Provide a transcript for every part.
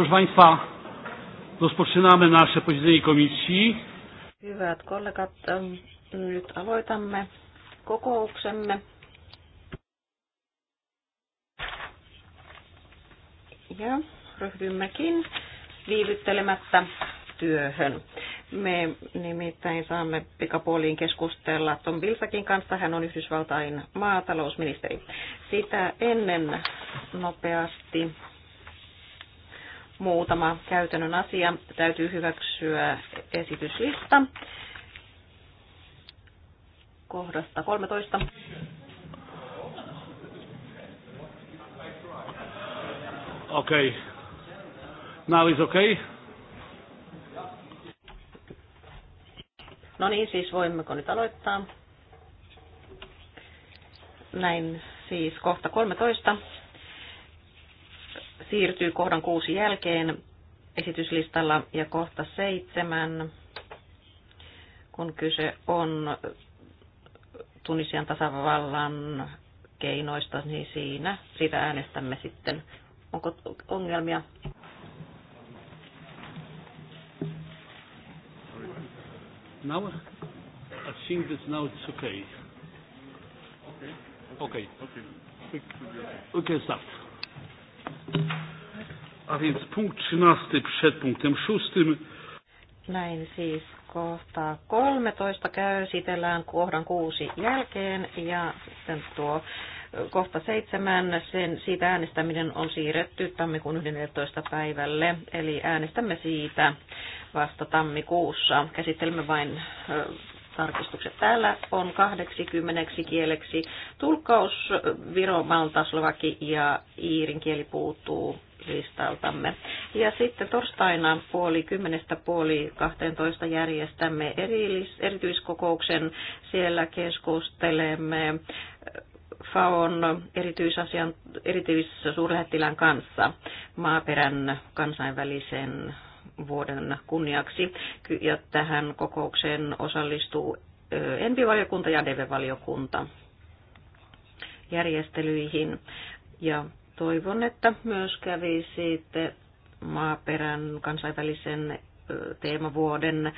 Proszę Państwa, rozpoczynamy nasze posiedzenie komisji. Hyvät kollegat, nyt aloitamme kokouksemme. Ja ryhdymmekin viivyttelemättä työhön. Me nimittäin saamme pikapuoliin keskustella Tom Vilsakin kanssa. Hän on Yhdysvaltain maatalousministeri. Sitä ennen nopeasti muutama käytännön asia. Täytyy hyväksyä esityslista kohdasta 13. Okei. Okay. Now is okay. No niin, siis voimmeko nyt aloittaa? Näin siis kohta 13 siirtyy kohdan kuusi jälkeen esityslistalla ja kohta seitsemän, kun kyse on Tunisian tasavallan keinoista, niin siinä sitä äänestämme sitten. Onko ongelmia? Now, I think that now it's okay. Okay. Okay. Okay. Okay. can start. A więc punkt 13 przed punktem 6. Näin siis kohta 13 käsitellään kohdan 6 jälkeen ja sitten tuo kohta 7, sen, siitä äänestäminen on siirretty tammikuun 11. päivälle, eli äänestämme siitä vasta tammikuussa. Käsittelemme vain tarkistukset. Täällä on 80 kieleksi tulkkaus Viro, Malta, Slovaki ja Iirin kieli puuttuu listaltamme. Ja sitten torstaina puoli kymmenestä puoli 12 järjestämme erillis, erityiskokouksen. Siellä keskustelemme äh, FAON erityisasian, suurlähettilän kanssa maaperän kansainvälisen vuoden kunniaksi. Ja tähän kokoukseen osallistuu Envivaliokunta ja DV-valiokunta järjestelyihin. Ja toivon, että myös kävi sitten maaperän kansainvälisen teemavuoden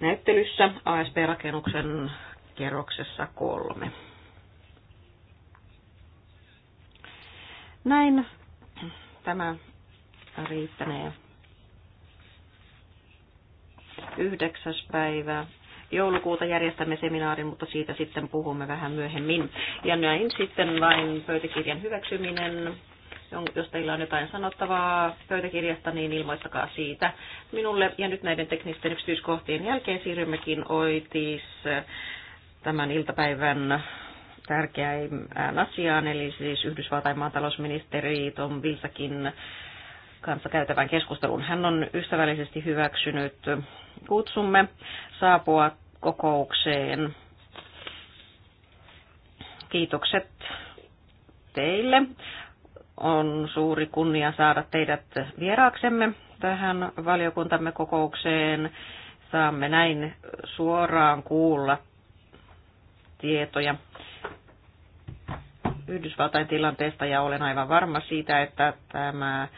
näyttelyssä ASP-rakennuksen kerroksessa kolme. Näin tämä riittänee. Yhdeksäs päivä joulukuuta järjestämme seminaarin, mutta siitä sitten puhumme vähän myöhemmin. Ja näin sitten vain pöytäkirjan hyväksyminen. Jos teillä on jotain sanottavaa pöytäkirjasta, niin ilmoittakaa siitä minulle. Ja nyt näiden teknisten yksityiskohtien jälkeen siirrymmekin oitis äh, tämän iltapäivän tärkeään äh, asiaan, eli siis Yhdysvaltain maatalousministeri Tom Vilsakin kanssa käytävän keskustelun. Hän on ystävällisesti hyväksynyt kutsumme saapua kokoukseen. Kiitokset teille. On suuri kunnia saada teidät vieraaksemme tähän valiokuntamme kokoukseen. Saamme näin suoraan kuulla tietoja Yhdysvaltain tilanteesta ja olen aivan varma siitä, että tämä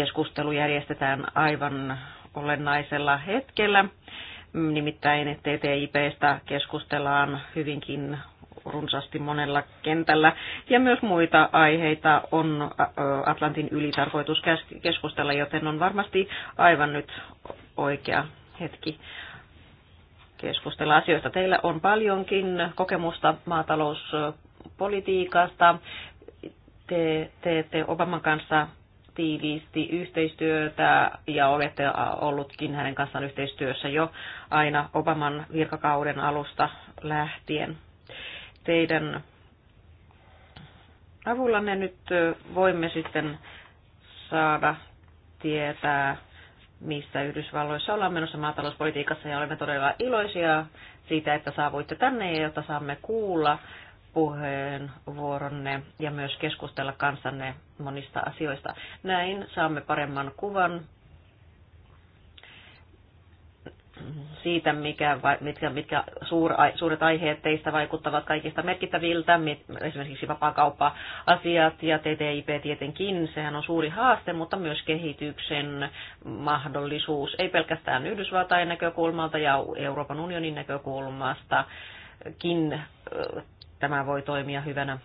keskustelu järjestetään aivan olennaisella hetkellä. Nimittäin TTIPstä keskustellaan hyvinkin runsaasti monella kentällä. Ja myös muita aiheita on Atlantin yli tarkoitus keskustella, joten on varmasti aivan nyt oikea hetki keskustella asioista. Teillä on paljonkin kokemusta maatalouspolitiikasta. Te teette Obaman kanssa tiiviisti yhteistyötä ja olette ollutkin hänen kanssaan yhteistyössä jo aina Obaman virkakauden alusta lähtien. Teidän avullanne nyt voimme sitten saada tietää, missä Yhdysvalloissa ollaan menossa maatalouspolitiikassa ja olemme todella iloisia siitä, että saavuitte tänne ja jotta saamme kuulla puheenvuoronne ja myös keskustella kanssanne monista asioista. Näin saamme paremman kuvan siitä, mikä, mitkä, mitkä suur, suuret aiheet teistä vaikuttavat kaikista merkittäviltä, esimerkiksi vapaakauppa-asiat ja TTIP tietenkin, sehän on suuri haaste, mutta myös kehityksen mahdollisuus, ei pelkästään Yhdysvaltain näkökulmalta ja Euroopan unionin näkökulmastakin tämä voi toimia hyvänä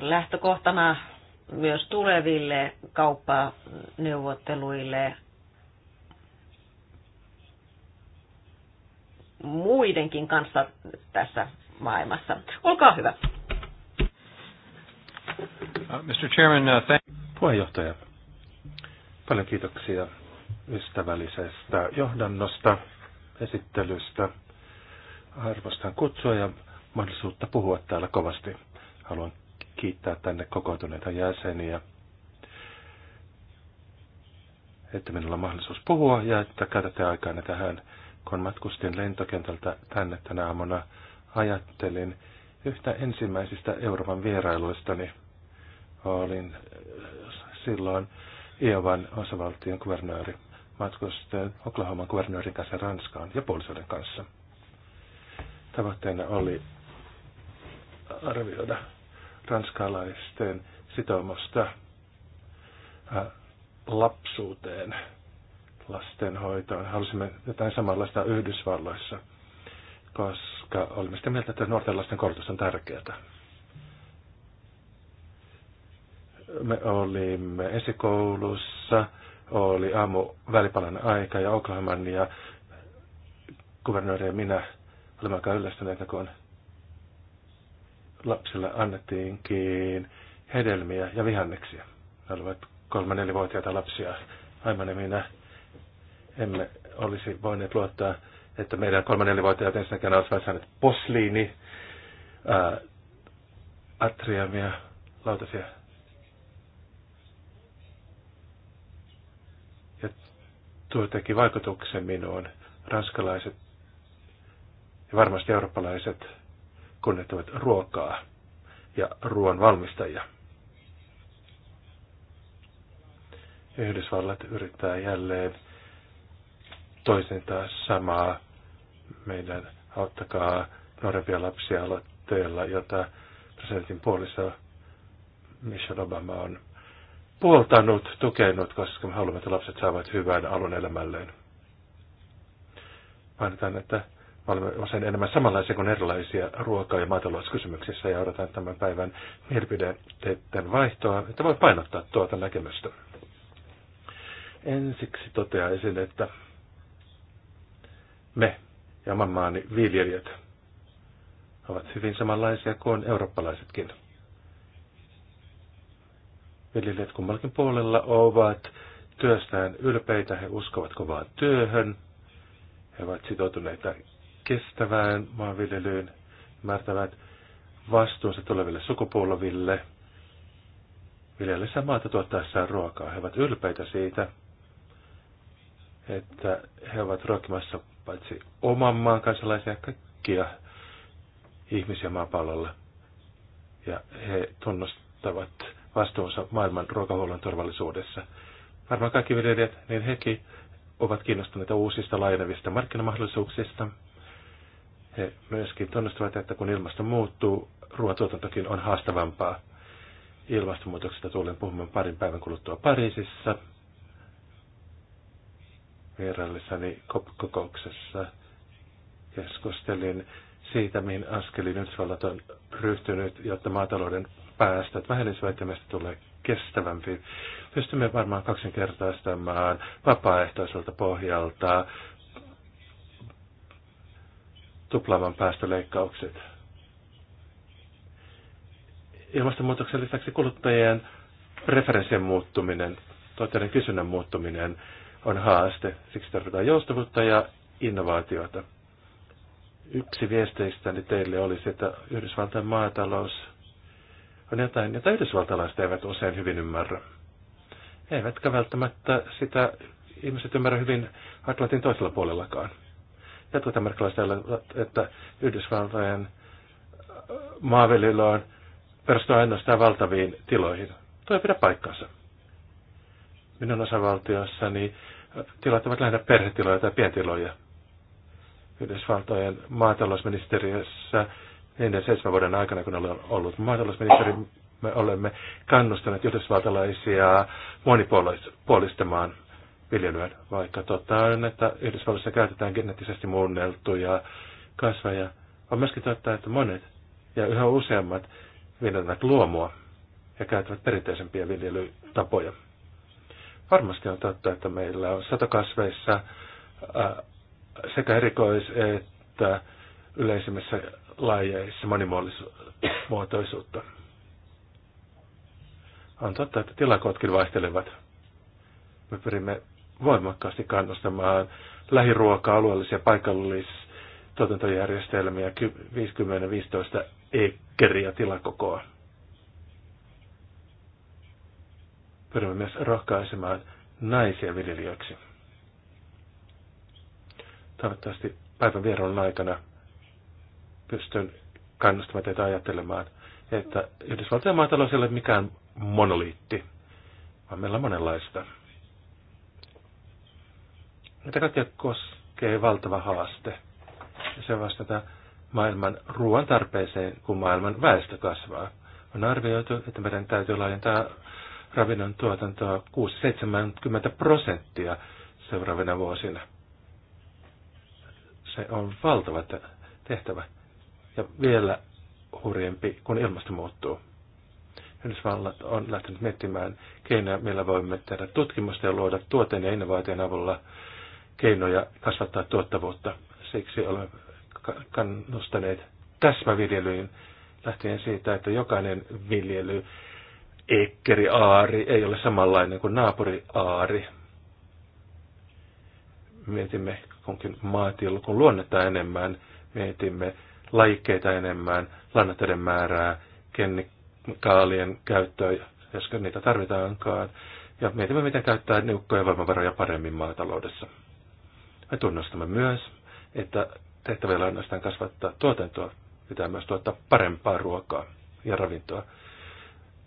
lähtökohtana myös tuleville kauppaneuvotteluille muidenkin kanssa tässä maailmassa. Olkaa hyvä. Uh, Mr. Chairman, uh, thank Puheenjohtaja, paljon kiitoksia ystävällisestä johdannosta, esittelystä. Arvostan kutsua ja mahdollisuutta puhua täällä kovasti. Haluan kiittää tänne kokoontuneita jäseniä, että minulla on mahdollisuus puhua ja että käytätte aikaa tähän. Kun matkustin lentokentältä tänne tänä aamuna, ajattelin yhtä ensimmäisistä Euroopan vierailuistani. Olin äh, silloin Iovan osavaltion kuvernööri. Matkustin Oklahoman kuvernöörin kanssa Ranskaan ja puolisoiden kanssa tavoitteena oli arvioida ranskalaisten sitoumusta lapsuuteen, lastenhoitoon. Halusimme jotain samanlaista Yhdysvalloissa, koska olimme sitä mieltä, että nuorten lasten koulutus on tärkeää. Me olimme esikoulussa, oli aamu välipalan aika ja Oklahoman ja kuvernööri ja minä Olemme aika yllästyneitä, kun lapsille annettiinkin hedelmiä ja vihanneksia. Ne olivat kolme nelivuotiaita lapsia. Aivan ja niin minä emme olisi voineet luottaa, että meidän kolme nelivuotiaat ensinnäkin olisivat saaneet posliini, ää, atriamia, lautasia. Ja tuo teki vaikutuksen minuun. Ranskalaiset ja varmasti eurooppalaiset kunnioittavat ruokaa ja ruoan valmistajia. Yhdysvallat yrittää jälleen toisentaa samaa meidän auttakaa nuorempia lapsia aloitteella, jota presidentin puolissa, Michelle Obama on puoltanut, tukenut, koska me haluamme, että lapset saavat hyvän alun elämälleen. Mainitaan, että me olemme usein enemmän samanlaisia kuin erilaisia ruoka- ja maatalouskysymyksissä ja odotan tämän päivän mielipideiden vaihtoa, että voi painottaa tuota näkemystä. Ensiksi toteaisin, että me ja oman maani viljelijät ovat hyvin samanlaisia kuin eurooppalaisetkin. Viljelijät kummallakin puolella ovat työstään ylpeitä, he uskovat kovaan työhön, he ovat sitoutuneita kestävään maanviljelyyn, määrtävät vastuunsa tuleville sukupolville, viljellessä maata tuottaessaan ruokaa. He ovat ylpeitä siitä, että he ovat ruokimassa paitsi oman maan kansalaisia, kaikkia ihmisiä maapallolla. Ja he tunnustavat vastuunsa maailman ruokahuollon turvallisuudessa. Varmaan kaikki viljelijät, niin hekin ovat kiinnostuneita uusista laajenevista markkinamahdollisuuksista – he myöskin tunnustavat, että kun ilmasto muuttuu, ruoantuotantokin on haastavampaa. Ilmastonmuutoksesta tulen puhumaan parin päivän kuluttua Pariisissa vieraillessani kokouksessa keskustelin siitä, mihin askeliin Yhdysvallat on ryhtynyt, jotta maatalouden päästöt vähenisivät ja meistä tulee kestävämpi. Pystymme varmaan kaksinkertaistamaan vapaaehtoiselta pohjalta tuplaavan päästöleikkaukset. Ilmastonmuutoksen lisäksi kuluttajien preferenssien muuttuminen, tuotteiden kysynnän muuttuminen on haaste. Siksi tarvitaan joustavuutta ja innovaatiota. Yksi viesteistäni teille olisi, että Yhdysvaltain maatalous on jotain, jota yhdysvaltalaiset eivät usein hyvin ymmärrä. Eivätkä välttämättä sitä ihmiset ymmärrä hyvin Atlantin toisella puolellakaan jotkut amerikkalaiset että Yhdysvaltojen maanviljely on perustunut ainoastaan valtaviin tiloihin. Tuo ei pidä paikkaansa. Minun osavaltiossani tilat ovat lähinnä perhetiloja tai pientiloja. Yhdysvaltojen maatalousministeriössä niiden seitsemän vuoden aikana, kun olen ollut maatalousministeri, me olemme kannustaneet yhdysvaltalaisia monipuolistamaan viljelyä, vaikka totta on, että Yhdysvalloissa käytetään geneettisesti muunneltuja kasveja. On myöskin totta, että monet ja yhä useammat viljelevät luomua ja käyttävät perinteisempiä viljelytapoja. Varmasti on totta, että meillä on satokasveissa sekä erikois- että yleisimmissä lajeissa monimuotoisuutta. On totta, että tilakotkin vaihtelevat. Me pyrimme voimakkaasti kannustamaan lähiruokaa, alueellisia paikallistuotantojärjestelmiä 50-15 ekkeriä tilakokoa. Pyrimme myös rohkaisemaan naisia viljelijöiksi. Toivottavasti päivän vierailun aikana pystyn kannustamaan teitä ajattelemaan, että Yhdysvaltojen maatalous ei ole mikään monoliitti, vaan meillä on monenlaista. Meitä kaikkia koskee valtava haaste? Ja se vastata maailman ruoan tarpeeseen, kun maailman väestö kasvaa. On arvioitu, että meidän täytyy laajentaa ravinnon tuotantoa 6-70 prosenttia seuraavina vuosina. Se on valtava tehtävä ja vielä hurjempi, kun ilmasto muuttuu. Yhdysvallat on lähtenyt miettimään keinoja, millä voimme tehdä tutkimusta ja luoda tuoteen ja innovaation avulla keinoja kasvattaa tuottavuutta. Siksi olemme kannustaneet täsmäviljelyyn lähtien siitä, että jokainen viljely, ekkeri aari ei ole samanlainen kuin naapuri aari. Mietimme kunkin kun luonnetta enemmän, mietimme lajikkeita enemmän, lannoitteiden määrää, kemikaalien käyttöä, jos niitä tarvitaankaan, ja mietimme, miten käyttää niukkoja voimavaroja paremmin maataloudessa. Me tunnustamme myös, että tehtävillä ainoastaan kasvattaa tuotantoa, pitää myös tuottaa parempaa ruokaa ja ravintoa.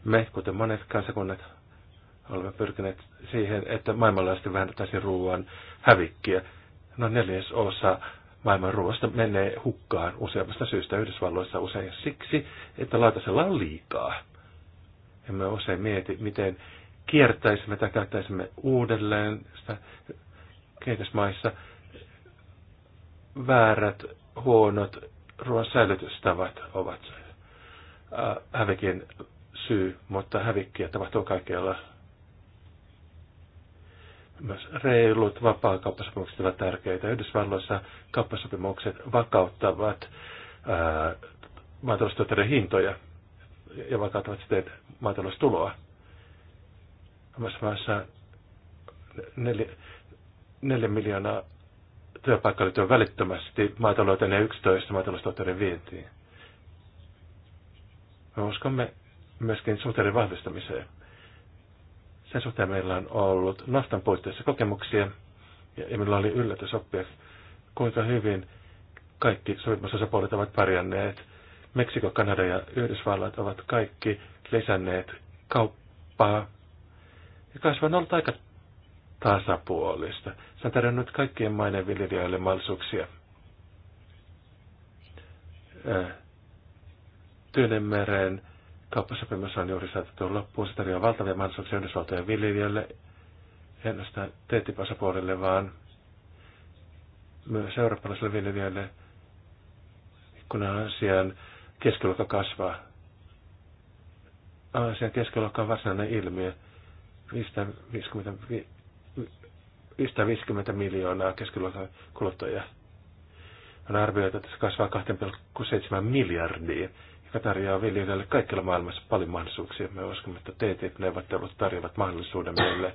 Me, kuten monet kansakunnat, olemme pyrkineet siihen, että maailmanlaajuisesti vähennettäisiin ruoan hävikkiä. No neljäsosa maailman ruoasta menee hukkaan useammasta syystä Yhdysvalloissa usein siksi, että lautasella on liikaa. Emme usein mieti, miten kiertäisimme tai käyttäisimme uudelleen sitä kehitysmaissa – väärät, huonot ruoan säilytystavat ovat äh, hävikin syy, mutta hävikkiä tapahtuu kaikkialla. Myös reilut vapaakauppasopimukset ovat tärkeitä. Yhdysvalloissa kauppasopimukset vakauttavat äh, maataloustuotteiden hintoja ja vakauttavat siten maataloustuloa. Omassa maassa neljä, neljä miljoonaa työpaikka työ välittömästi maatalouteen ja 11 maataloustuotteiden vientiin. Me uskomme myöskin suhteiden vahvistamiseen. Sen suhteen meillä on ollut naftan puitteissa kokemuksia, ja minulla oli yllätys oppia, kuinka hyvin kaikki sopimusosapuolet ovat pärjänneet. Meksiko, Kanada ja Yhdysvallat ovat kaikki lisänneet kauppaa. Ja kasvu on ollut aika tasapuolista. Se on tarjonnut kaikkien maiden viljelijöille mahdollisuuksia. Tyynenmeren kauppasopimus on juuri saatettu loppuun. Se tarjoaa valtavia mahdollisuuksia Yhdysvaltojen viljelijöille, ei ainoastaan TTIP-osapuolille, vaan myös eurooppalaisille viljelijöille, kun asian keskiluokka kasvaa. Aasian keskiluokka on varsinainen ilmiö. 550 150 miljoonaa kuluttajia. On arvioitu, että se kasvaa 2,7 miljardiin, joka tarjoaa viljelijöille kaikilla maailmassa paljon mahdollisuuksia. Me uskomme, että TTIP-neuvottelut tarjoavat mahdollisuuden meille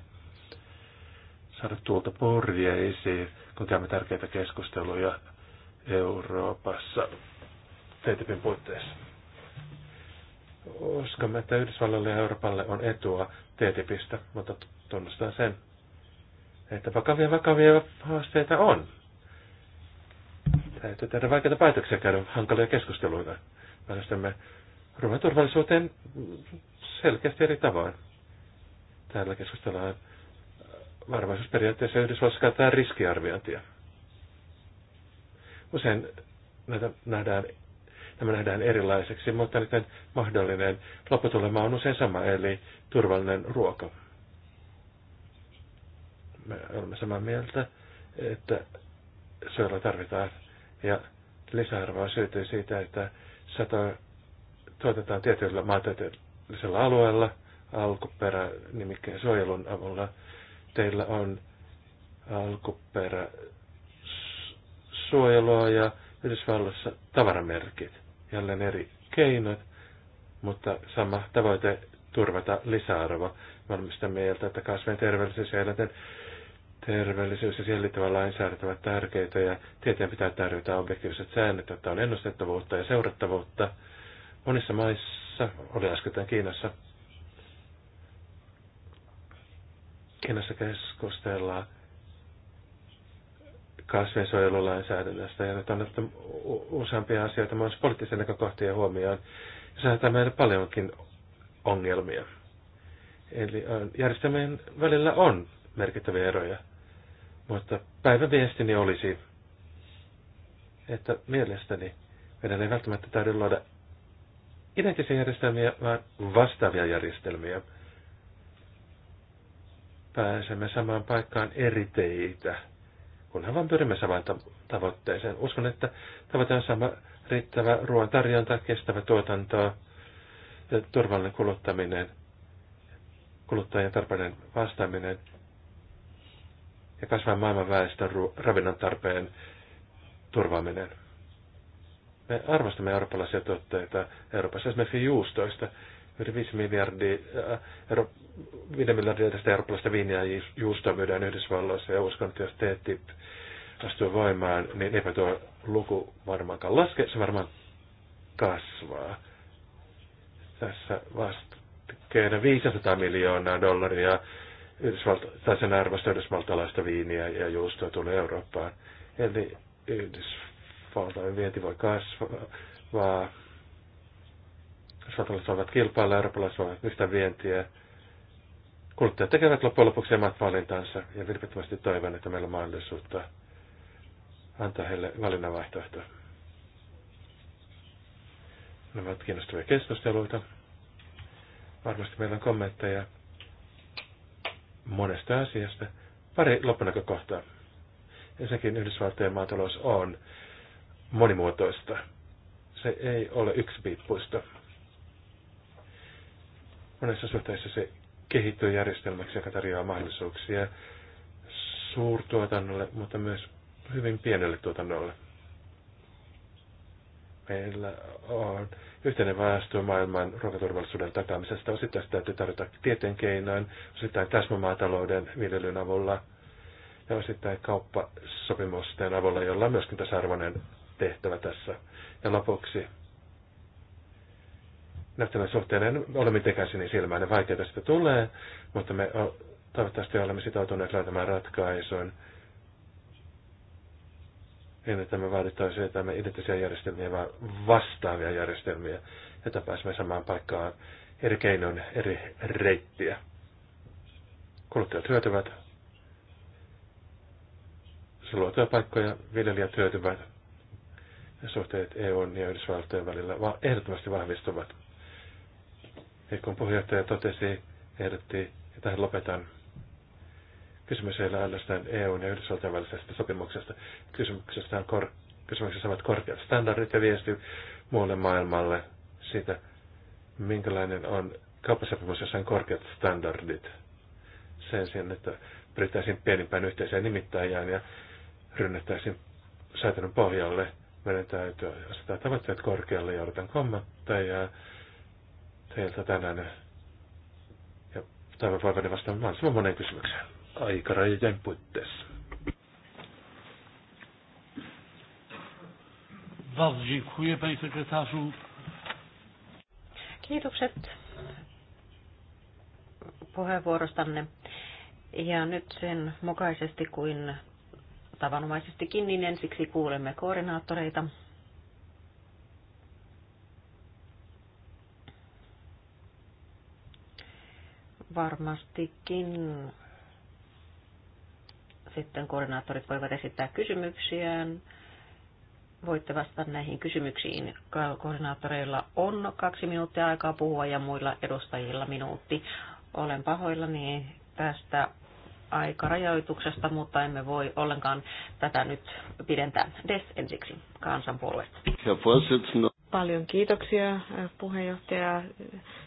saada tuolta porjeisiin, kun käymme tärkeitä keskusteluja Euroopassa TTIPin puitteissa. Uskomme, että Yhdysvalloille ja Euroopalle on etua TTIPistä, mutta tunnustan sen, että vakavia vakavia haasteita on. Täytyy tehdä vaikeita päätöksiä käydä hankalia keskusteluita. Päästämme ruoan turvallisuuteen selkeästi eri tavoin. Täällä keskustellaan varmaisuusperiaatteessa Yhdysvallassa käytetään riskiarviointia. Usein näitä nähdään, nämä nähdään erilaiseksi, mutta niiden mahdollinen lopputulema on usein sama, eli turvallinen ruoka me olemme samaa mieltä, että suojelua tarvitaan. Ja lisäarvoa syytyy siitä, että sato tuotetaan tietyllä maantieteellisellä alueella alkuperä nimikkeen suojelun avulla. Teillä on alkuperä suojelua ja Yhdysvalloissa tavaramerkit. Jälleen eri keinot, mutta sama tavoite turvata lisäarvo. Me olemme sitä mieltä, että kasvien terveellisyys ja eläinten terveellisyys ja siihen liittyvä lainsäädäntö ovat tärkeitä ja tieteen pitää tarjota objektiiviset säännöt, jotta on ennustettavuutta ja seurattavuutta. Monissa maissa, oli äsken Kiinassa, Kiinassa keskustellaan kasvinsuojelulainsäädännöstä ja nyt on otettu useampia asioita myös poliittisen näkökohtien huomioon. Ja saattaa meille paljonkin ongelmia. Eli järjestelmien välillä on merkittäviä eroja. Mutta päivän viestini olisi, että mielestäni meidän ei välttämättä tarvitse luoda identtisiä järjestelmiä, vaan vastaavia järjestelmiä. Pääsemme samaan paikkaan eri teitä, kunhan vain pyrimme samaan tavoitteeseen. Uskon, että tavoite on sama riittävä ruoan tarjonta, kestävä tuotanto ja turvallinen kuluttaminen, kuluttajan tarpeiden vastaaminen ja kasvaa maailman väestön ravinnon tarpeen turvaaminen. Me arvostamme eurooppalaisia tuotteita Euroopassa, esimerkiksi juustoista. Yli 5 miljardia, äh, euro, 5 miljardia tästä eurooppalaista viiniä juustoa myydään Yhdysvalloissa ja uskon, että jos TTIP astuu voimaan, niin eipä tuo luku varmaankaan laske, se varmaan kasvaa. Tässä vasta 500 miljoonaa dollaria Yhdysvalta- tai sen arvosta yhdysvaltalaista viiniä ja juustoa tulee Eurooppaan. Eli Yhdysvaltain vienti voi kasvaa. Yhdysvaltalaiset voivat kilpailla, eurooppalaiset voivat mistä vientiä. Kuluttajat tekevät loppujen lopuksi omat valintansa ja vilpittömästi toivon, että meillä on mahdollisuutta antaa heille valinnanvaihtoehtoja. Nämä ovat kiinnostavia keskusteluita. Varmasti meillä on kommentteja monesta asiasta. Pari loppunäkökohtaa. Ensinnäkin Yhdysvaltojen maatalous on monimuotoista. Se ei ole yksi piippuista. Monessa suhteessa se kehittyy järjestelmäksi, joka tarjoaa mahdollisuuksia suurtuotannolle, mutta myös hyvin pienelle tuotannolle. Meillä on yhteinen väestö maailman ruokaturvallisuuden takaamisesta. Osittain sitä täytyy tarjota tieteen keinoin, osittain täsmämaatalouden viljelyn avulla ja osittain kauppasopimusten avulla, jolla on myöskin tasa-arvoinen tehtävä tässä. Ja lopuksi näyttämään suhteen en ole mitenkään sinisilmäinen, niin vaikeita sitä tulee, mutta me toivottavasti olemme sitoutuneet löytämään ratkaisun, niin, että me että me identtisiä järjestelmiä, vaan vastaavia järjestelmiä, että pääsemme samaan paikkaan eri keinoin eri reittiä. Kuluttajat hyötyvät, se paikkoja, viljelijät hyötyvät ja suhteet EU ja Yhdysvaltojen välillä vaan ehdottomasti vahvistuvat. Ja niin kun puheenjohtaja totesi, ehdotti, että tähän lopetan, Kysymys ei ole ainoastaan EUn ja Yhdysvaltain välisestä sopimuksesta. kysymyksessä on kor- kysymyksessä ovat korkeat standardit ja viesti muulle maailmalle siitä, minkälainen on kauppasopimus, jossa on korkeat standardit. Sen sijaan, että pyrittäisiin pienimpään yhteiseen nimittäjään ja rynnettäisiin säätelyn pohjalle. Meidän täytyy asettaa tavoitteet korkealle ja odotan kommentteja teiltä tänään. Ja toivon voivani vastaamaan mahdollisimman moneen kysymykseen aikarajojen puitteissa. Kiitokset puheenvuorostanne. Ja nyt sen mukaisesti kuin tavanomaisestikin, niin ensiksi kuulemme koordinaattoreita. Varmastikin sitten koordinaattorit voivat esittää kysymyksiään. Voitte vastata näihin kysymyksiin. Koordinaattoreilla on kaksi minuuttia aikaa puhua ja muilla edustajilla minuutti. Olen pahoillani tästä aikarajoituksesta, mutta emme voi ollenkaan tätä nyt pidentää. Des ensiksi kansanpuolueesta. Paljon kiitoksia puheenjohtaja.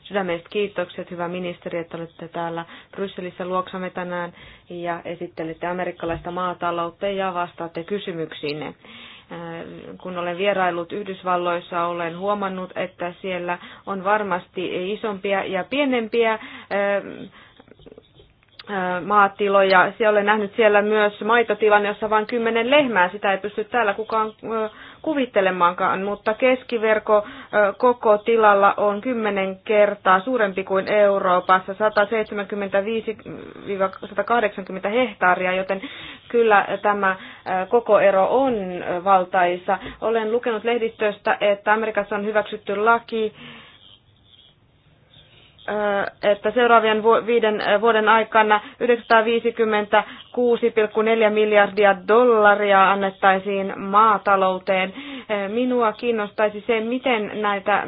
Sydämelliset kiitokset, hyvä ministeri, että olette täällä Brysselissä luoksamme tänään ja esittelette amerikkalaista maataloutta ja vastaatte kysymyksiinne. Kun olen vierailut Yhdysvalloissa, olen huomannut, että siellä on varmasti isompia ja pienempiä maatiloja. Siellä olen nähnyt siellä myös maitotilan, jossa vain kymmenen lehmää. Sitä ei pysty täällä kukaan kuvittelemaankaan, mutta keskiverko koko tilalla on kymmenen kertaa suurempi kuin Euroopassa, 175-180 hehtaaria, joten kyllä tämä koko ero on valtaisa. Olen lukenut lehdistöstä, että Amerikassa on hyväksytty laki, että seuraavien viiden vuoden aikana 956,4 miljardia dollaria annettaisiin maatalouteen. Minua kiinnostaisi se, miten näitä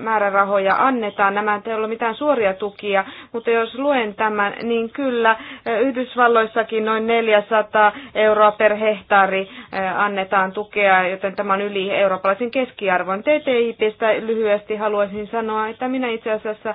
määrärahoja annetaan. Nämä ei ole mitään suoria tukia, mutta jos luen tämän, niin kyllä Yhdysvalloissakin noin 400 euroa per hehtaari annetaan tukea, joten tämä on yli eurooppalaisen keskiarvon. TTIPistä lyhyesti haluaisin sanoa, että minä itse asiassa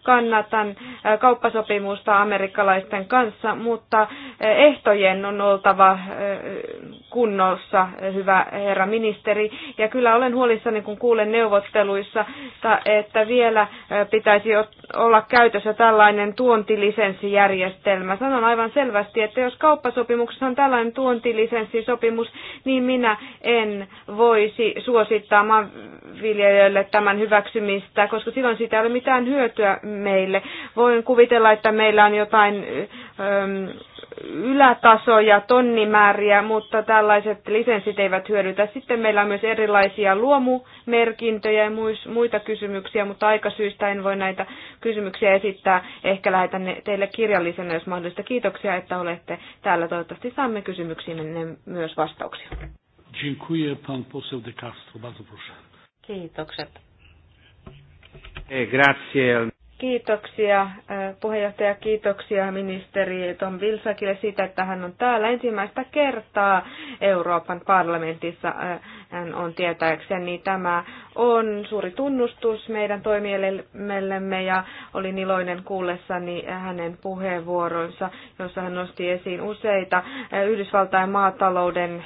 kannatan äh, kauppasopimusta amerikkalaisten kanssa, mutta äh, ehtojen on oltava äh, kunnossa, hyvä herra ministeri. Ja kyllä olen huolissani, kun kuulen neuvotteluissa, että vielä pitäisi olla käytössä tällainen tuontilisenssijärjestelmä. Sanon aivan selvästi, että jos kauppasopimuksessa on tällainen tuontilisenssisopimus, niin minä en voisi suosittaa maanviljelijöille tämän hyväksymistä, koska silloin siitä ei ole mitään hyötyä meille. Voin kuvitella, että meillä on jotain ylätasoja, tonnimääriä, mutta tällaiset lisenssit eivät hyödytä. Sitten meillä on myös erilaisia luomumerkintöjä ja muita kysymyksiä, mutta syystä en voi näitä kysymyksiä esittää. Ehkä lähetän ne teille kirjallisena, jos mahdollista. Kiitoksia, että olette täällä. Toivottavasti saamme kysymyksiin myös vastauksia. Dziękuję pan poseł de Castro. Bardzo proszę. Kiitokset. Eh, grazie. Kiitoksia puheenjohtaja, kiitoksia ministeri Tom Vilsakille siitä, että hän on täällä ensimmäistä kertaa Euroopan parlamentissa. Hän on tietääkseni tämä on suuri tunnustus meidän toimielimellemme ja olin iloinen kuullessani hänen puheenvuoronsa, jossa hän nosti esiin useita Yhdysvaltain maatalouden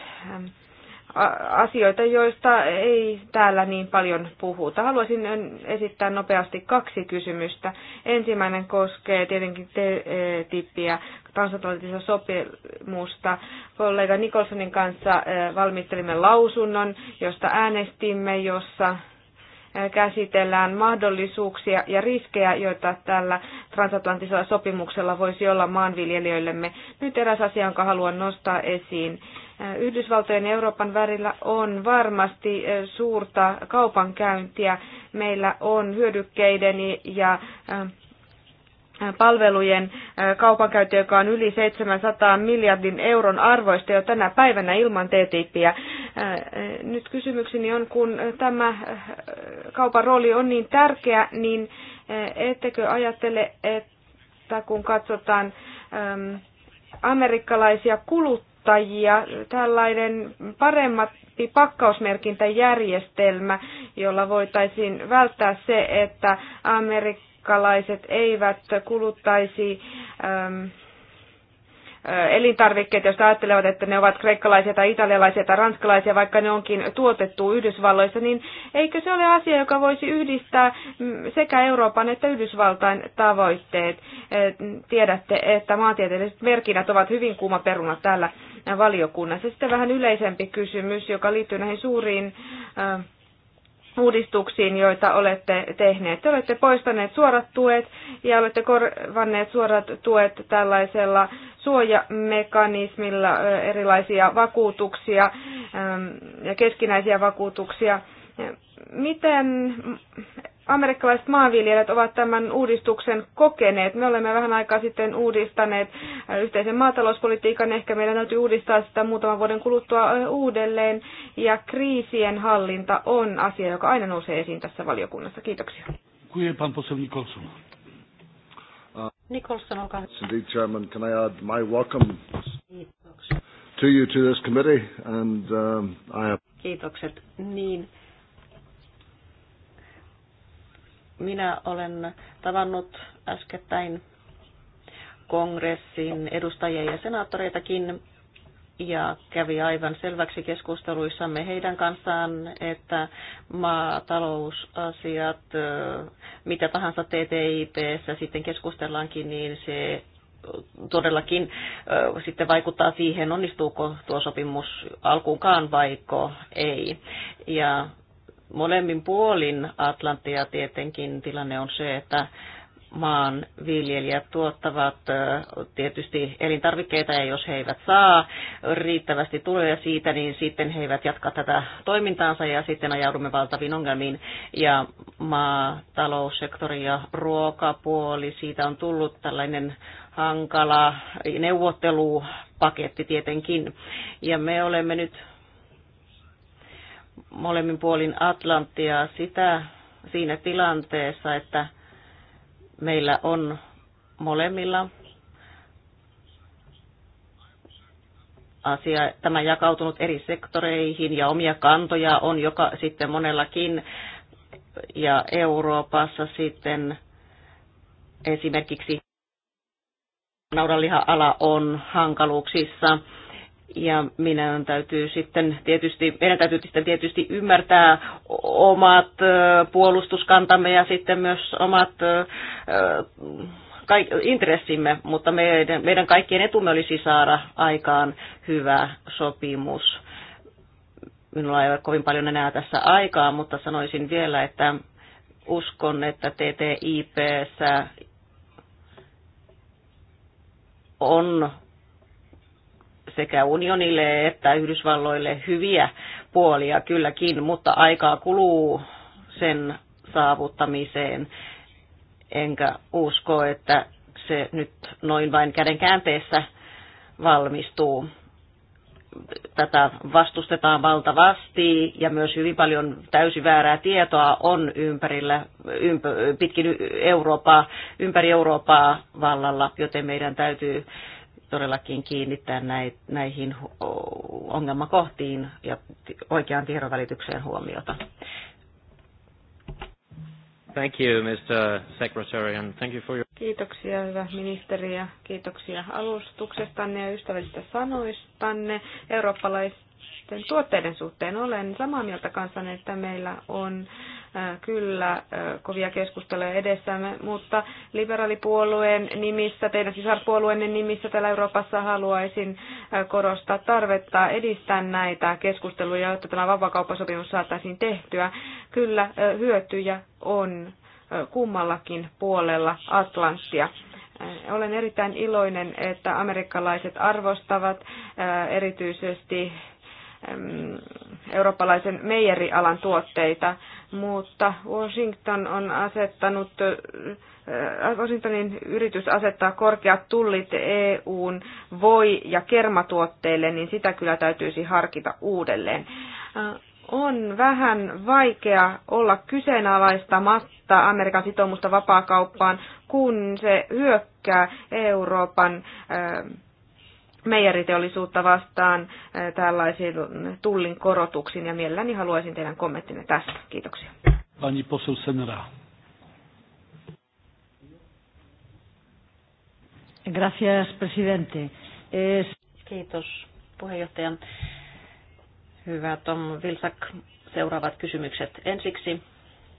asioita, joista ei täällä niin paljon puhuta. Haluaisin esittää nopeasti kaksi kysymystä. Ensimmäinen koskee tietenkin TTIPiä, transatlanttista sopimusta. Kollega Nikolsonin kanssa valmistelimme lausunnon, josta äänestimme, jossa käsitellään mahdollisuuksia ja riskejä, joita tällä transatlanttisella sopimuksella voisi olla maanviljelijöillemme. Nyt eräs asia, jonka haluan nostaa esiin. Yhdysvaltojen ja Euroopan välillä on varmasti eh, suurta kaupankäyntiä. Meillä on hyödykkeiden ja eh, palvelujen eh, kaupankäyttö, joka on yli 700 miljardin euron arvoista jo tänä päivänä ilman TTIPiä. Nyt kysymykseni on, kun tämä kaupan rooli on niin tärkeä, niin ettekö ajattele, että kun katsotaan amerikkalaisia kuluttajia, kuluttajia. Tällainen paremmat pakkausmerkintäjärjestelmä, jolla voitaisiin välttää se, että amerikkalaiset eivät kuluttaisi ähm, äh, elintarvikkeet, jos ajattelevat, että ne ovat kreikkalaisia tai italialaisia tai ranskalaisia, vaikka ne onkin tuotettu Yhdysvalloissa, niin eikö se ole asia, joka voisi yhdistää mm, sekä Euroopan että Yhdysvaltain tavoitteet? Äh, tiedätte, että maantieteelliset merkinnät ovat hyvin kuuma peruna täällä valiokunnassa. Sitten vähän yleisempi kysymys, joka liittyy näihin suuriin uudistuksiin, joita olette tehneet. Te olette poistaneet suorat tuet ja olette korvanneet suorat tuet tällaisella suojamekanismilla erilaisia vakuutuksia ja keskinäisiä vakuutuksia. Miten amerikkalaiset maanviljelijät ovat tämän uudistuksen kokeneet. Me olemme vähän aikaa sitten uudistaneet äh, yhteisen maatalouspolitiikan. Ehkä meidän täytyy uudistaa sitä muutaman vuoden kuluttua äh, uudelleen. Ja kriisien hallinta on asia, joka aina nousee esiin tässä valiokunnassa. Kiitoksia. Nicholson. olkaa hyvä. Chairman, can I add my welcome to you to this committee and um, I have... Kiitokset. Niin Minä olen tavannut äskettäin kongressin edustajia ja senaattoreitakin ja kävi aivan selväksi keskusteluissamme heidän kanssaan, että maatalousasiat, mitä tahansa TTIPssä sitten keskustellaankin, niin se todellakin sitten vaikuttaa siihen, onnistuuko tuo sopimus alkuunkaan vaiko ei. Ja molemmin puolin Atlantia tietenkin tilanne on se, että maan viljelijät tuottavat tietysti elintarvikkeita ja jos he eivät saa riittävästi tuloja siitä, niin sitten he eivät jatka tätä toimintaansa ja sitten ajaudumme valtaviin ongelmiin. Ja maataloussektori ja ruokapuoli, siitä on tullut tällainen hankala neuvottelupaketti tietenkin. Ja me olemme nyt molemmin puolin Atlanttia sitä siinä tilanteessa, että meillä on molemmilla asia, tämä jakautunut eri sektoreihin ja omia kantoja on joka sitten monellakin ja Euroopassa sitten esimerkiksi naudanliha-ala on hankaluuksissa ja minä täytyy sitten tietysti, meidän täytyy sitten tietysti ymmärtää omat puolustuskantamme ja sitten myös omat intressimme, mutta meidän, meidän kaikkien etumme olisi saada aikaan hyvä sopimus. Minulla ei ole kovin paljon enää tässä aikaa, mutta sanoisin vielä, että uskon, että TTIPssä on sekä unionille että Yhdysvalloille hyviä puolia kylläkin, mutta aikaa kuluu sen saavuttamiseen. Enkä usko, että se nyt noin vain käden käänteessä valmistuu. Tätä vastustetaan valtavasti ja myös hyvin paljon täysin väärää tietoa on ympärillä, ympä, pitkin Eurooppaa, ympäri Eurooppaa vallalla, joten meidän täytyy todellakin kiinnittää näihin ongelmakohtiin ja oikeaan tiedonvälitykseen huomiota. Thank you, Mr. Secretary, and thank you for your... Kiitoksia, hyvä ministeri, ja kiitoksia alustuksestanne ja ystävällisistä sanoistanne. Eurooppalais sitten tuotteiden suhteen olen samaa mieltä kanssanne, että meillä on äh, kyllä äh, kovia keskusteluja edessämme, mutta liberaalipuolueen nimissä, teidän sisarpuolueenne nimissä täällä Euroopassa haluaisin äh, korostaa tarvetta edistää näitä keskusteluja, jotta tämä vapakauppasopimus saataisiin tehtyä. Kyllä hyötyjä on kummallakin puolella Atlanttia. Olen erittäin iloinen, että amerikkalaiset arvostavat erityisesti eurooppalaisen meijerialan tuotteita, mutta Washington on asettanut, eh, Washingtonin yritys asettaa korkeat tullit EUn voi- ja kermatuotteille, niin sitä kyllä täytyisi harkita uudelleen. Eh, on vähän vaikea olla kyseenalaistamatta Amerikan sitoumusta vapaakauppaan, kun se hyökkää Euroopan äh, meijeriteollisuutta vastaan tällaisiin tullin korotuksiin ja mielelläni haluaisin teidän kommenttinne tästä. Kiitoksia. Pani posel Senera. Gracias, presidente. Es... Kiitos puheenjohtaja. Hyvä Tom Vilsak. Seuraavat kysymykset. Ensiksi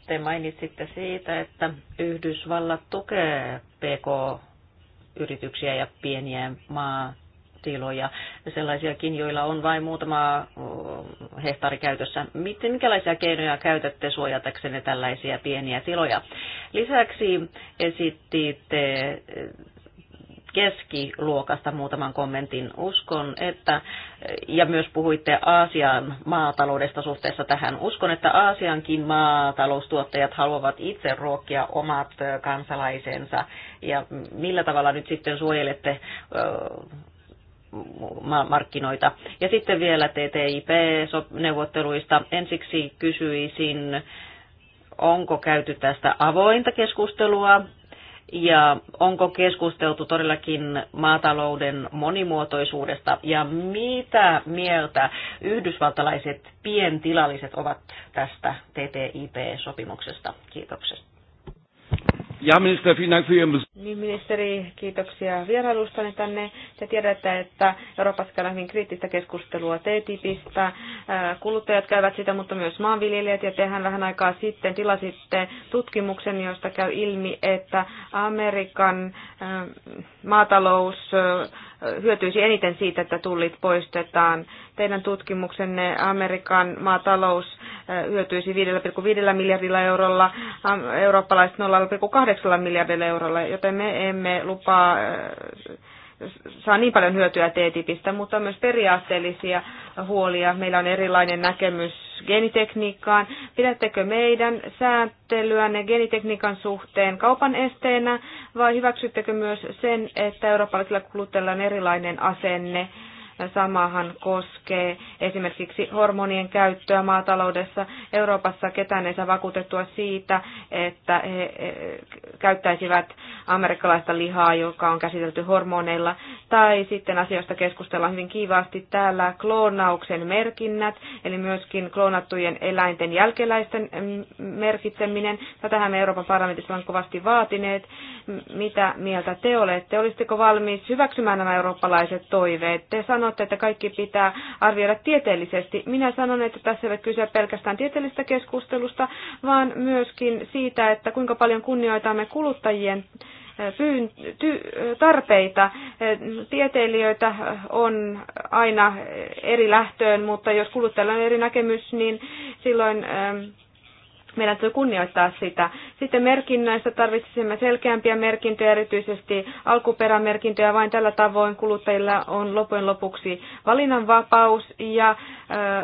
te mainitsitte siitä, että Yhdysvallat tukee PK-yrityksiä ja pieniä maa tiloja, sellaisiakin, joilla on vain muutama hehtaari käytössä. Miten, minkälaisia keinoja käytätte suojataksenne tällaisia pieniä tiloja? Lisäksi esittiitte keskiluokasta muutaman kommentin. Uskon, että, ja myös puhuitte Aasian maataloudesta suhteessa tähän. Uskon, että Aasiankin maataloustuottajat haluavat itse ruokkia omat kansalaisensa. Ja millä tavalla nyt sitten suojelette markkinoita. Ja sitten vielä TTIP-neuvotteluista. Ensiksi kysyisin, onko käyty tästä avointa keskustelua ja onko keskusteltu todellakin maatalouden monimuotoisuudesta ja mitä mieltä yhdysvaltalaiset pientilalliset ovat tästä TTIP-sopimuksesta? Kiitoksesta. Ja, minister, vielen für Ihren Besuch. Niin, ministeri, kiitoksia vierailustanne tänne. Te tiedätte, että Euroopassa käydään hyvin kriittistä keskustelua TTIPistä. Äh, kuluttajat käyvät sitä, mutta myös maanviljelijät. Ja tehän vähän aikaa sitten tilasitte tutkimuksen, josta käy ilmi, että Amerikan äh, maatalous äh, hyötyisi eniten siitä, että tullit poistetaan. Teidän tutkimuksenne Amerikan maatalous hyötyisi 5,5 miljardilla eurolla, eurooppalaiset 0,8 miljardilla eurolla, joten me emme lupaa saa niin paljon hyötyä TTIPistä, mutta myös periaatteellisia huolia. Meillä on erilainen näkemys genitekniikkaan. Pidättekö meidän sääntelyänne genitekniikan suhteen kaupan esteenä vai hyväksyttekö myös sen, että eurooppalaisilla kuluttajilla on erilainen asenne Samahan koskee esimerkiksi hormonien käyttöä maataloudessa. Euroopassa ketään ei saa vakuutettua siitä, että he käyttäisivät amerikkalaista lihaa, joka on käsitelty hormoneilla. Tai sitten asioista keskustellaan hyvin kiivaasti täällä kloonauksen merkinnät, eli myöskin kloonattujen eläinten jälkeläisten merkitseminen. Tätähän me Euroopan parlamentissa on kovasti vaatineet. Mitä mieltä te olette? Olisitteko valmis hyväksymään nämä eurooppalaiset toiveet? Te sanoitte, sanotte, että kaikki pitää arvioida tieteellisesti. Minä sanon, että tässä ei ole kyse pelkästään tieteellisestä keskustelusta, vaan myöskin siitä, että kuinka paljon kunnioitamme kuluttajien pyyn, ty, tarpeita. Tieteilijöitä on aina eri lähtöön, mutta jos kuluttajalla on eri näkemys, niin silloin meidän tulee kunnioittaa sitä. Sitten merkinnöissä tarvitsisimme selkeämpiä merkintöjä, erityisesti alkuperämerkintöjä. Vain tällä tavoin kuluttajilla on loppujen lopuksi valinnanvapaus ja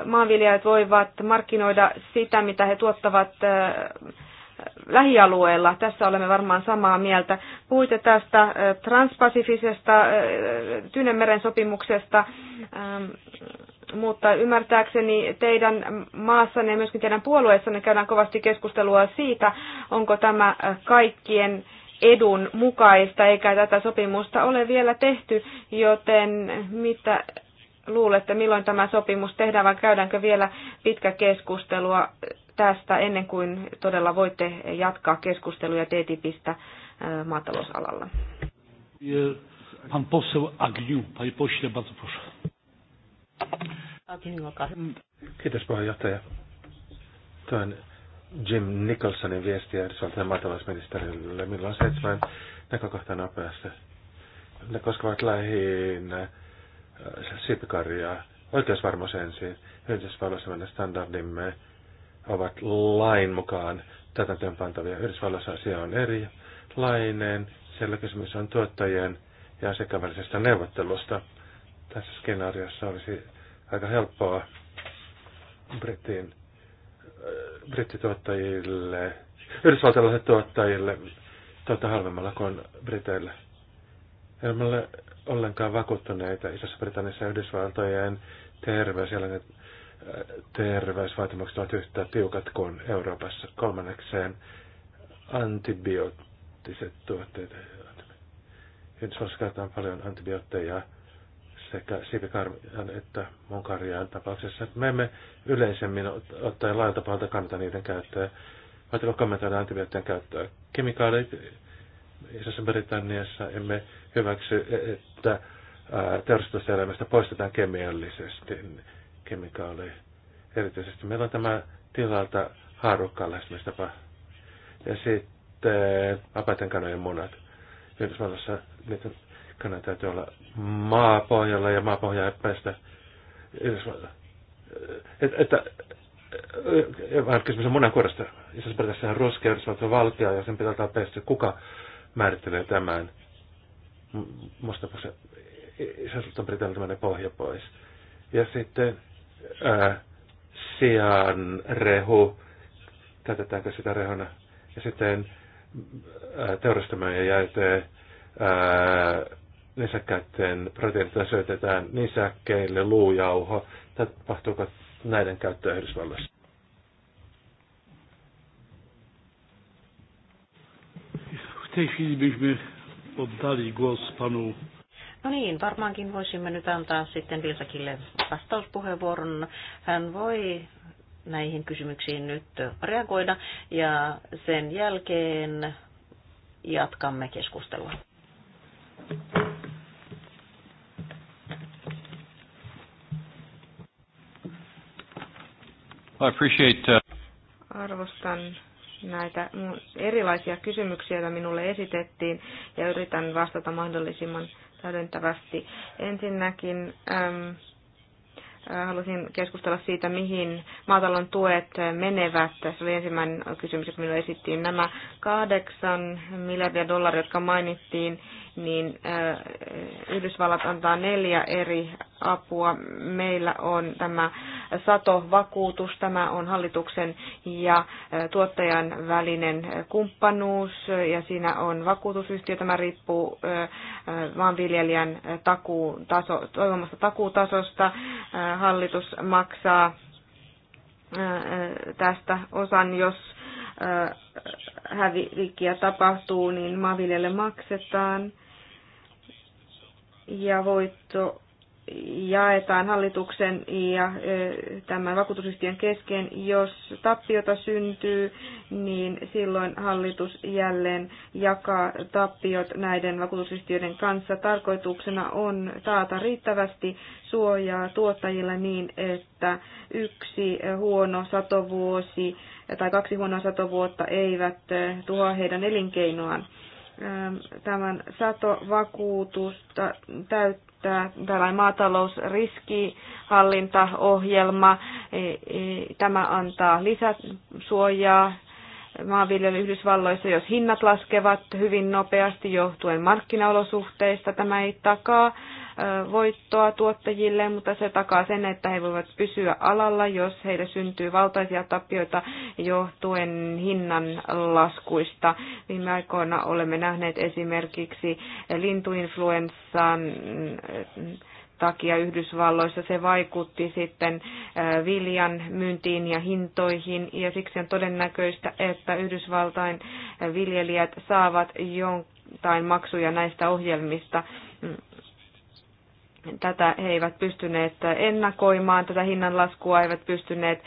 maanviljelijät voivat markkinoida sitä, mitä he tuottavat lähialueella. Tässä olemme varmaan samaa mieltä. Puhuitte tästä transpasifisesta Tyynemeren sopimuksesta mutta ymmärtääkseni teidän maassanne ja myöskin teidän puolueessanne käydään kovasti keskustelua siitä, onko tämä kaikkien edun mukaista, eikä tätä sopimusta ole vielä tehty, joten mitä luulette, milloin tämä sopimus tehdään, vai käydäänkö vielä pitkä keskustelua tästä ennen kuin todella voitte jatkaa keskusteluja TTIPistä maatalousalalla? Pan poseł Agniu, panie pośle, bardzo proszę. Kiitos puheenjohtaja. Tämä on Jim Nicholsonin viestiä Yhdysvaltain maatalousministeriölle, millä on seitsemän näkökohtaa nopeasti. Ne koskevat lähinnä äh, siipikarjaa. Oikeusvarmuus ensin. Yhdysvalloissa meidän standardimme ovat lain mukaan tätä pantavia. Yhdysvalloissa asia on erilainen. Siellä kysymys on tuottajien ja asiakkaan neuvottelusta tässä skenaariossa olisi aika helppoa Britin, äh, brittituottajille, yhdysvaltalaisille tuottajille tuota halvemmalla kuin briteille. En ole ollenkaan vakuuttuneita Isossa britannissa Yhdysvaltojen terveys, ja ne äh, terveysvaatimukset ovat yhtä tiukat kuin Euroopassa. Kolmannekseen antibioottiset tuotteet. Yhdysvaltoissa käytetään paljon antibiootteja sekä Sivikarjan että mun tapauksessa. Me emme yleisemmin ottaen laajalta puolelta kannata niiden käyttöä. Voitteko kommentoida antibioottien käyttöä? Kemikaalit Isossa Britanniassa emme hyväksy, että teurastuselämästä poistetaan kemiallisesti kemikaali. Erityisesti meillä on tämä tilalta haarukkaan lähestymistapa. Ja sitten apaten kanojen munat. Yhdysvalloissa niitä paikkana täytyy olla maapohjalla ja maapohja ei päästä että, että vähän kysymys on munankuoresta. Isossa Britanniassa on ruskea, Yhdysvallat on valkea ja sen pitää olla päästä, Kuka määrittelee tämän? Musta se on Britanniassa tämmöinen pohja pois. Ja sitten ää, sian rehu, käytetäänkö sitä rehona? Ja sitten ää, teurastamojen jäite, Nisäkkäiden proteiinita syötetään nisäkkeille, luujauho. Tapahtuuko näiden käyttöä Yhdysvalloissa? panu No niin, varmaankin voisimme nyt antaa sitten Vilsakille vastauspuheenvuoron. Hän voi näihin kysymyksiin nyt reagoida ja sen jälkeen jatkamme keskustelua. I appreciate, uh, Arvostan näitä erilaisia kysymyksiä, joita minulle esitettiin, ja yritän vastata mahdollisimman täydentävästi. Ensinnäkin äm, äh, halusin keskustella siitä, mihin maatalon tuet menevät. Se oli ensimmäinen kysymys, joka minulle esittiin. Nämä kahdeksan miljardia dollaria, jotka mainittiin, niin äh, Yhdysvallat antaa neljä eri apua. Meillä on tämä satovakuutus, tämä on hallituksen ja äh, tuottajan välinen kumppanuus ja siinä on vakuutusyhtiö. Tämä riippuu äh, maanviljelijän takuutaso, toivomasta takuutasosta. Hallitus maksaa tästä osan, jos hävikkiä tapahtuu, niin maanviljelijälle maksetaan ja voitto jaetaan hallituksen ja tämän vakuutusyhtiön kesken. Jos tappiota syntyy, niin silloin hallitus jälleen jakaa tappiot näiden vakuutusyhtiöiden kanssa. Tarkoituksena on taata riittävästi suojaa tuottajilla niin, että yksi huono satovuosi tai kaksi huonoa satovuotta eivät tuhoa heidän elinkeinoaan. Ähm, tämän satovakuutusta täyttää tällainen maatalousriskihallintaohjelma. E, e, tämä antaa lisäsuojaa maanviljely Yhdysvalloissa, jos hinnat laskevat hyvin nopeasti johtuen markkinaolosuhteista. Tämä ei takaa voittoa tuottajille, mutta se takaa sen, että he voivat pysyä alalla, jos heille syntyy valtaisia tappioita johtuen hinnan laskuista. Viime aikoina olemme nähneet esimerkiksi lintuinfluenssan takia Yhdysvalloissa se vaikutti sitten viljan myyntiin ja hintoihin ja siksi on todennäköistä, että Yhdysvaltain viljelijät saavat jotain maksuja näistä ohjelmista mm. tätä he eivät pystyneet ennakoimaan, tätä hinnanlaskua eivät pystyneet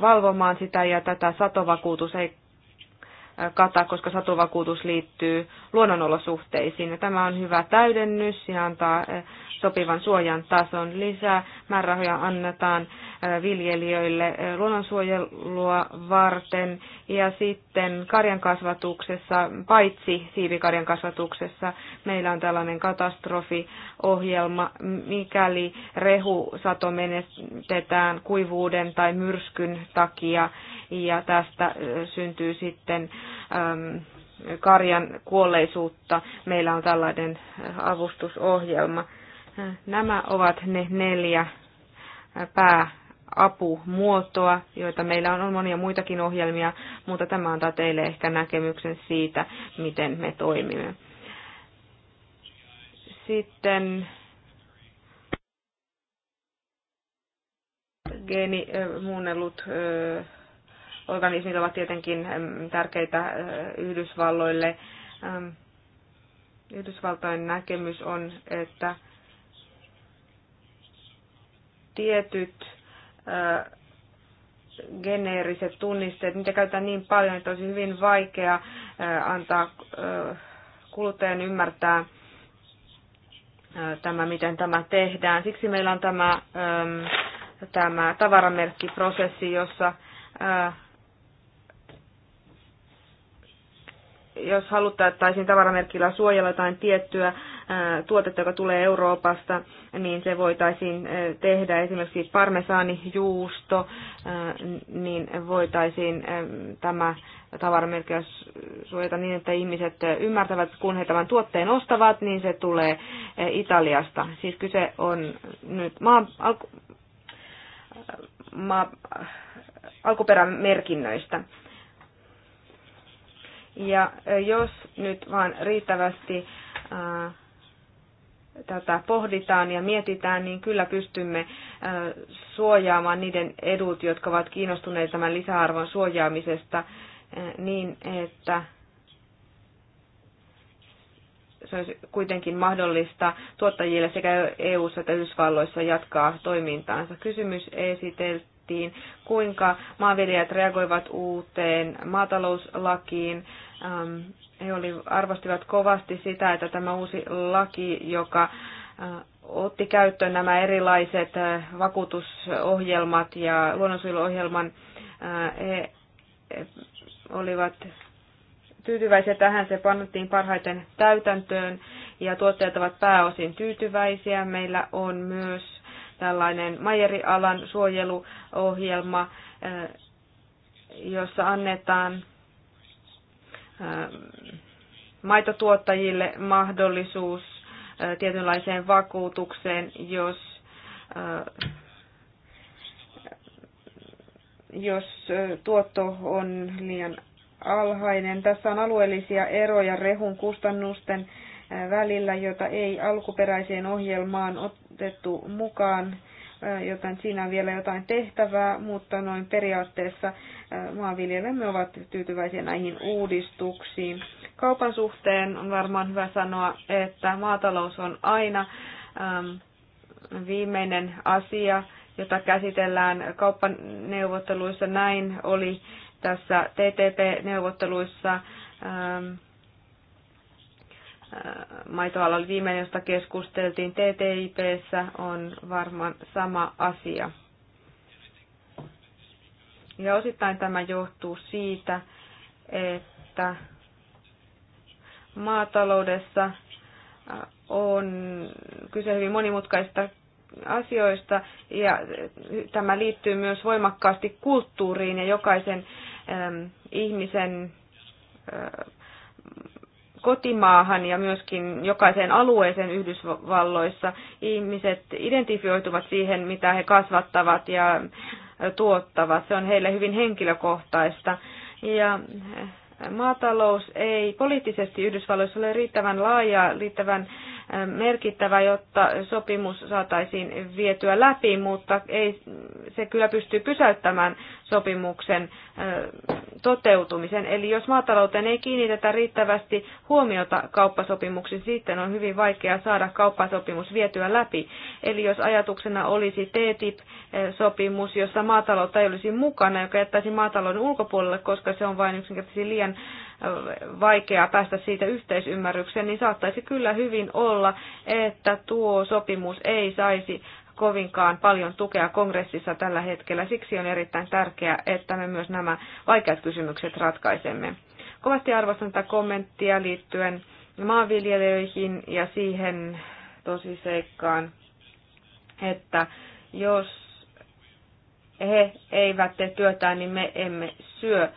valvomaan sitä ja tätä satovakuutus ei kata, koska satovakuutus liittyy luonnonolosuhteisiin. Ja tämä on hyvä täydennys ja antaa eh, sopivan suojan tason. Lisää määrärahoja annetaan viljelijöille luonnonsuojelua varten ja sitten karjan kasvatuksessa, paitsi siipikarjan kasvatuksessa, meillä on tällainen katastrofiohjelma, mikäli rehusato menetetään kuivuuden tai myrskyn takia ja tästä syntyy sitten äm, karjan kuolleisuutta. Meillä on tällainen avustusohjelma. Nämä ovat ne neljä pääapumuotoa, joita meillä on, on monia muitakin ohjelmia, mutta tämä antaa teille ehkä näkemyksen siitä, miten me toimimme. Sitten geenimuunnellut organismit ovat tietenkin tärkeitä Yhdysvalloille. Yhdysvaltojen näkemys on, että tietyt geneeriset tunnisteet, niitä käytetään niin paljon, että olisi hyvin vaikea antaa kuluttajan ymmärtää tämä, miten tämä tehdään. Siksi meillä on tämä, tämä tavaramerkkiprosessi, jossa jos haluttaisiin tavaramerkillä suojella jotain tiettyä tuotetta, joka tulee Euroopasta, niin se voitaisiin tehdä esimerkiksi parmesaanijuusto, niin voitaisiin tämä tavaramerkki suojata niin, että ihmiset ymmärtävät, että kun he tämän tuotteen ostavat, niin se tulee Italiasta. Siis kyse on nyt maa, alku, maa, alkuperämerkinnöistä. merkinnöistä. Ja jos nyt vaan riittävästi tätä pohditaan ja mietitään, niin kyllä pystymme suojaamaan niiden edut, jotka ovat kiinnostuneet tämän lisäarvon suojaamisesta niin, että se olisi kuitenkin mahdollista tuottajille sekä eu että Yhdysvalloissa jatkaa toimintaansa. Kysymys esiteltiin, kuinka maanviljelijät reagoivat uuteen maatalouslakiin. Ähm, he oli, arvostivat kovasti sitä, että tämä uusi laki, joka äh, otti käyttöön nämä erilaiset äh, vakuutusohjelmat ja luonnonsuojeluohjelman, äh, he olivat tyytyväisiä tähän, se panottiin parhaiten täytäntöön ja tuottajat ovat pääosin tyytyväisiä. Meillä on myös tällainen majerialan suojeluohjelma, jossa annetaan maitotuottajille mahdollisuus tietynlaiseen vakuutukseen, jos, jos tuotto on liian alhainen. Tässä on alueellisia eroja rehun kustannusten välillä, jota ei alkuperäiseen ohjelmaan otettu mukaan, joten siinä on vielä jotain tehtävää, mutta noin periaatteessa maanviljelemme ovat tyytyväisiä näihin uudistuksiin. Kaupan suhteen on varmaan hyvä sanoa, että maatalous on aina ähm, viimeinen asia, jota käsitellään kauppaneuvotteluissa. Näin oli tässä TTP-neuvotteluissa. Ähm, äh, maitoala oli viimeinen, josta keskusteltiin. TTIPssä on varmaan sama asia. Ja osittain tämä johtuu siitä, että maataloudessa äh, on kyse hyvin monimutkaista asioista ja äh, tämä liittyy myös voimakkaasti kulttuuriin ja jokaisen ähm, ihmisen äh, kotimaahan ja myöskin jokaiseen alueeseen Yhdysvalloissa. Ihmiset identifioituvat siihen, mitä he kasvattavat ja tuottava. Se on heille hyvin henkilökohtaista. Ja eh, maatalous ei poliittisesti Yhdysvalloissa ole riittävän laaja, riittävän merkittävä, jotta sopimus saataisiin vietyä läpi, mutta ei se kyllä pysty pysäyttämään sopimuksen toteutumisen. Eli jos maatalouteen ei kiinnitetä riittävästi huomiota kauppasopimuksiin, sitten on hyvin vaikea saada kauppasopimus vietyä läpi. Eli jos ajatuksena olisi TTIP-sopimus, jossa maataloutta ei olisi mukana, joka jättäisi maatalouden ulkopuolelle, koska se on vain yksinkertaisesti liian vaikeaa päästä siitä yhteisymmärrykseen, niin saattaisi kyllä hyvin olla, että tuo sopimus ei saisi kovinkaan paljon tukea kongressissa tällä hetkellä. Siksi on erittäin tärkeää, että me myös nämä vaikeat kysymykset ratkaisemme. Kovasti arvostan tätä kommenttia liittyen maanviljelijöihin ja siihen tosiseikkaan, että jos he eivät tee työtään, niin me emme syö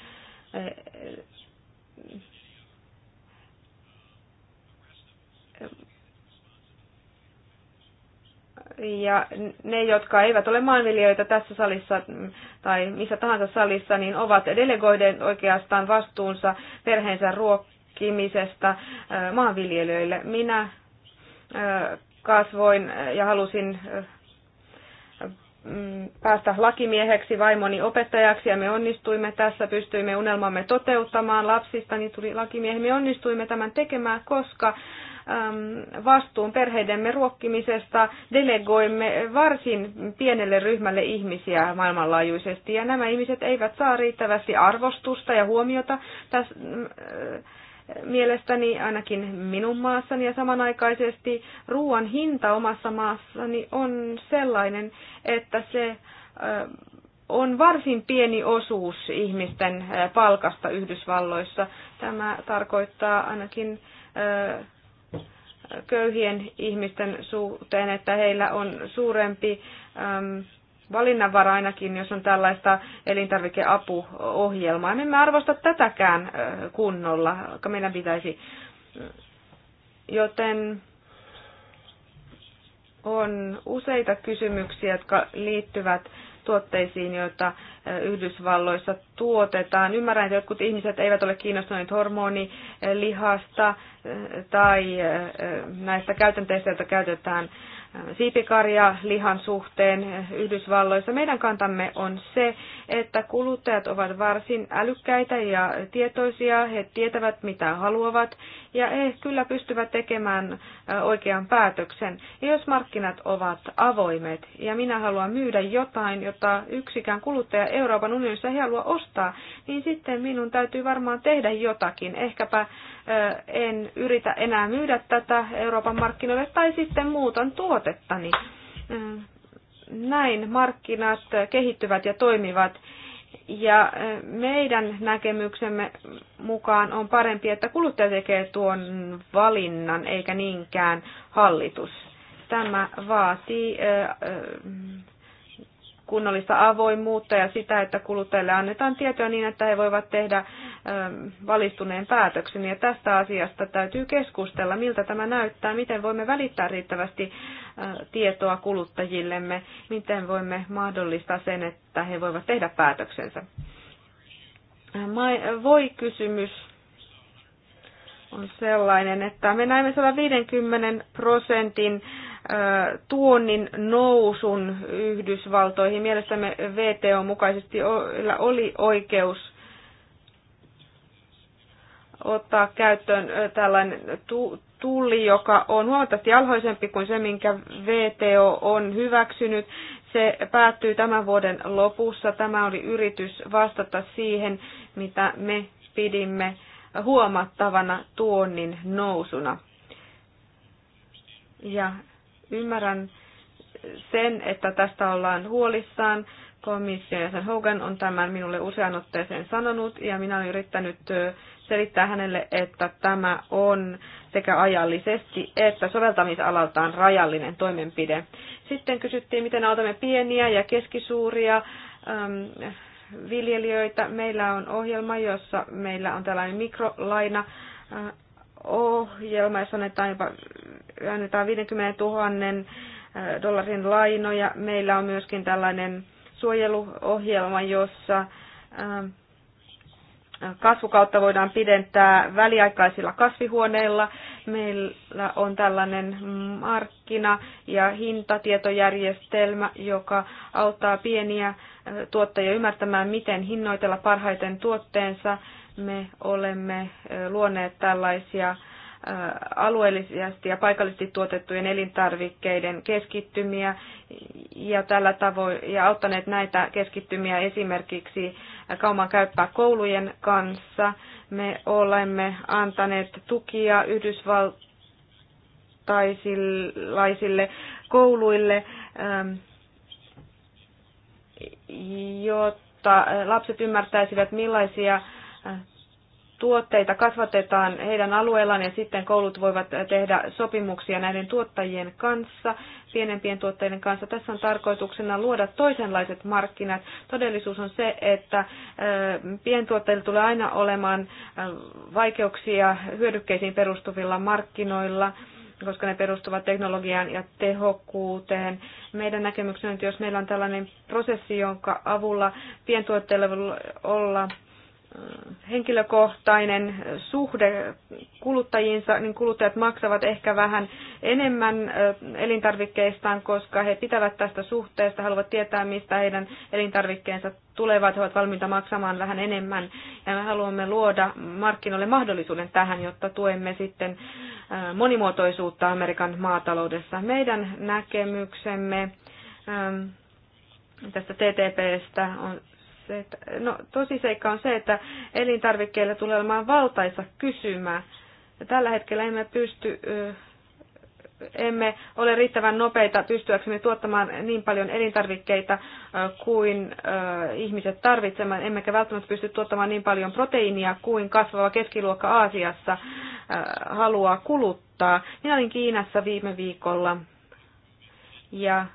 ja ne, jotka eivät ole maanviljelijöitä tässä salissa tai missä tahansa salissa, niin ovat delegoiden oikeastaan vastuunsa perheensä ruokkimisesta maanviljelijöille. Minä kasvoin ja halusin päästä lakimieheksi, vaimoni opettajaksi ja me onnistuimme tässä, pystyimme unelmamme toteuttamaan lapsista, niin tuli lakimiehi. Me onnistuimme tämän tekemään, koska vastuun perheidemme ruokkimisesta delegoimme varsin pienelle ryhmälle ihmisiä maailmanlaajuisesti ja nämä ihmiset eivät saa riittävästi arvostusta ja huomiota tässä mielestäni ainakin minun maassani ja samanaikaisesti ruoan hinta omassa maassani on sellainen, että se on varsin pieni osuus ihmisten palkasta Yhdysvalloissa. Tämä tarkoittaa ainakin köyhien ihmisten suhteen, että heillä on suurempi valinnanvara ainakin, jos on tällaista elintarvikeapuohjelmaa. Me emme arvosta tätäkään kunnolla, vaikka meidän pitäisi. Joten on useita kysymyksiä, jotka liittyvät tuotteisiin, joita Yhdysvalloissa tuotetaan. Ymmärrän, että jotkut ihmiset eivät ole kiinnostuneet hormonilihasta tai näistä käytänteistä, joita käytetään siipikarja lihan suhteen Yhdysvalloissa. Meidän kantamme on se, että kuluttajat ovat varsin älykkäitä ja tietoisia, he tietävät mitä haluavat ja he kyllä pystyvät tekemään oikean päätöksen. Ja jos markkinat ovat avoimet ja minä haluan myydä jotain, jota yksikään kuluttaja Euroopan unionissa ei halua ostaa, niin sitten minun täytyy varmaan tehdä jotakin, ehkäpä en yritä enää myydä tätä Euroopan markkinoille tai sitten muutan tuotettani. Näin markkinat kehittyvät ja toimivat. Ja meidän näkemyksemme mukaan on parempi, että kuluttaja tekee tuon valinnan eikä niinkään hallitus. Tämä vaatii kunnollista avoimuutta ja sitä, että kuluttajille annetaan tietoa niin, että he voivat tehdä ähm, valistuneen päätöksen. Ja tästä asiasta täytyy keskustella, miltä tämä näyttää, miten voimme välittää riittävästi äh, tietoa kuluttajillemme, miten voimme mahdollistaa sen, että he voivat tehdä päätöksensä. Äh, voi kysymys on sellainen, että me näemme 150 prosentin tuonnin nousun Yhdysvaltoihin. Mielestämme VTO mukaisesti oli oikeus ottaa käyttöön tällainen tulli, joka on huomattavasti alhaisempi kuin se, minkä VTO on hyväksynyt. Se päättyy tämän vuoden lopussa. Tämä oli yritys vastata siihen, mitä me pidimme huomattavana tuonnin nousuna. Ja Ymmärrän sen, että tästä ollaan huolissaan. Komission jäsen Hogan on tämän minulle usean otteeseen sanonut ja minä olen yrittänyt selittää hänelle, että tämä on sekä ajallisesti että soveltamisalaltaan rajallinen toimenpide. Sitten kysyttiin, miten autamme pieniä ja keskisuuria äm, viljelijöitä. Meillä on ohjelma, jossa meillä on tällainen mikrolaina ohjelma, jossa annetaan jopa annetaan 50 000 äh, dollarin lainoja. Meillä on myöskin tällainen suojeluohjelma, jossa äh, kasvukautta voidaan pidentää väliaikaisilla kasvihuoneilla. Meillä on tällainen markkina- ja hintatietojärjestelmä, joka auttaa pieniä äh, tuottajia ymmärtämään, miten hinnoitella parhaiten tuotteensa me olemme luoneet tällaisia alueellisesti ja paikallisesti tuotettujen elintarvikkeiden keskittymiä ja, tällä tavoin, ja auttaneet näitä keskittymiä esimerkiksi kauman käyttää koulujen kanssa. Me olemme antaneet tukia yhdysvaltaisille kouluille, jotta lapset ymmärtäisivät millaisia tuotteita kasvatetaan heidän alueellaan ja sitten koulut voivat tehdä sopimuksia näiden tuottajien kanssa, pienempien tuotteiden kanssa. Tässä on tarkoituksena luoda toisenlaiset markkinat. Todellisuus on se, että pientuotteilla tulee aina olemaan vaikeuksia hyödykkeisiin perustuvilla markkinoilla koska ne perustuvat teknologiaan ja tehokkuuteen. Meidän näkemyksemme on, että jos meillä on tällainen prosessi, jonka avulla pientuotteilla voi olla henkilökohtainen suhde kuluttajiinsa, niin kuluttajat maksavat ehkä vähän enemmän elintarvikkeistaan, koska he pitävät tästä suhteesta, haluavat tietää, mistä heidän elintarvikkeensa tulevat, he ovat valmiita maksamaan vähän enemmän. Ja me haluamme luoda markkinoille mahdollisuuden tähän, jotta tuemme sitten monimuotoisuutta Amerikan maataloudessa. Meidän näkemyksemme tästä TTPstä on se, että, no seikka on se, että elintarvikkeilla tulee olemaan valtaisa kysymä. Tällä hetkellä emme pysty emme ole riittävän nopeita pystyäksemme tuottamaan niin paljon elintarvikkeita kuin ihmiset tarvitsemaan, emmekä välttämättä pysty tuottamaan niin paljon proteiinia kuin kasvava keskiluokka Aasiassa haluaa kuluttaa. Minä olin Kiinassa viime viikolla ja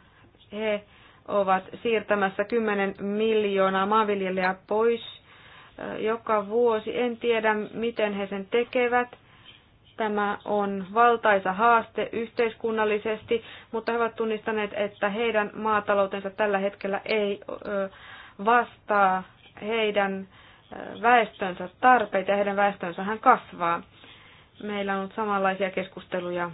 he ovat siirtämässä 10 miljoonaa maanviljelijää pois joka vuosi. En tiedä, miten he sen tekevät. Tämä on valtaisa haaste yhteiskunnallisesti, mutta he ovat tunnistaneet, että heidän maataloutensa tällä hetkellä ei vastaa heidän väestönsä tarpeita ja heidän hän kasvaa. Meillä on ollut samanlaisia keskusteluja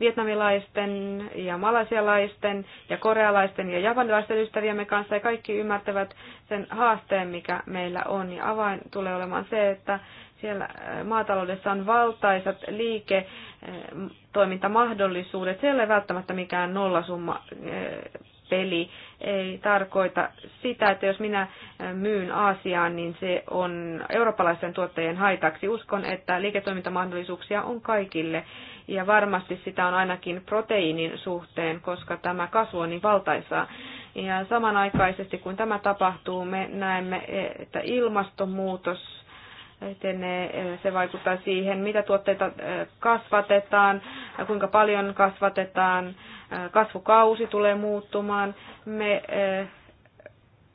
vietnamilaisten ja malasialaisten ja korealaisten ja japanilaisten ystäviemme kanssa ja kaikki ymmärtävät sen haasteen, mikä meillä on. Ja avain tulee olemaan se, että siellä äh, maataloudessa on valtaisat liiketoimintamahdollisuudet. Äh, se ei ole välttämättä mikään nollasumma äh, peli ei tarkoita sitä, että jos minä myyn Aasiaan, niin se on eurooppalaisten tuottajien haitaksi. Uskon, että liiketoimintamahdollisuuksia on kaikille ja varmasti sitä on ainakin proteiinin suhteen, koska tämä kasvu on niin valtaisaa. Ja samanaikaisesti kun tämä tapahtuu, me näemme, että ilmastonmuutos etenee, se vaikuttaa siihen, mitä tuotteita kasvatetaan, kuinka paljon kasvatetaan, kasvukausi tulee muuttumaan. Me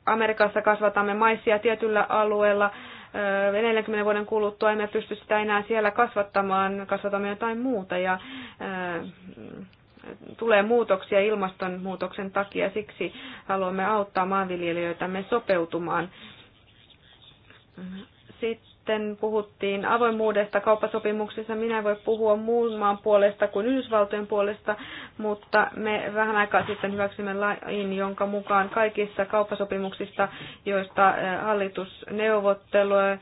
Amerikassa kasvatamme maissia tietyllä alueella, 40 vuoden kuluttua emme pysty sitä enää siellä kasvattamaan, kasvatamme jotain muuta ja tulee muutoksia ilmastonmuutoksen takia, siksi haluamme auttaa maanviljelijöitämme sopeutumaan. Sitten sitten puhuttiin avoimuudesta kauppasopimuksissa. Minä en voi puhua muun maan puolesta kuin Yhdysvaltojen puolesta, mutta me vähän aikaa sitten hyväksymme lain, jonka mukaan kaikissa kauppasopimuksista, joista eh, hallitus neuvottelee,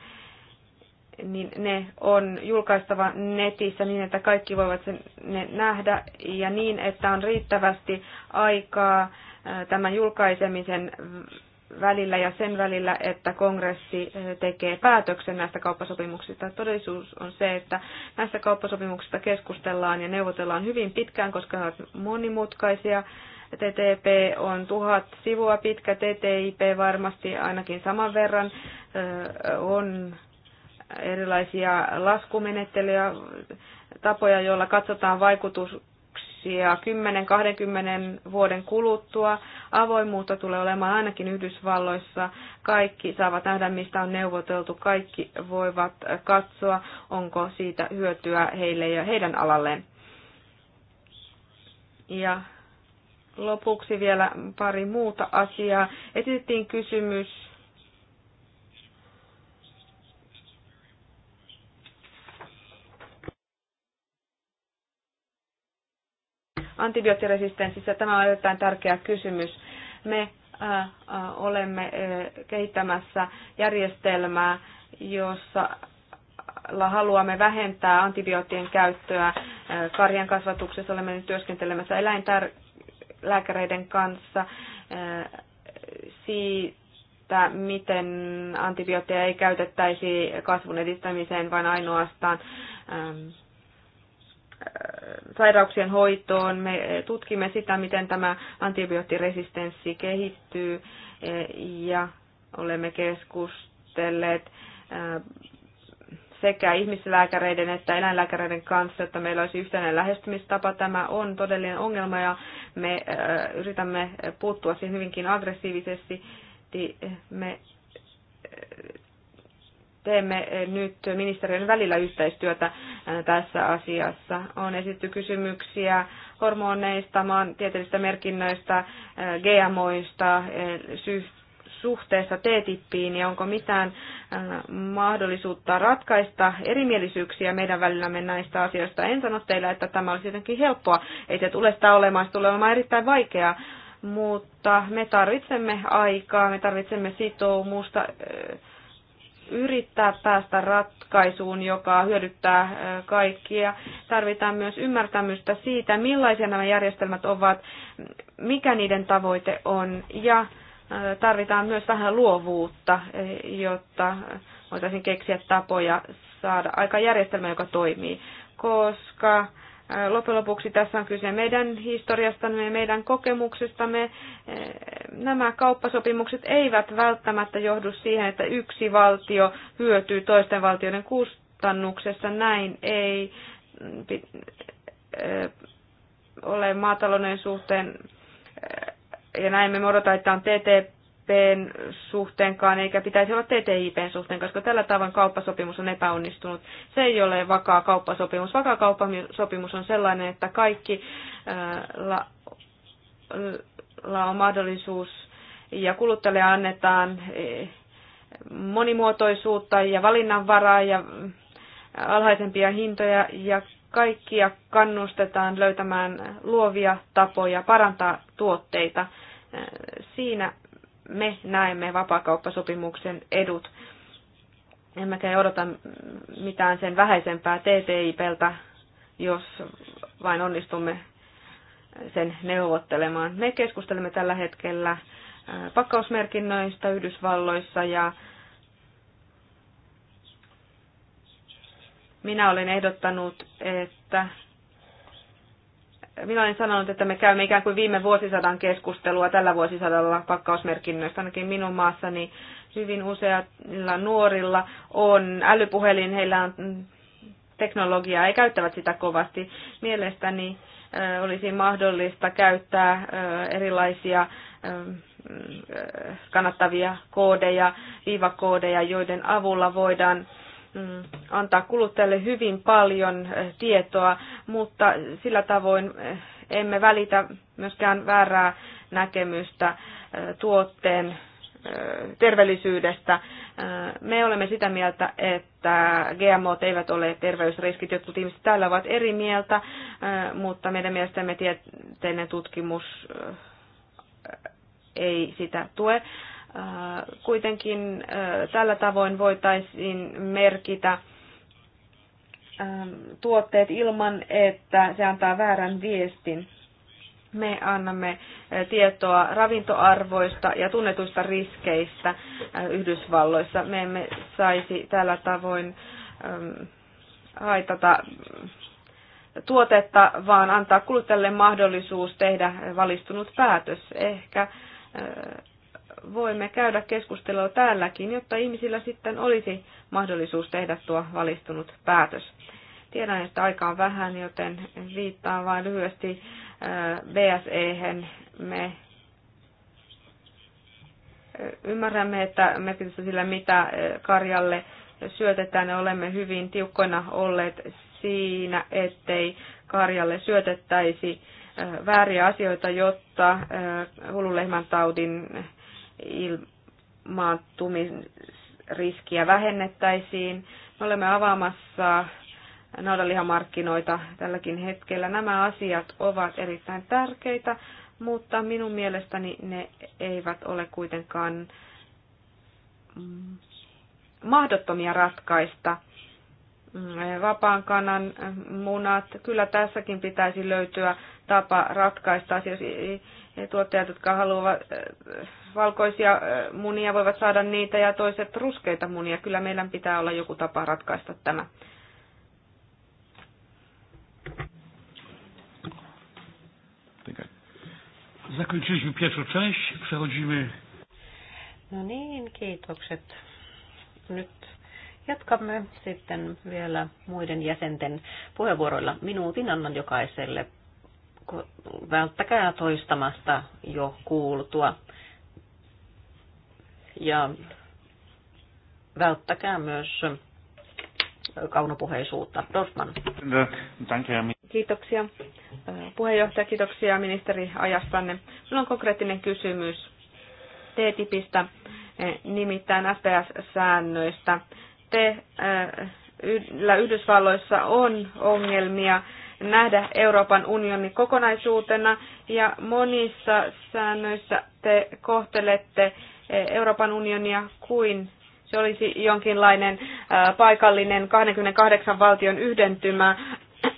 niin ne on julkaistava netissä niin, että kaikki voivat sen ne nähdä ja niin, että on riittävästi aikaa eh, tämän julkaisemisen välillä ja sen välillä, että kongressi eh, tekee päätöksen näistä kauppasopimuksista. Todellisuus on se, että näistä kauppasopimuksista keskustellaan ja neuvotellaan hyvin pitkään, koska ne ovat monimutkaisia. TTP on tuhat sivua pitkä, TTIP varmasti ainakin saman verran eh, on erilaisia laskumenettelyjä, tapoja, joilla katsotaan vaikutus ja 10-20 vuoden kuluttua. Avoimuutta tulee olemaan ainakin Yhdysvalloissa. Kaikki saavat nähdä, mistä on neuvoteltu. Kaikki voivat katsoa, onko siitä hyötyä heille ja heidän alalleen. Ja lopuksi vielä pari muuta asiaa. Esitettiin kysymys antibioottiresistenssissä. Tämä on erittäin tärkeä kysymys. Me olemme kehittämässä järjestelmää, jossa haluamme vähentää antibioottien käyttöä. Karjan kasvatuksessa olemme nyt työskentelemässä eläinlääkäreiden kanssa siitä, miten antibiootteja ei käytettäisi kasvun edistämiseen, vaan ainoastaan sairauksien hoitoon. Me tutkimme sitä, miten tämä antibioottiresistenssi kehittyy e, ja olemme keskustelleet e, sekä ihmislääkäreiden että eläinlääkäreiden kanssa, että meillä olisi yhtenäinen lähestymistapa. Tämä on todellinen ongelma ja me e, yritämme puuttua siihen hyvinkin aggressiivisesti. Me teemme nyt ministeriön välillä yhteistyötä äh, tässä asiassa. On esitetty kysymyksiä hormoneista, maantieteellisistä merkinnöistä, äh, GMOista, äh, suhteessa T-tippiin ja onko mitään mahdollisuutta ratkaista erimielisyyksiä meidän välillämme näistä asioista. En sano teille, että tämä olisi jotenkin helppoa. Ei se tule sitä olemaan, se tulee olemaan erittäin vaikeaa, mutta me tarvitsemme aikaa, me tarvitsemme sitoumusta. Öö, yrittää päästä ratkaisuun, joka hyödyttää kaikkia. Tarvitaan myös ymmärtämystä siitä, millaisia nämä järjestelmät ovat, mikä niiden tavoite on ja tarvitaan myös vähän luovuutta, e, jotta voitaisiin keksiä tapoja saada aika järjestelmä, joka toimii, koska Loppujen lopuksi tässä on kyse meidän historiastamme ja meidän kokemuksestamme. Nämä kauppasopimukset eivät välttämättä johdu siihen, että yksi valtio hyötyy toisten valtioiden kustannuksessa. Näin ei mm, ole maatalouden suhteen ja näin me odotamme, että on TTP TTIPn suhteenkaan, eikä pitäisi olla TTIPn suhteen, koska tällä tavoin kauppasopimus on epäonnistunut. Se ei ole vakaa kauppasopimus. Vakaa kauppasopimus on sellainen, että kaikki äh, la on mahdollisuus ja kuluttajalle annetaan eh, monimuotoisuutta ja valinnanvaraa ja äh, alhaisempia hintoja ja kaikkia kannustetaan löytämään luovia tapoja parantaa tuotteita. Äh, siinä me näemme vapaakauppasopimuksen edut. Emmekä odota mitään sen vähäisempää TTIPltä, jos vain onnistumme sen neuvottelemaan. Me keskustelemme tällä hetkellä äh, pakkausmerkinnöistä Yhdysvalloissa ja minä olen ehdottanut, että minä olen sanonut, että me käymme ikään kuin viime vuosisadan keskustelua tällä vuosisadalla pakkausmerkinnöistä, ainakin minun maassani hyvin useilla nuorilla on älypuhelin, heillä on teknologiaa ja käyttävät sitä kovasti. Mielestäni olisi mahdollista käyttää erilaisia kannattavia koodeja, viivakoodeja, joiden avulla voidaan Mm, antaa kuluttajalle hyvin paljon eh, tietoa, mutta sillä tavoin eh, emme välitä myöskään väärää näkemystä eh, tuotteen terveellisyydestä. Me olemme sitä mieltä, että GMO eivät ole terveysriskit. Jotkut ihmiset täällä ovat eri mieltä, mutta meidän mielestämme tieteellinen tutkimus ei sitä tue. Äh, kuitenkin äh, tällä tavoin voitaisiin merkitä ähm, tuotteet ilman, että se antaa väärän viestin. Me annamme äh, tietoa ravintoarvoista ja tunnetuista riskeistä Yhdysvalloissa. Me emme saisi tällä tavoin ähm, haitata tuotetta, vaan antaa kuluttajalle mahdollisuus tehdä valistunut päätös. Ehkä voimme käydä keskustelua täälläkin, jotta ihmisillä sitten olisi mahdollisuus tehdä tuo valistunut päätös. Tiedän, että aika on vähän, joten viittaan vain lyhyesti äh, BSE. -hän. Me äh, ymmärrämme, että merkitystä sillä, mitä äh, karjalle syötetään, ja olemme hyvin tiukkoina olleet siinä, ettei karjalle syötettäisi vääriä asioita, jotta hululehmän taudin ilmaantumisriskiä vähennettäisiin. Me olemme avaamassa naudanlihamarkkinoita tälläkin hetkellä. Nämä asiat ovat erittäin tärkeitä, mutta minun mielestäni ne eivät ole kuitenkaan mahdottomia ratkaista. Vapaan kanan munat, kyllä tässäkin pitäisi löytyä tapa ratkaista asioita tuottajat, jotka haluavat valkoisia munia, voivat saada niitä ja toiset ruskeita munia. Kyllä meillä pitää olla joku tapa ratkaista tämä. Zakończyliśmy pierwszą część. Przechodzimy. No niin, kiitokset. Nyt jatkamme sitten vielä muiden jäsenten puheenvuoroilla. Minuutin annan jokaiselle välttäkää toistamasta jo kuultua. Ja välttäkää myös kaunopuheisuutta. Dorfman. Kiitoksia äh, puheenjohtaja, kiitoksia ministeri ajastanne. Minulla on konkreettinen kysymys TTIPistä, eh, nimittäin SPS-säännöistä. Te äh, Yhdysvalloissa on ongelmia nähdä Euroopan unionin kokonaisuutena ja monissa säännöissä te kohtelette eh, Euroopan unionia kuin se olisi jonkinlainen eh, paikallinen 28 valtion yhdentymä, eh,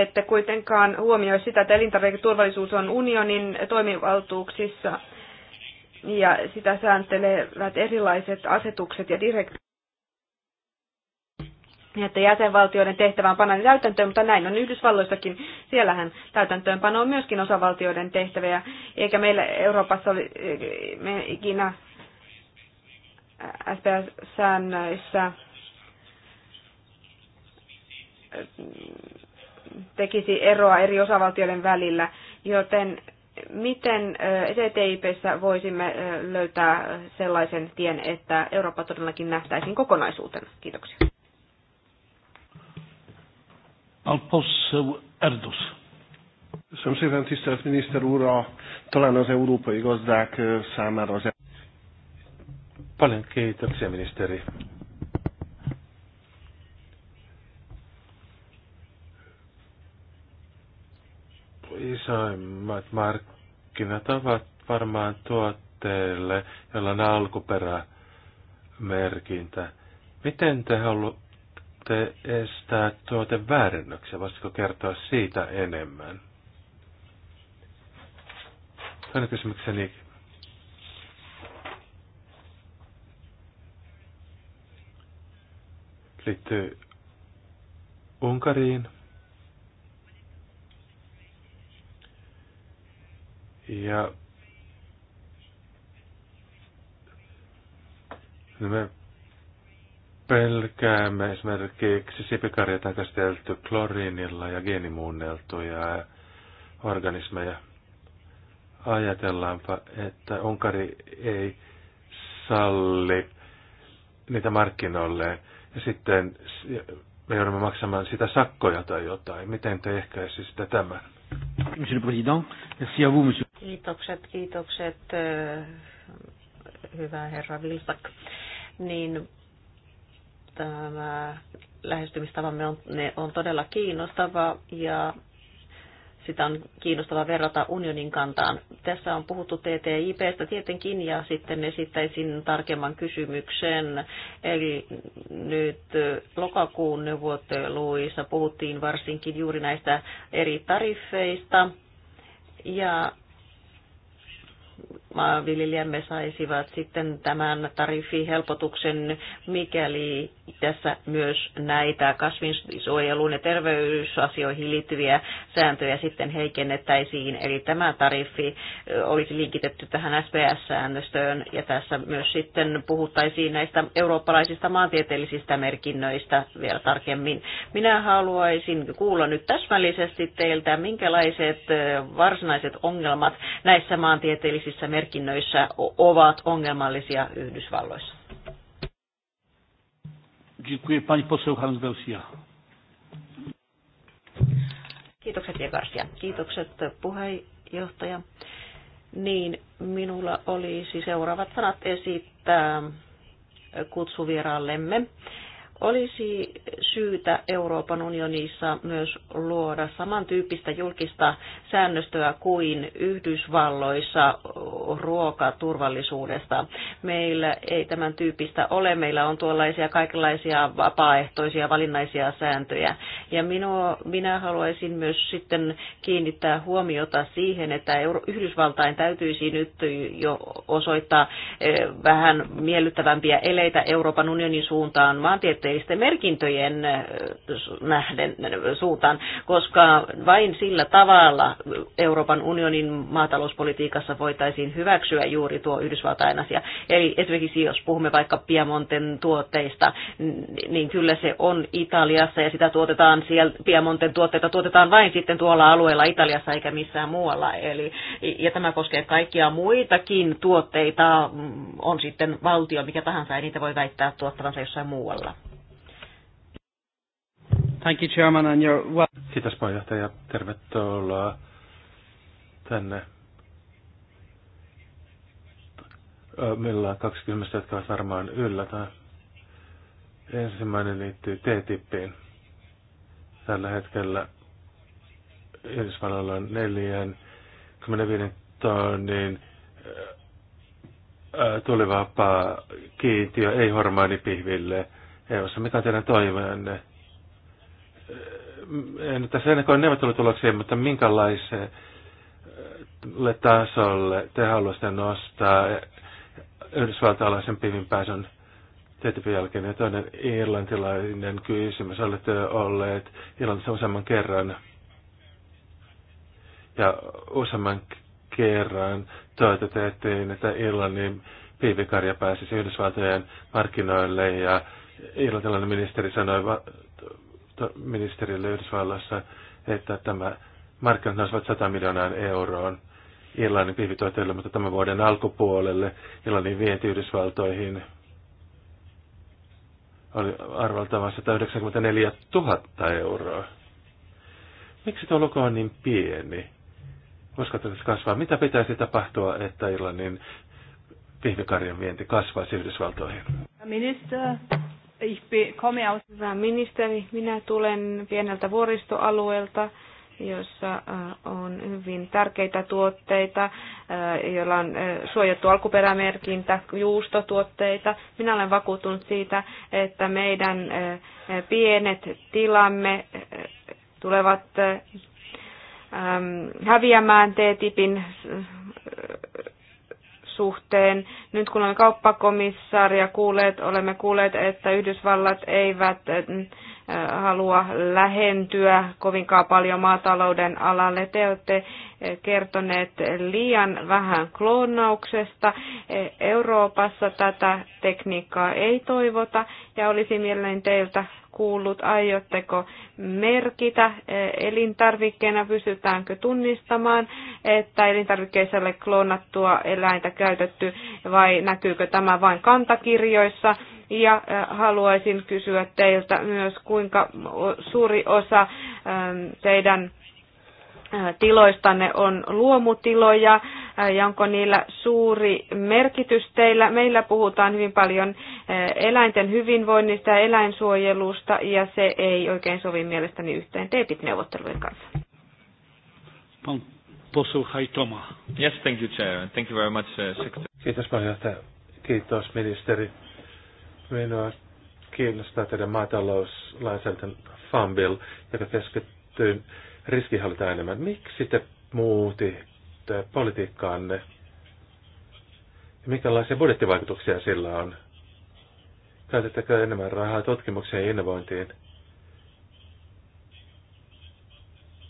että kuitenkaan huomioi sitä, että elintarviketurvallisuus on unionin toimivaltuuksissa ja sitä sääntelevät erilaiset asetukset ja direktiivit että jäsenvaltioiden tehtävään on panna täytäntöön, mutta näin on Yhdysvalloissakin. Siellähän täytäntöönpano on myöskin osavaltioiden tehtäviä, eikä meillä Euroopassa ole me ikinä SPS-säännöissä tekisi eroa eri osavaltioiden välillä, joten miten e TTIPssä voisimme löytää sellaisen tien, että Eurooppa todellakin nähtäisiin kokonaisuutena? Kiitoksia. Al poseł Erdos. Köszönöm szépen, tisztelt miniszter úr, a, talán az európai gazdák számára az... Paljon a ministeri. Isoimmat markkinat ovat varmaan tuotteille, jolla on alkuperämerkintä. Miten te voitte estää tuote väärennöksiä? Voisitko kertoa siitä enemmän? Toinen kysymykseni. liittyy Unkariin. Ja niin me pelkäämme esimerkiksi sipikarjata on käsitelty kloriinilla ja geenimuunneltuja organismeja. Ajatellaanpa, että Unkari ei salli niitä markkinoille ja sitten me joudumme maksamaan sitä sakkoja tai jotain. Miten te ehkäisisitte tämän? Monsieur le Président, merci à vous, monsieur. Kiitokset, kiitokset, äh, hyvä herra Vilsak. Niin tämä lähestymistavamme on, ne on todella kiinnostava ja sitä on kiinnostava verrata unionin kantaan. Tässä on puhuttu TTIPstä tietenkin ja sitten esittäisin tarkemman kysymyksen. Eli nyt lokakuun neuvotteluissa puhuttiin varsinkin juuri näistä eri tariffeista ja maanviljelijämme saisivat sitten tämän tariffihelpotuksen, mikäli tässä myös näitä kasvinsuojeluun ja terveysasioihin liittyviä sääntöjä sitten heikennettäisiin. Eli tämä tariffi olisi linkitetty tähän SPS-säännöstöön ja tässä myös sitten puhuttaisiin näistä eurooppalaisista maantieteellisistä merkinnöistä vielä tarkemmin. Minä haluaisin kuulla nyt täsmällisesti teiltä, minkälaiset varsinaiset ongelmat näissä maantieteellisissä merkinnöissä merkinnöissä ovat ongelmallisia Yhdysvalloissa. Dziękuję. Pani poseł Hans Kiitokset Jekarsia. Kiitokset puheenjohtaja. Niin, minulla olisi seuraavat sanat esittää kutsuvieraallemme olisi syytä Euroopan unionissa myös luoda samantyyppistä julkista säännöstöä kuin Yhdysvalloissa ruokaturvallisuudesta. Meillä ei tämän tyyppistä ole. Meillä on tuollaisia kaikenlaisia vapaaehtoisia valinnaisia sääntöjä. Ja minua, minä haluaisin myös sitten kiinnittää huomiota siihen, että Euro- Yhdysvaltain täytyisi nyt jo osoittaa eh, vähän miellyttävämpiä eleitä Euroopan unionin suuntaan maantieteen kielteisten merkintöjen nähden suuntaan, koska vain sillä tavalla Euroopan unionin maatalouspolitiikassa voitaisiin hyväksyä juuri tuo Yhdysvaltain asia. Eli esimerkiksi jos puhumme vaikka Piemonten tuotteista, niin kyllä se on Italiassa ja sitä tuotetaan siellä, Piemonten tuotteita tuotetaan vain sitten tuolla alueella Italiassa eikä missään muualla. Eli, ja tämä koskee kaikkia muitakin tuotteita, mm, on sitten valtio mikä tahansa, ei niitä voi väittää tuottavansa jossain muualla. Thank you, Chairman, and your... Kiitos puheenjohtaja. Tervetuloa tänne. Meillä on kaksi kysymystä, jotka ovat varmaan yllätä. Ensimmäinen liittyy T-tippiin. Tällä hetkellä Yhdysvalloilla on 45 tonnin tulivapaa kiintiö ei-hormonipihville EU-ssa. Mikä on teidän toiveenne? en tässä ennen kuin neuvottelutuloksia, mutta minkälaiselle tasolle te haluaisitte nostaa yhdysvaltalaisen pivin pääsyn TTIPin jälkeen? Ja toinen irlantilainen kysymys, olette olleet Irlannissa useamman kerran ja useamman kerran toivotettiin, että Irlannin piivikarja pääsisi Yhdysvaltojen markkinoille ja irlantilainen ministeri sanoi ministerille Yhdysvalloissa, että tämä markkinat nousivat 100 miljoonaa euroon Irlannin pihvitoitelle, mutta tämän vuoden alkupuolelle Irlannin vienti Yhdysvaltoihin oli arvoltaan 194 000 euroa. Miksi tuo luku on niin pieni? Koska että kasvaa? Mitä pitäisi tapahtua, että Irlannin pihvikarjan vienti kasvaisi Yhdysvaltoihin? Minister, Hyvä ministeri, minä tulen pieneltä vuoristoalueelta, jossa äh, on hyvin tärkeitä tuotteita, äh, joilla on äh, suojattu alkuperämerkintä, juustotuotteita. Minä olen vakuutunut siitä, että meidän pienet tilamme tulevat häviämään T-tipin suhteen. Nyt kun olemme kauppakomissaaria kuulleet, olemme kuulleet, että Yhdysvallat eivät mm, halua lähentyä kovinkaan paljon maatalouden alalle. Te olette kertoneet liian vähän kloonauksesta. E, Euroopassa tätä tekniikkaa ei toivota ja olisi mielelläni teiltä kuullut, aiotteko merkitä e, elintarvikkeena, pysytäänkö tunnistamaan, että elintarvikkeissa ei ole kloonattua eläintä käytetty vai näkyykö tämä vain kantakirjoissa ja äh, haluaisin kysyä teiltä myös, kuinka suuri osa ähm, teidän äh, tiloistanne on luomutiloja äh, ja onko niillä suuri merkitys teillä. Meillä puhutaan hyvin paljon eläinten hyvinvoinnista ja eläinsuojelusta ja se ei oikein sovi mielestäni yhteen TTIP-neuvottelujen e kanssa. Yes, thank you, Chair. Thank you very much, uh, Secretary. Kiitos puheenjohtaja. Kiitos ministeri. Minua kiinnostaa teidän maatalouslainsäädäntö FAMBIL, joka keskittyy riskihallintaan enemmän. Miksi te muutitte politiikkaanne? Ja minkälaisia budjettivaikutuksia sillä on? Käytettekö enemmän rahaa tutkimukseen ja innovointiin?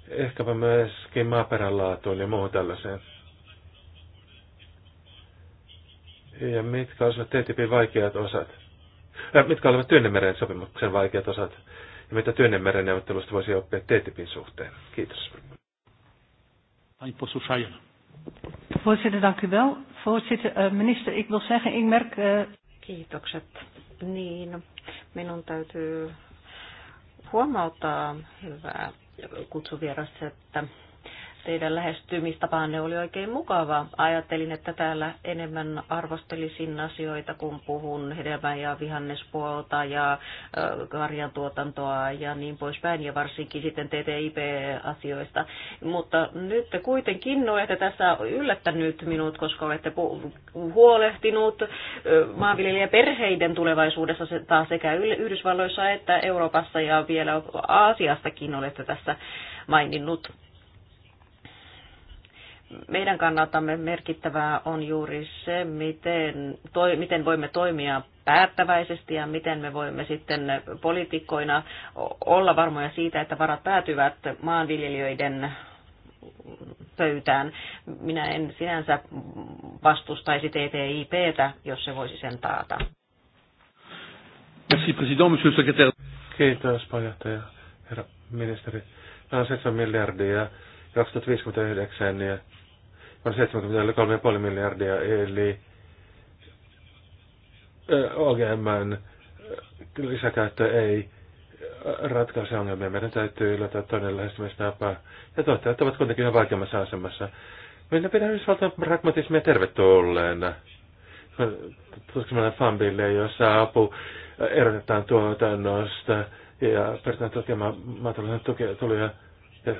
Ehkäpä myöskin maaperän laatuun ja muuhun tällaiseen. Ja mitkä olisivat TTIPin vaikeat osat? äh, mitkä olivat Tyynnemeren sopimuksen vaikeat osat ja mitä Tyynnemeren neuvottelusta voisi oppia TTIPin suhteen. Kiitos. Voorzitter, dank u wel. Voorzitter, eh, minister, ik wil zeggen, ik merk... Eh, Kiitokset. Niin, minun täytyy huomauttaa, hyvää kutsuvierasta, että Teidän lähestymistapaanne oli oikein mukava. Ajattelin, että täällä enemmän arvostelisin asioita, kun puhun hedelmä- ja vihannespuolta ja karjantuotantoa ja niin poispäin, ja varsinkin sitten TTIP-asioista. Mutta nyt te kuitenkin olette no, tässä yllättänyt minut, koska olette huolehtinut maanviljelijäperheiden tulevaisuudessa taas sekä Yhdysvalloissa että Euroopassa ja vielä Aasiastakin olette tässä maininnut meidän kannaltamme merkittävää on juuri se, miten, toi, miten voimme toimia päättäväisesti ja miten me voimme sitten poliitikkoina olla varmoja siitä, että varat päätyvät maanviljelijöiden pöytään. Minä en sinänsä vastustaisi TTIPtä, jos se voisi sen taata. Merci, président, monsieur le secrétaire. Kiitos, puheenjohtaja, herra ministeri. Nämä on 7 miljardia 2059 ja on 73,5 miljardia, eli OGM lisäkäyttö ei ratkaise ongelmia. Meidän täytyy löytää toinen lähestymistapa. Ja toivottavasti ovat kuitenkin ihan vaikeammassa asemassa. Minä pidän Yhdysvaltain pragmatismia tervetulleena. Tutkimallinen fanbille, jossa apu erotetaan tuotannosta ja pyritään tukemaan maatalouden tukia, ja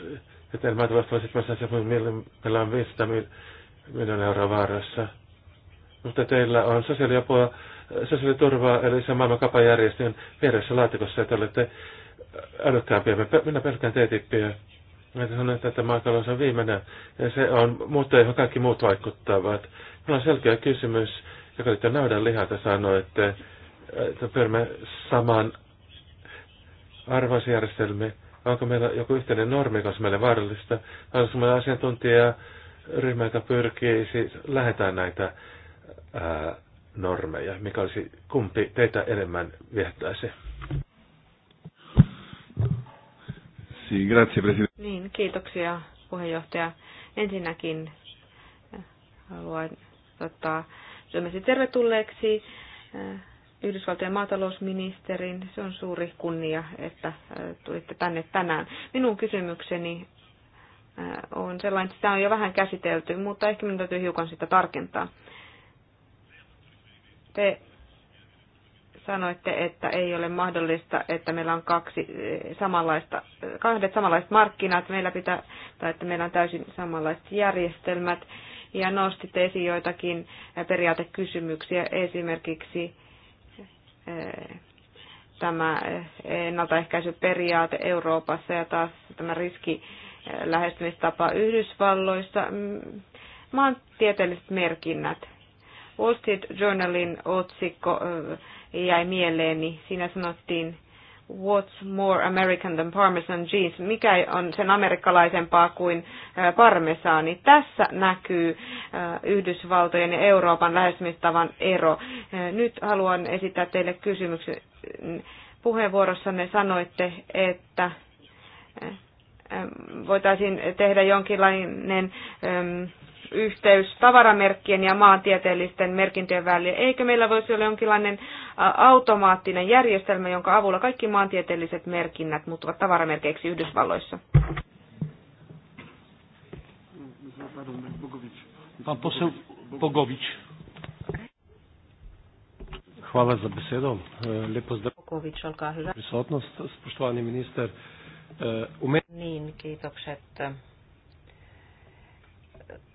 että Etelmät vastaavat sitten meillä on 500 miljoonaa euroa vaarassa. Mutta teillä on sosiaaliapua, sosiaaliturvaa, eli se maailman kapajärjestön vieressä laatikossa, että olette älykkäämpiä. Minä pelkään teetippiä, Mä sanoin, että tämä maatalous on viimeinen, ja se on muuta, johon kaikki muut vaikuttavat. Minulla on selkeä kysymys, joka liittyy naudan lihalta sanoi, että, että pyörimme saman arvoisjärjestelmiin Onko meillä joku yhteinen normi, joka on meille vaarallista? Onko meillä asiantuntijaryhmä, joka pyrkii siis lähetään näitä ää, normeja? Mikä olisi, kumpi teitä enemmän viettäisi? Niin, kiitoksia puheenjohtaja. Ensinnäkin haluan tota, tervetulleeksi Yhdysvaltojen maatalousministerin. Se on suuri kunnia, että äh, tulitte tänne tänään. Minun kysymykseni äh, on sellainen, että sitä on jo vähän käsitelty, mutta ehkä minun täytyy hiukan sitä tarkentaa. Te sanoitte, että ei ole mahdollista, että meillä on kaksi äh, samanlaista, kahdet samanlaiset markkinat, meillä pitää, tai että meillä on täysin samanlaiset järjestelmät, ja nostitte esiin joitakin periaatekysymyksiä, esimerkiksi tämä ennaltaehkäisyperiaate Euroopassa ja taas tämä riski lähestymistapa Yhdysvalloissa, maantieteelliset mm, merkinnät. Wall Street Journalin otsikko jäi mieleeni. Siinä sanottiin, What's more American than Parmesan cheese? Mikä on sen amerikkalaisempaa kuin parmesaani? Tässä näkyy Yhdysvaltojen ja Euroopan lähestymistavan ero. Nyt haluan esittää teille kysymyksen. Puheenvuorossanne sanoitte, että voitaisiin tehdä jonkinlainen yhteys tavaramerkkien ja maantieteellisten merkintöjen välillä? Eikö meillä voisi olla jonkinlainen automaattinen järjestelmä, jonka avulla kaikki maantieteelliset merkinnät muuttuvat tavaramerkeiksi Yhdysvalloissa? Pan poseł Bogowicz. Hvala za besedo. E, Bogowicz, olkaa hyvä. Prisotnost, spoštovani minister. E, niin, kiitokset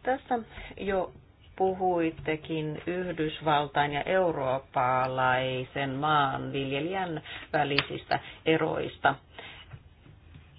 Tästä jo puhuittekin Yhdysvaltain ja eurooppalaisen maanviljelijän välisistä eroista.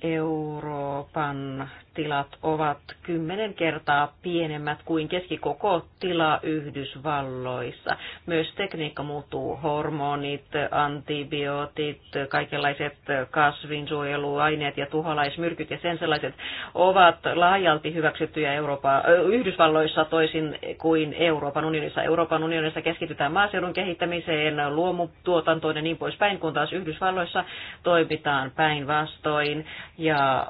Euroopan tilat ovat kymmenen kertaa pienemmät kuin keskikoko tila Yhdysvalloissa. Myös tekniikka muuttuu, hormonit, antibiootit, kaikenlaiset kasvinsuojeluaineet ja tuholaismyrkyt ja sen sellaiset ovat laajalti hyväksyttyjä Euroopan, Yhdysvalloissa toisin kuin Euroopan unionissa. Euroopan unionissa keskitytään maaseudun kehittämiseen, luomutuotantoon ja niin poispäin, kun taas Yhdysvalloissa toimitaan päinvastoin ja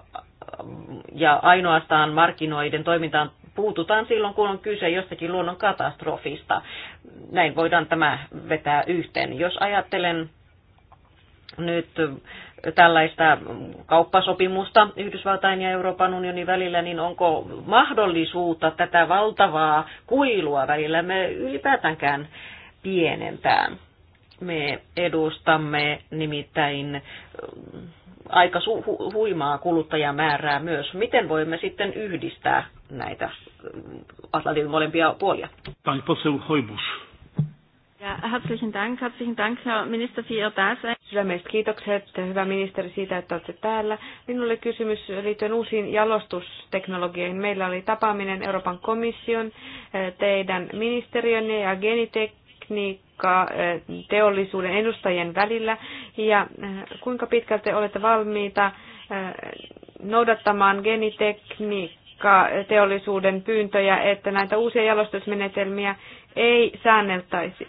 ja ainoastaan markkinoiden toimintaan puututaan silloin, kun on kyse jostakin luonnon katastrofista. Näin voidaan tämä vetää yhteen. Jos ajattelen nyt tällaista kauppasopimusta Yhdysvaltain ja Euroopan unionin välillä, niin onko mahdollisuutta tätä valtavaa kuilua välillä me ylipäätäänkään pienentää? Me edustamme nimittäin äh, aika su- hu- huimaa kuluttajamäärää myös. Miten voimme sitten yhdistää näitä äh, Atlantin molempia puolia? Pani Hoibus. Ja, herzlichen Dank, herzlichen Dank, Herr Minister, für Ihr Dasein. Sydämestä kiitokset, hyvä ministeri, siitä, että olette täällä. Minulle kysymys liittyen uusiin jalostusteknologioihin. Meillä oli tapaaminen Euroopan komission, eh, teidän ministeriönne ja Genitech tekniikka eh, teollisuuden edustajien välillä ja eh, kuinka pitkälti olette valmiita eh, noudattamaan genitekniikka teollisuuden pyyntöjä, että näitä uusia jalostusmenetelmiä ei säänneltäisi.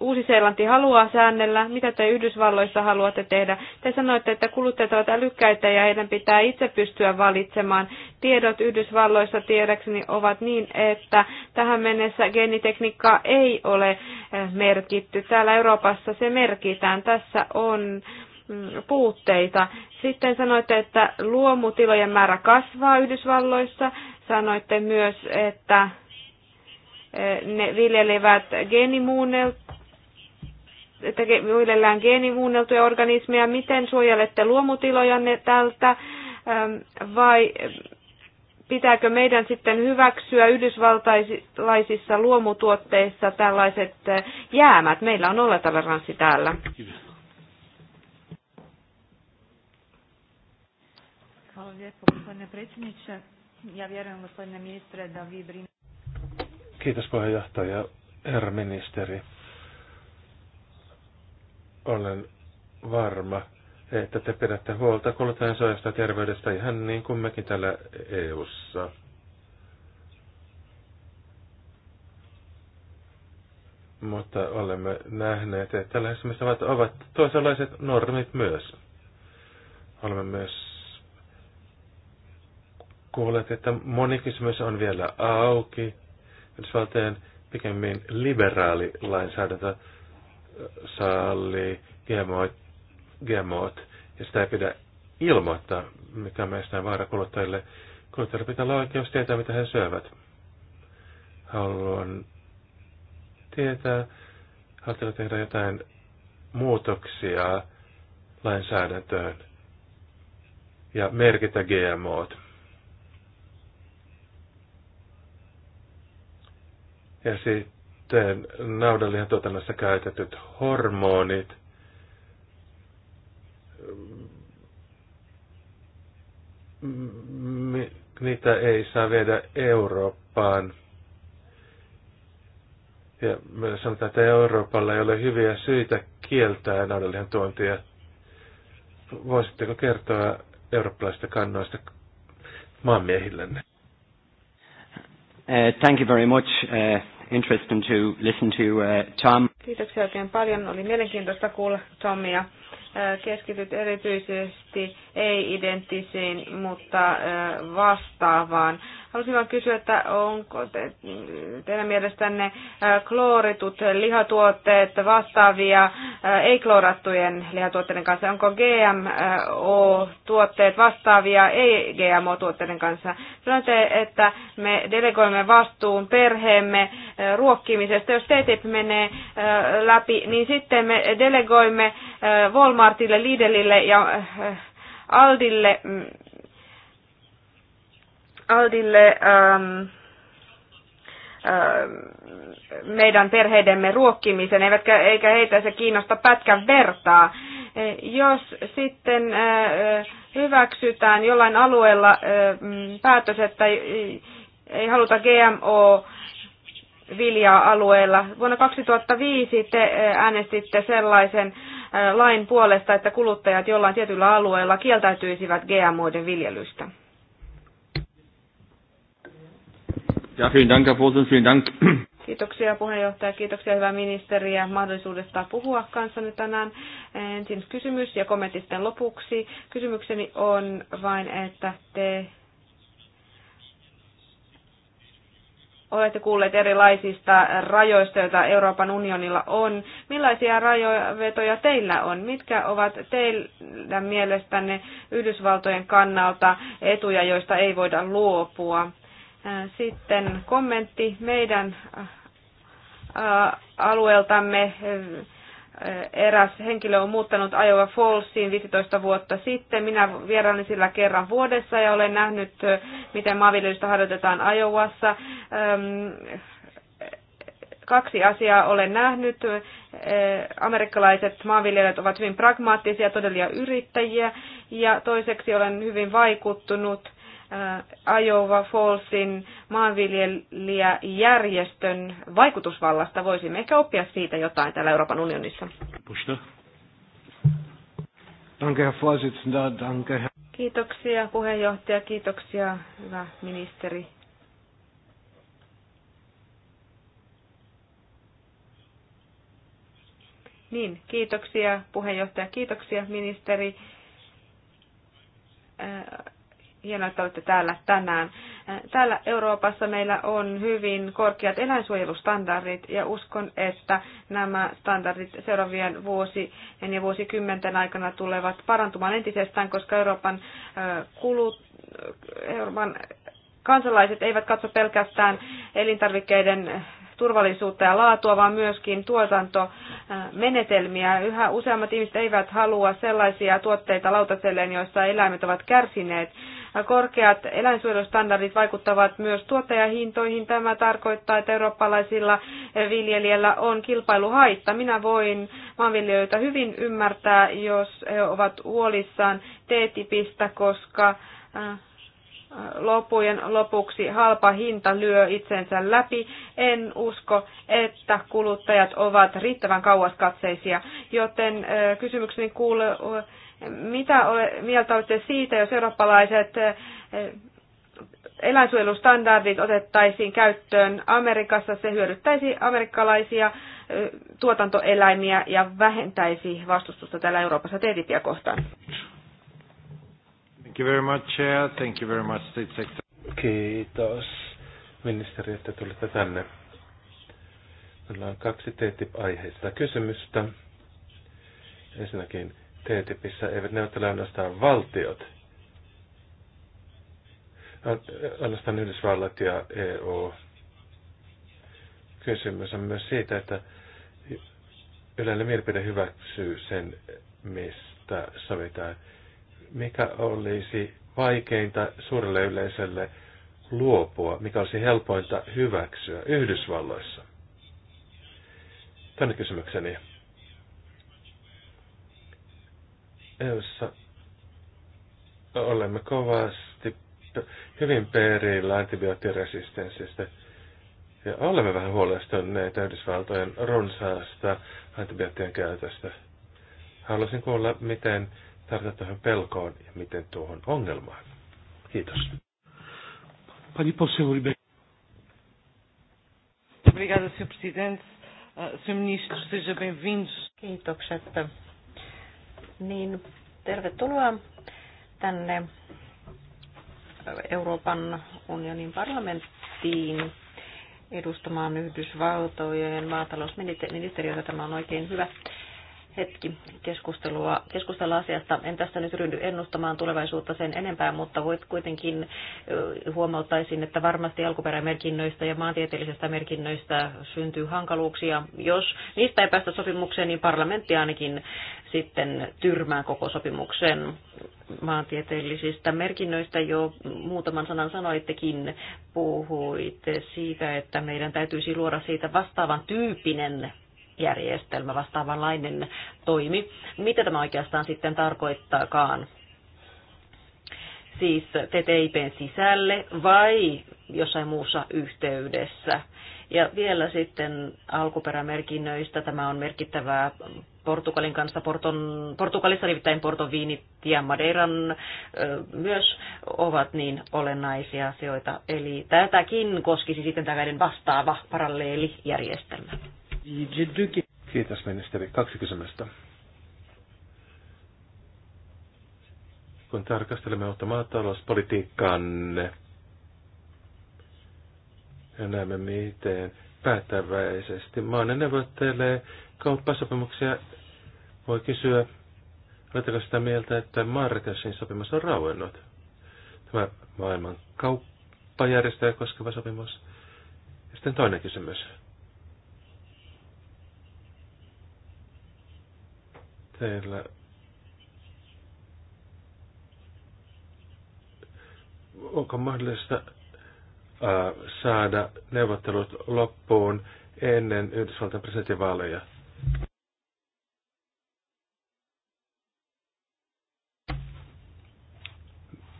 Uusi-Seelanti haluaa säännellä, mitä te Yhdysvalloissa haluatte tehdä. Te sanoitte, että kuluttajat ovat älykkäitä ja heidän pitää itse pystyä valitsemaan. Tiedot Yhdysvalloissa tiedäkseni ovat niin, että tähän mennessä geenitekniikkaa ei ole eh, merkitty. Täällä Euroopassa se merkitään. Tässä on mm, puutteita. Sitten sanoitte, että luomutilojen määrä kasvaa Yhdysvalloissa. Sanoitte myös, että eh, ne viljelevät geenimuunnelta viljellään geenimuunneltuja organismeja, miten suojelette luomutilojanne tältä vai pitääkö meidän sitten hyväksyä yhdysvaltaisissa luomutuotteissa tällaiset jäämät? Meillä on nollatoleranssi täällä. Kiitos puheenjohtaja, herra ministeri olen varma, että te pidätte huolta kuluttajan suojasta terveydestä ihan niin kuin mekin täällä EU-ssa. Mutta olemme nähneet, että lähestymistavat ovat toisenlaiset normit myös. Olemme myös kuulleet, että moni kysymys on vielä auki. Yhdysvaltojen pikemmin liberaali lainsäädäntö sallii GMOt, GMOt ja sitä ei pidä ilmoittaa, mikä meistä on vaara kuluttajille. Kuluttajille pitää olla oikeus tietää, mitä he syövät. Haluan tietää, haluatteko tehdä jotain muutoksia lainsäädäntöön ja merkitä GMOt. Ja sitten sitten naudanlihan tuotannossa käytetyt hormonit. Niitä ei saa viedä Eurooppaan. Ja meillä sanotaan, että Euroopalla ei ole hyviä syitä kieltää naudanlihan tuontia. Voisitteko kertoa eurooppalaisista kannoista maanmiehillenne? Uh, thank you very much. Uh interesting to listen to uh, Tom. Kiitoksia oikein paljon. Oli mielenkiintoista kuulla Tomia. Äh, keskityt erityisesti identtisesti, ei identtisiin, mutta vastaavaan. Haluaisin vain kysyä, että onko te, teidän mielestänne klooritut lihatuotteet vastaavia ei-kloorattujen lihatuotteiden kanssa? Onko GMO-tuotteet vastaavia ei-GMO-tuotteiden kanssa? Sanoitte, että me delegoimme vastuun perheemme ruokkimisesta. Jos TTIP menee läpi, niin sitten me delegoimme Walmartille, Lidlille ja Aldille, mm, Aldille ähm, ähm, meidän perheidemme ruokkimisen, eivätkä, eikä heitä se kiinnosta pätkän vertaa. E, jos sitten äh, hyväksytään jollain alueella äh, mm, päätös, että ei haluta GMO viljaa alueella. Vuonna 2005 te äänestitte sellaisen lain puolesta, että kuluttajat jollain tietyllä alueella kieltäytyisivät GMOiden viljelystä? Ja, vielen Dank, Herr Vorsitzender, vielen Dank. Kiitoksia puheenjohtaja, kiitoksia hyvä ministeri ja mahdollisuudesta puhua kanssanne tänään. Ensin kysymys ja kommentti sitten lopuksi. Kysymykseni on vain, että te olette kuulleet erilaisista rajoista, joita Euroopan unionilla on. Millaisia rajavetoja teillä on? Mitkä ovat teidän mielestänne Yhdysvaltojen kannalta etuja, joista ei voida luopua? Äh, sitten kommentti meidän äh, alueeltamme eräs henkilö on muuttanut Iowa Fallsiin 15 vuotta sitten. Minä vierailin sillä kerran vuodessa ja olen nähnyt, miten maanviljelystä harjoitetaan Iowassa. Kaksi asiaa olen nähnyt. Amerikkalaiset maanviljelijät ovat hyvin pragmaattisia, todellisia yrittäjiä. Ja toiseksi olen hyvin vaikuttunut Äh, Iowa Fallsin maanviljelijäjärjestön vaikutusvallasta. Voisimme ehkä oppia siitä jotain täällä Euroopan unionissa. Kiitoksia puheenjohtaja, kiitoksia hyvä ministeri. Niin, kiitoksia puheenjohtaja, kiitoksia ministeri äh, hienoa, että olette täällä tänään. Täällä Euroopassa meillä on hyvin korkeat eläinsuojelustandardit ja uskon, että nämä standardit seuraavien vuosi ja vuosikymmenten aikana tulevat parantumaan entisestään, koska Euroopan, kulut, Euroopan kansalaiset eivät katso pelkästään elintarvikkeiden turvallisuutta ja laatua, vaan myöskin tuotantomenetelmiä. Yhä useammat ihmiset eivät halua sellaisia tuotteita lautaselleen, joissa eläimet ovat kärsineet. Korkeat eläinsuojelustandardit vaikuttavat myös tuottajahintoihin. Tämä tarkoittaa, että eurooppalaisilla viljelijällä on kilpailuhaitta. Minä voin maanviljelijöitä hyvin ymmärtää, jos he ovat huolissaan TTIPistä, koska äh, lopujen lopuksi halpa hinta lyö itsensä läpi. En usko, että kuluttajat ovat riittävän kauaskatseisia, joten äh, kysymykseni kuuluu, mitä ole, mieltä olette siitä, jos eurooppalaiset eh, eläinsuojelustandardit otettaisiin käyttöön Amerikassa, se hyödyttäisi amerikkalaisia eh, tuotantoeläimiä ja vähentäisi vastustusta täällä Euroopassa teetipiä kohtaan. Thank you very much, Chair. Thank you very much, Kiitos, ministeri, että tulitte tänne. Meillä on kaksi TTIP-aiheista kysymystä. Ensinnäkin TTIPissä eivät neuvottele ainoastaan valtiot, ainoastaan Yhdysvallat ja EU. Kysymys on myös siitä, että yleinen mielipide hyväksyy sen, mistä sovitaan. Mikä olisi vaikeinta suurelle yleisölle luopua, mikä olisi helpointa hyväksyä Yhdysvalloissa? Tänne kysymykseni EUssa olemme kovasti hyvin perillä antibioottiresistenssistä. Ja olemme vähän huolestuneita Yhdysvaltojen runsaasta antibioottien käytöstä. Haluaisin kuulla, miten tartut tuohon pelkoon ja miten tuohon ongelmaan. Kiitos. Pani Obrigada, Sr. Presidente. Ah, Sr. Ministro, seja bem vindo Kiitokset, niin tervetuloa tänne Euroopan unionin parlamenttiin edustamaan Yhdysvaltojen maatalousministeriötä. Tämä on oikein hyvä hetki keskustelua, keskustella asiasta. En tässä nyt ryhdy ennustamaan tulevaisuutta sen enempää, mutta voit kuitenkin huomauttaisin, että varmasti alkuperämerkinnöistä ja maantieteellisistä merkinnöistä syntyy hankaluuksia. Jos niistä ei päästä sopimukseen, niin parlamentti ainakin sitten tyrmää koko sopimuksen maantieteellisistä merkinnöistä jo muutaman sanan sanoittekin. Puhuitte siitä, että meidän täytyisi luoda siitä vastaavan tyyppinen järjestelmä, vastaavanlainen toimi. Mitä tämä oikeastaan sitten tarkoittaakaan? Siis TTIPn sisälle vai jossain muussa yhteydessä? Ja vielä sitten alkuperämerkinnöistä. Tämä on merkittävää Portugalin kanssa. Porton, Portugalissa nimittäin Porto Viinit ja Madeiran ö, myös ovat niin olennaisia asioita. Eli tätäkin koskisi sitten tällainen vastaava paralleelijärjestelmä. Kiitos ministeri. Kaksi kysymystä. Kun tarkastelemme uutta maatalouspolitiikkaan, ja näemme, miten päättäväisesti maanne neuvottelee kauppasopimuksia, voi kysyä, oletteko sitä mieltä, että Marrakeshin sopimus on rauennut? Tämä maailman kauppajärjestöjä koskeva sopimus. Ja sitten toinen kysymys teillä onko mahdollista ää, saada neuvottelut loppuun ennen Yhdysvaltain presidentinvaaleja?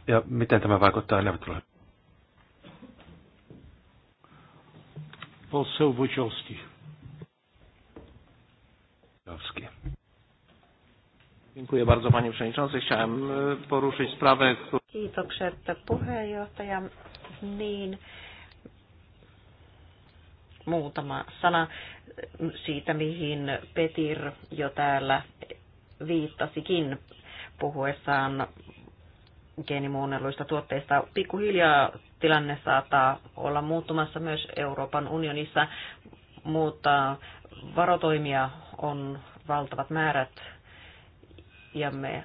Ja miten tämä vaikuttaa neuvotteluihin? Paul Wojciechowski. Wojciechowski. Dziękuję bardzo Panie Przewodniczący. Chciałem e, poruszyć sprawę, którą... Kiitokset puheenjohtaja. Niin, muutama sana siitä, mihin Petir jo täällä viittasikin puhuessaan geenimuunnelluista tuotteista. Pikkuhiljaa tilanne saattaa olla muuttumassa myös Euroopan unionissa, mutta varotoimia on valtavat määrät ja me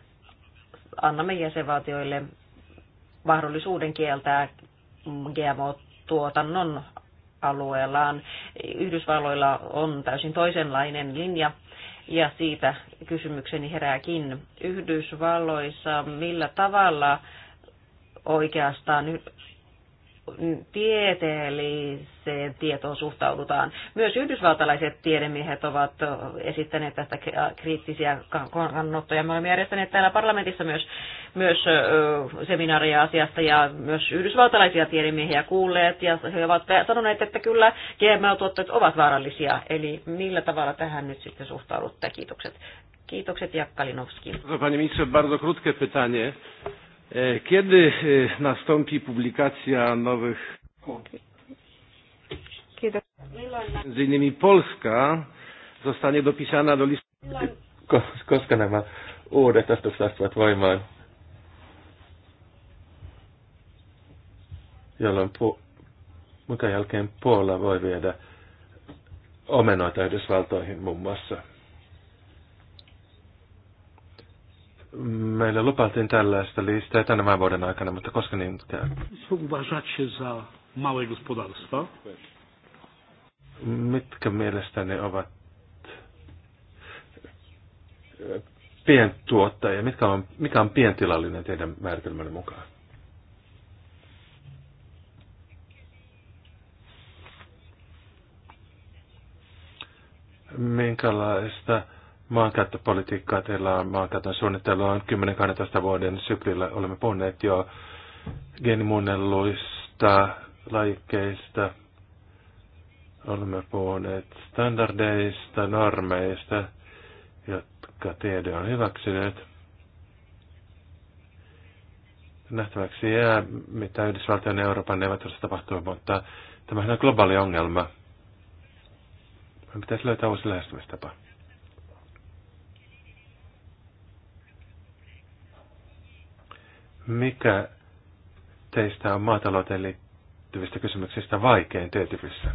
annamme jäsenvaltioille mahdollisuuden kieltää GMO-tuotannon alueellaan. Yhdysvalloilla on täysin toisenlainen linja ja siitä kysymykseni herääkin. Yhdysvalloissa millä tavalla oikeastaan tieteelliseen tietoon suhtaudutaan. Myös yhdysvaltalaiset tiedemiehet ovat esittäneet tästä kriittisiä kannanottoja. Me olemme järjestäneet täällä parlamentissa myös, myös seminaaria asiasta ja myös yhdysvaltalaisia tiedemiehiä kuulleet ja he ovat sanoneet, että kyllä GMO-tuotteet ovat vaarallisia. Eli millä tavalla tähän nyt sitten suhtaudutte? Kiitokset. Kiitokset Jakkalinovski. Pani, Panie ministrze, bardzo krótkie pytanie. E, kiedy e, nastąpi publikacja nowych Kiitos. Między innymi Polska zostanie dopisana do listy. Koska nämä uudet astukset astuvat voimaan? Jolloin pu- mikä jälkeen Puola voi viedä omenoita Yhdysvaltoihin muun muassa. Meille lupailtiin tällaista listaa tämän vuoden aikana, mutta koska niin käy? Mitkä mielestäni ovat e, pientuottajia? Mitkä on, mikä on pientilallinen teidän määritelmänne mukaan? Minkälaista maankäyttöpolitiikkaa teillä on, maankäytön suunnittelua on 10-12 vuoden syklillä. Olemme puhuneet jo geenimuunnelluista lajikkeista, olemme puhuneet standardeista, normeista, jotka tiede on hyväksynyt. Nähtäväksi jää, mitä Yhdysvaltojen ja Euroopan neuvottelussa tapahtuu, mutta tämähän on globaali ongelma. Meidän pitäisi löytää uusi lähestymistapa. Mikä teistä on maatalouteen liittyvistä kysymyksistä vaikein TTIPissä?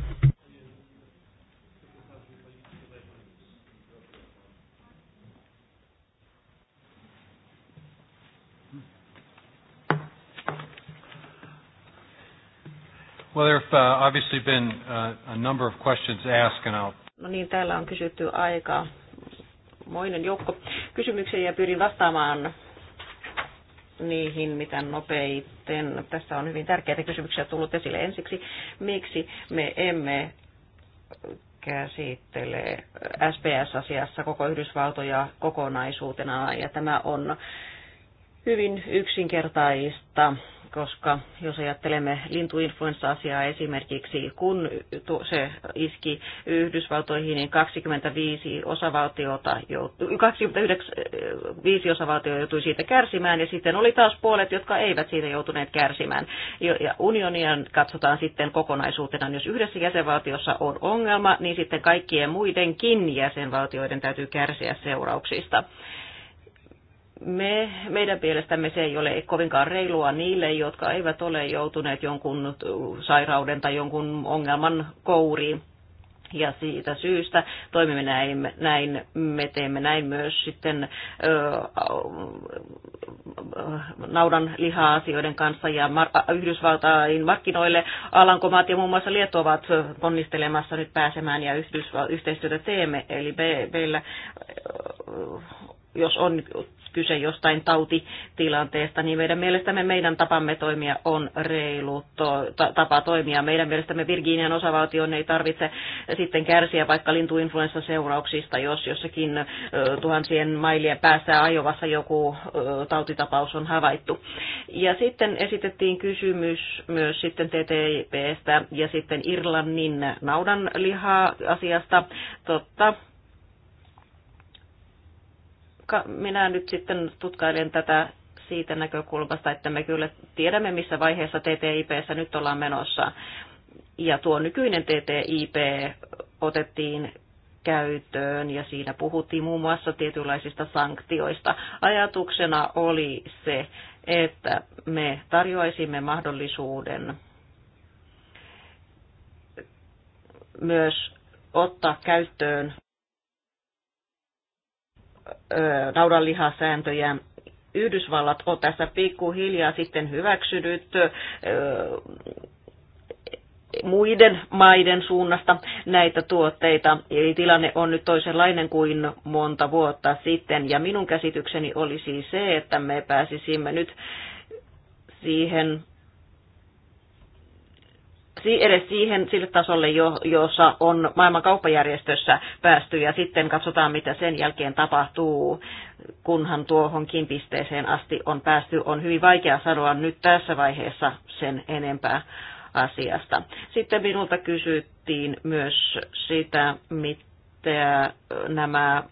Well, there have uh, obviously been uh, a number of questions asked, and I'll... No niin, täällä on kysytty aika moinen joukko kysymyksiä ja pyrin vastaamaan niihin, mitä nopeiten. Tässä on hyvin tärkeitä kysymyksiä tullut esille. Ensiksi, miksi me emme käsittele SPS-asiassa koko Yhdysvaltoja kokonaisuutena, ja tämä on hyvin yksinkertaista koska jos ajattelemme lintuinfluenssa-asiaa esimerkiksi, kun se iski Yhdysvaltoihin, niin 25 osavaltiota joutui, 29 osavaltiota joutui siitä kärsimään, ja sitten oli taas puolet, jotka eivät siitä joutuneet kärsimään. Ja unionia katsotaan sitten kokonaisuutena. Jos yhdessä jäsenvaltiossa on ongelma, niin sitten kaikkien muidenkin jäsenvaltioiden täytyy kärsiä seurauksista me, meidän mielestämme se ei ole kovinkaan reilua niille, jotka eivät ole joutuneet jonkun sairauden tai jonkun ongelman kouriin. Ja siitä syystä toimimme näin, näin me teemme näin myös sitten ö, naudan liha-asioiden kanssa ja mar- Yhdysvaltain markkinoille. Alankomaat ja muun muassa Lieto ovat ponnistelemassa nyt pääsemään ja yhteistyötä teemme. Eli meillä jos on kyse jostain tautitilanteesta, niin meidän mielestämme meidän tapamme toimia on reilu to, ta, tapa toimia. Meidän mielestämme Virginian osavaltion ei tarvitse sitten kärsiä vaikka lintuinfluenssaseurauksista, jos jossakin ö, tuhansien mailien päässä ajovassa joku ö, tautitapaus on havaittu. Ja sitten esitettiin kysymys myös sitten TTIPstä ja sitten Irlannin naudanliha-asiasta. Totta, minä nyt sitten tutkailen tätä siitä näkökulmasta, että me kyllä tiedämme, missä vaiheessa TTIPssä nyt ollaan menossa. Ja tuo nykyinen TTIP otettiin käyttöön ja siinä puhuttiin muun muassa tietynlaisista sanktioista. Ajatuksena oli se, että me tarjoaisimme mahdollisuuden myös ottaa käyttöön naudanlihasääntöjä Yhdysvallat on tässä pikkuhiljaa sitten hyväksynyt muiden maiden suunnasta näitä tuotteita. Eli tilanne on nyt toisenlainen kuin monta vuotta sitten. Ja minun käsitykseni olisi siis se, että me pääsisimme nyt siihen edes siihen sille tasolle, jo, jossa on maailman kauppajärjestössä päästy ja sitten katsotaan, mitä sen jälkeen tapahtuu, kunhan tuohonkin pisteeseen asti on päästy. On hyvin vaikea sanoa nyt tässä vaiheessa sen enempää asiasta. Sitten minulta kysyttiin myös sitä, mitä päättää nämä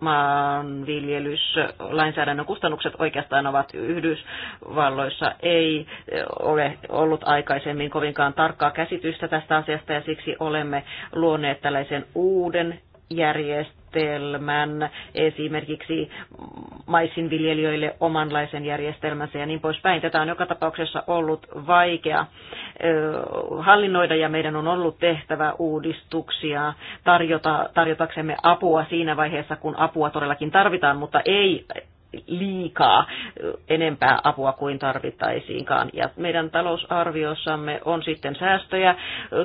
maanviljelyslainsäädännön kustannukset oikeastaan ovat Yhdysvalloissa. Ei ole ollut aikaisemmin kovinkaan tarkkaa käsitystä tästä asiasta ja siksi olemme luoneet tällaisen uuden järjestelmän, esimerkiksi maissinviljelijöille omanlaisen järjestelmänsä ja niin poispäin. Tätä on joka tapauksessa ollut vaikea hallinnoida ja meidän on ollut tehtävä uudistuksia tarjota, tarjotaksemme apua siinä vaiheessa, kun apua todellakin tarvitaan, mutta ei liikaa enempää apua kuin tarvittaisiinkaan. Ja meidän talousarviossamme on sitten säästöjä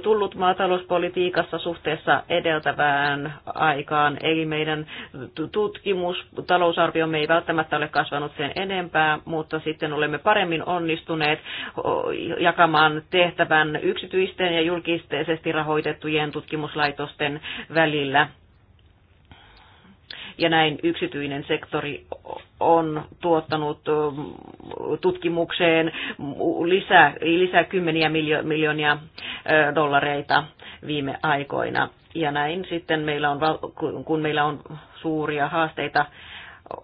tullut maatalouspolitiikassa suhteessa edeltävään aikaan. Eli meidän tutkimus, talousarviomme ei välttämättä ole kasvanut sen enempää, mutta sitten olemme paremmin onnistuneet jakamaan tehtävän yksityisten ja julkisesti rahoitettujen tutkimuslaitosten välillä ja näin yksityinen sektori on tuottanut tutkimukseen lisää, lisää kymmeniä miljoonia dollareita viime aikoina. Ja näin sitten meillä on, kun meillä on suuria haasteita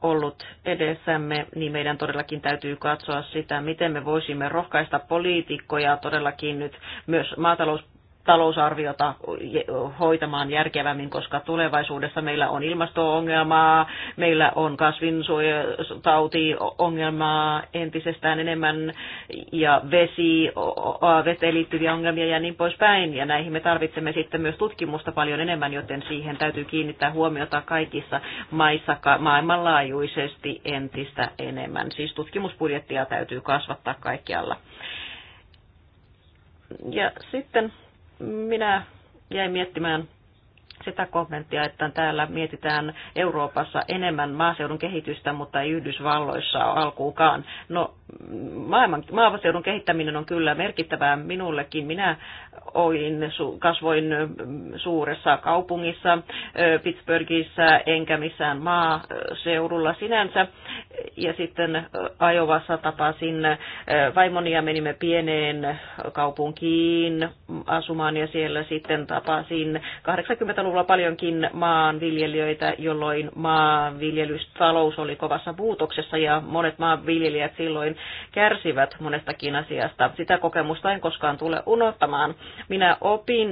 ollut edessämme, niin meidän todellakin täytyy katsoa sitä, miten me voisimme rohkaista poliitikkoja todellakin nyt myös maatalous talousarviota hoitamaan järkevämmin, koska tulevaisuudessa meillä on ilmasto-ongelmaa, meillä on kasvinsuojatautiongelmaa entisestään enemmän ja vesi, veteen liittyviä ongelmia ja niin poispäin. Ja näihin me tarvitsemme sitten myös tutkimusta paljon enemmän, joten siihen täytyy kiinnittää huomiota kaikissa maissa maailmanlaajuisesti entistä enemmän. Siis tutkimusbudjettia täytyy kasvattaa kaikkialla. Ja sitten minä jäin miettimään sitä kommenttia, että täällä mietitään Euroopassa enemmän maaseudun kehitystä, mutta ei Yhdysvalloissa alkuukaan. No maailman, maaseudun kehittäminen on kyllä merkittävää minullekin. Minä olin, kasvoin suuressa kaupungissa, Pittsburghissa, enkä missään maaseudulla sinänsä. Ja sitten Ajovassa tapasin vaimoni ja menimme pieneen kaupunkiin asumaan ja siellä sitten tapasin 80-luvulla paljonkin maanviljelijöitä, jolloin maanviljelystalous oli kovassa muutoksessa ja monet maanviljelijät silloin kärsivät monestakin asiasta. Sitä kokemusta en koskaan tule unohtamaan. Minä opin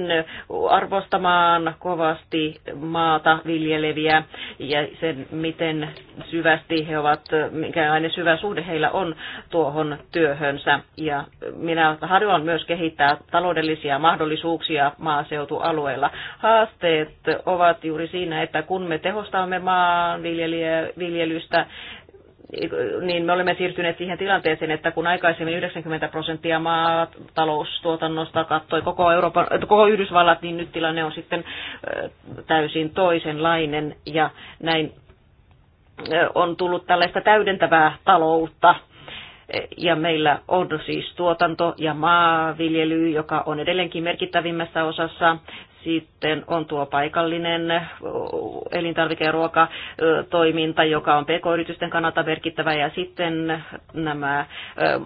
arvostamaan kovasti maata viljeleviä ja sen, miten syvästi he ovat, mikä aina syvä suhde heillä on tuohon työhönsä. Ja minä haluan myös kehittää taloudellisia mahdollisuuksia maaseutualueella. Haasteet ovat juuri siinä, että kun me tehostamme maanviljelystä, niin me olemme siirtyneet siihen tilanteeseen, että kun aikaisemmin 90 prosenttia maataloustuotannosta kattoi koko, Euroopan, koko Yhdysvallat, niin nyt tilanne on sitten täysin toisenlainen ja näin on tullut tällaista täydentävää taloutta. Ja meillä on siis tuotanto ja maaviljely, joka on edelleenkin merkittävimmässä osassa sitten on tuo paikallinen elintarvike- ja ruokatoiminta, joka on pk-yritysten kannalta merkittävä, ja sitten nämä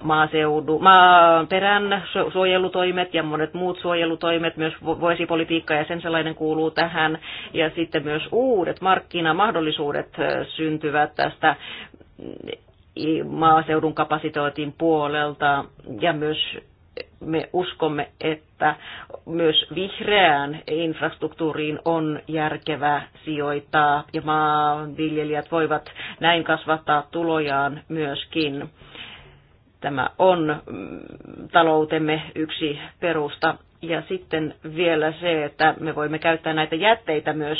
maaseudu, maaperän suojelutoimet ja monet muut suojelutoimet, myös voisipolitiikka ja sen sellainen kuuluu tähän, ja sitten myös uudet markkinamahdollisuudet syntyvät tästä maaseudun kapasiteetin puolelta ja myös me uskomme, että myös vihreään infrastruktuuriin on järkevää sijoittaa ja maanviljelijät voivat näin kasvattaa tulojaan myöskin. Tämä on mm, taloutemme yksi perusta ja sitten vielä se, että me voimme käyttää näitä jätteitä myös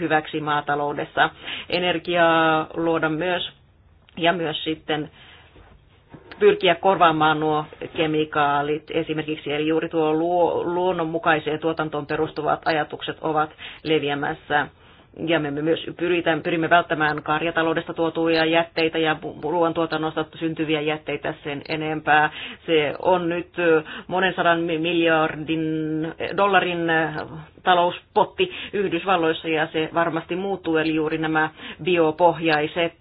hyväksi maataloudessa. Energiaa luoda myös ja myös sitten pyrkiä korvaamaan nuo kemikaalit esimerkiksi. Eli juuri tuo luonnonmukaiseen tuotantoon perustuvat ajatukset ovat leviämässä ja me myös pyritään, pyrimme välttämään karjataloudesta tuotuja jätteitä ja ruoantuotannosta syntyviä jätteitä sen enempää. Se on nyt monen sadan miljardin dollarin talouspotti Yhdysvalloissa ja se varmasti muuttuu, eli juuri nämä biopohjaiset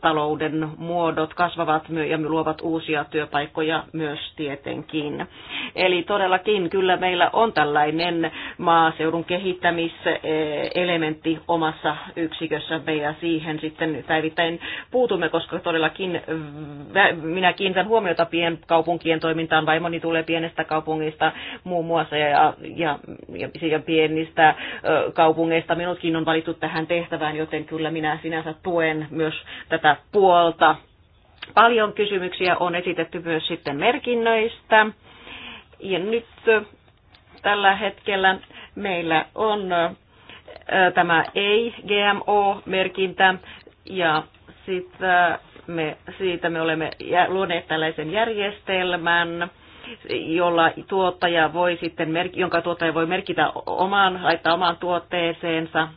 talouden muodot kasvavat ja luovat uusia työpaikkoja myös tietenkin. Eli todellakin kyllä meillä on tällainen maaseudun kehittämiselementti omassa yksikössämme ja siihen sitten päivittäin puutumme, koska todellakin minä kiinnitän huomiota pienkaupunkien toimintaan, vaimoni tulee pienestä kaupungista muun muassa ja, ja, ja, ja, ja pienistä kaupungeista. Minutkin on valittu tähän tehtävään, joten kyllä minä sinänsä tuen myös tätä puolta. Paljon kysymyksiä on esitetty myös sitten merkinnöistä. Ja nyt tällä hetkellä meillä on tämä ei-GMO-merkintä ja sitten me, siitä me olemme luoneet tällaisen järjestelmän jolla tuottaja voi sitten, jonka tuottaja voi merkitä omaan, laittaa omaan tuotteeseensa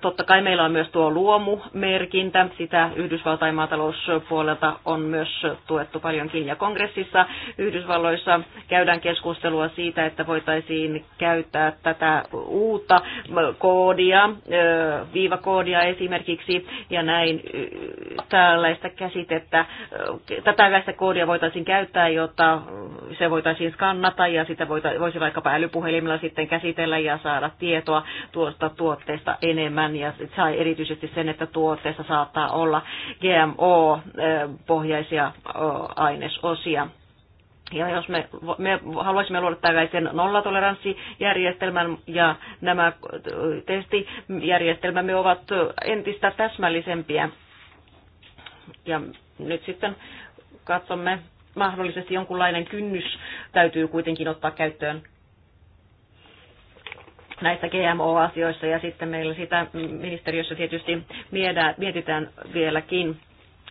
Totta kai meillä on myös tuo luomumerkintä, sitä Yhdysvaltain maatalouspuolelta on myös tuettu paljonkin. Ja kongressissa Yhdysvalloissa käydään keskustelua siitä, että voitaisiin käyttää tätä uutta koodia, viivakoodia esimerkiksi, ja näin tällaista käsitettä, Tätä tällaista koodia voitaisiin käyttää, jotta se voitaisiin skannata ja sitä voisi vaikkapa älypuhelimella sitten käsitellä ja saada tietoa tuosta tuotteesta enemmän tämän ja sai erityisesti sen, että tuotteessa saattaa olla GMO-pohjaisia ainesosia. Ja jos me, me haluaisimme luoda tällaisen nollatoleranssijärjestelmän ja nämä testijärjestelmämme ovat entistä täsmällisempiä. Ja nyt sitten katsomme, mahdollisesti jonkunlainen kynnys täytyy kuitenkin ottaa käyttöön näissä GMO-asioissa ja sitten meillä sitä ministeriössä tietysti mietitään vieläkin.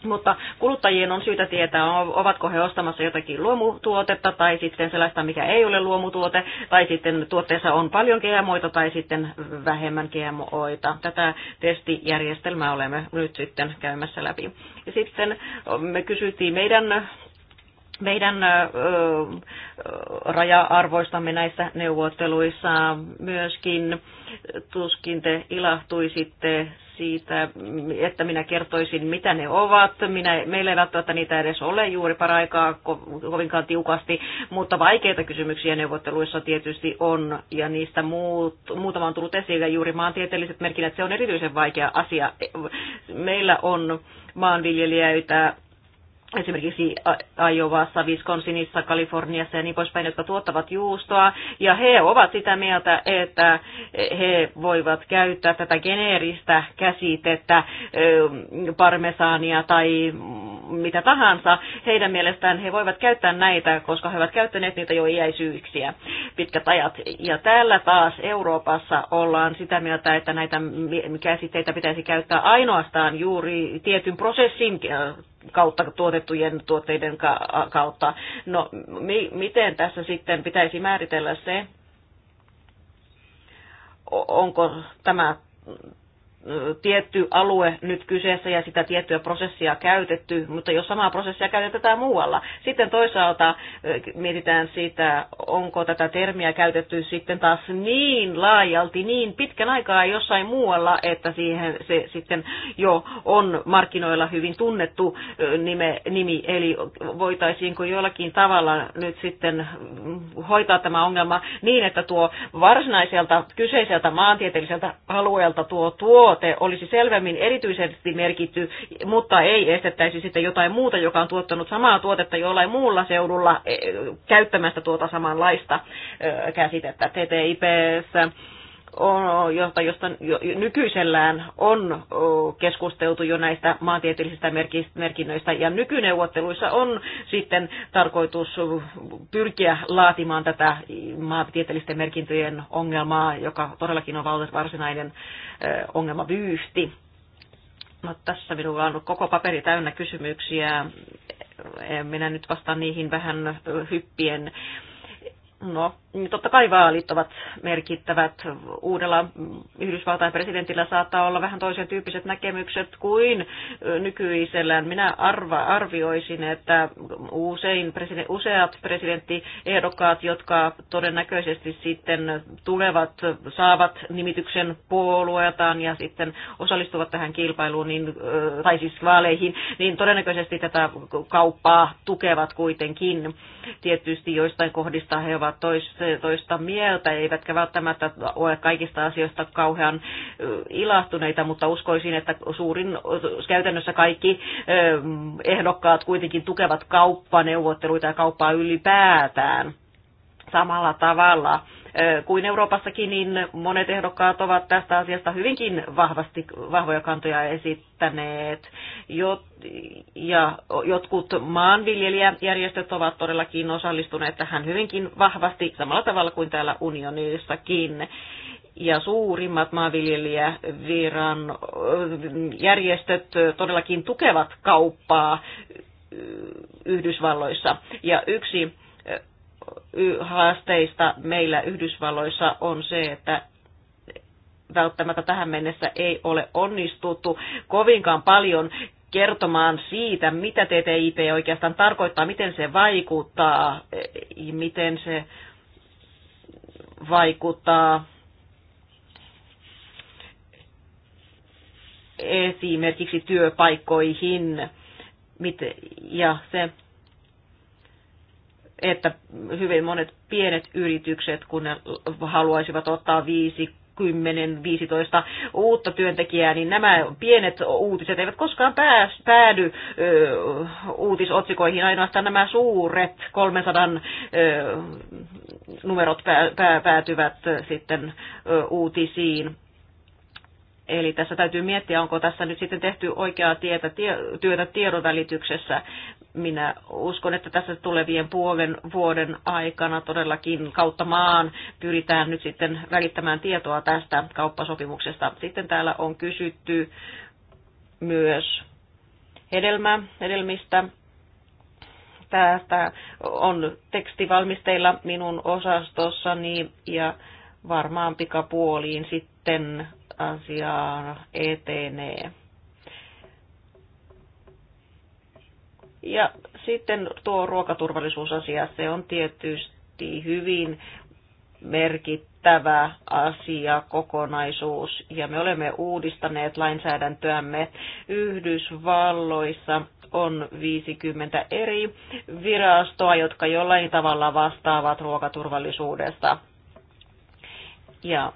Mutta kuluttajien on syytä tietää, ovatko he ostamassa jotakin luomutuotetta tai sitten sellaista, mikä ei ole luomutuote, tai sitten tuotteessa on paljon GMOita tai sitten vähemmän GMOita. Tätä testijärjestelmää olemme nyt sitten käymässä läpi. Ja sitten me kysyttiin meidän meidän raja-arvoistamme näissä neuvotteluissa myöskin tuskin te ilahtuisitte siitä, että minä kertoisin, mitä ne ovat. Minä, meillä ei välttämättä niitä edes ole juuri paraikaa ko, kovinkaan tiukasti, mutta vaikeita kysymyksiä neuvotteluissa tietysti on, ja niistä muut, muutama on tullut esille. Juuri maantieteelliset merkinnät, se on erityisen vaikea asia. Meillä on maanviljelijöitä, esimerkiksi Ajovassa, Wisconsinissa, Kaliforniassa ja niin poispäin, jotka tuottavat juustoa. Ja he ovat sitä mieltä, että he voivat käyttää tätä geneeristä käsitettä, parmesaania tai mitä tahansa. Heidän mielestään he voivat käyttää näitä, koska he ovat käyttäneet niitä jo iäisyyksiä pitkät ajat. Ja täällä taas Euroopassa ollaan sitä mieltä, että näitä käsitteitä pitäisi käyttää ainoastaan juuri tietyn prosessin kautta tuotettujen tuotteiden kautta. No mi- miten tässä sitten pitäisi määritellä se, onko tämä tietty alue nyt kyseessä ja sitä tiettyä prosessia käytetty, mutta jos samaa prosessia käytetään muualla. Sitten toisaalta mietitään sitä, onko tätä termiä käytetty sitten taas niin laajalti, niin pitkän aikaa jossain muualla, että siihen se sitten jo on markkinoilla hyvin tunnettu nime, nimi, eli voitaisiinko jollakin tavalla nyt sitten hoitaa tämä ongelma niin, että tuo varsinaiselta kyseiseltä maantieteelliseltä alueelta tuo tuo tuote olisi selvemmin erityisesti merkitty, mutta ei estettäisi sitten jotain muuta, joka on tuottanut samaa tuotetta jollain muulla seudulla eh, käyttämästä tuota samanlaista käsitettä. TTIPssä jota, josta nykyisellään on keskusteltu jo näistä maantieteellisistä merkinnöistä, ja nykyneuvotteluissa on sitten tarkoitus pyrkiä laatimaan tätä maantieteellisten merkintöjen ongelmaa, joka todellakin on varsinainen ongelmavyyhti. No, tässä minulla on koko paperi täynnä kysymyksiä. Minä nyt vastaan niihin vähän hyppien No, totta kai vaalit ovat merkittävät. Uudella Yhdysvaltain presidentillä saattaa olla vähän toisen tyyppiset näkemykset kuin nykyisellään. Minä arva, arvioisin, että usein president, useat presidenttiehdokkaat, jotka todennäköisesti sitten tulevat, saavat nimityksen puolueeltaan ja sitten osallistuvat tähän kilpailuun, niin, tai siis vaaleihin, niin todennäköisesti tätä kauppaa tukevat kuitenkin Tietysti joistain kohdista he ovat toista mieltä, eivätkä välttämättä ole kaikista asioista kauhean ilahtuneita, mutta uskoisin, että suurin, käytännössä kaikki ehdokkaat kuitenkin tukevat kauppaneuvotteluita ja kauppaa ylipäätään samalla tavalla kuin Euroopassakin, niin monet ehdokkaat ovat tästä asiasta hyvinkin vahvasti, vahvoja kantoja esittäneet. Jot, ja jotkut maanviljelijäjärjestöt ovat todellakin osallistuneet tähän hyvinkin vahvasti, samalla tavalla kuin täällä unionissakin ja suurimmat maanviljelijäviran järjestöt todellakin tukevat kauppaa Yhdysvalloissa. Ja yksi haasteista meillä Yhdysvalloissa on se, että välttämättä tähän mennessä ei ole onnistuttu kovinkaan paljon kertomaan siitä, mitä TTIP oikeastaan tarkoittaa, miten se vaikuttaa, e, miten se vaikuttaa esimerkiksi työpaikkoihin ja se että hyvin monet pienet yritykset, kun ne haluaisivat ottaa viisi 10, 15 uutta työntekijää, niin nämä pienet uutiset eivät koskaan pääs, päädy ö, uutisotsikoihin, ainoastaan nämä suuret 300 ö, numerot pää, pää, päätyvät sitten ö, uutisiin. Eli tässä täytyy miettiä, onko tässä nyt sitten tehty oikeaa tietä, tie, työtä tiedonvälityksessä minä uskon, että tässä tulevien puolen vuoden aikana todellakin kautta maan pyritään nyt sitten välittämään tietoa tästä kauppasopimuksesta. Sitten täällä on kysytty myös hedelmä, hedelmistä. Tästä on teksti valmisteilla minun osastossani ja varmaan pikapuoliin sitten asiaa etenee. Ja sitten tuo ruokaturvallisuusasia, se on tietysti hyvin merkittävä asia, kokonaisuus, ja me olemme uudistaneet lainsäädäntöämme Yhdysvalloissa on 50 eri virastoa, jotka jollain tavalla vastaavat ruokaturvallisuudesta. Ja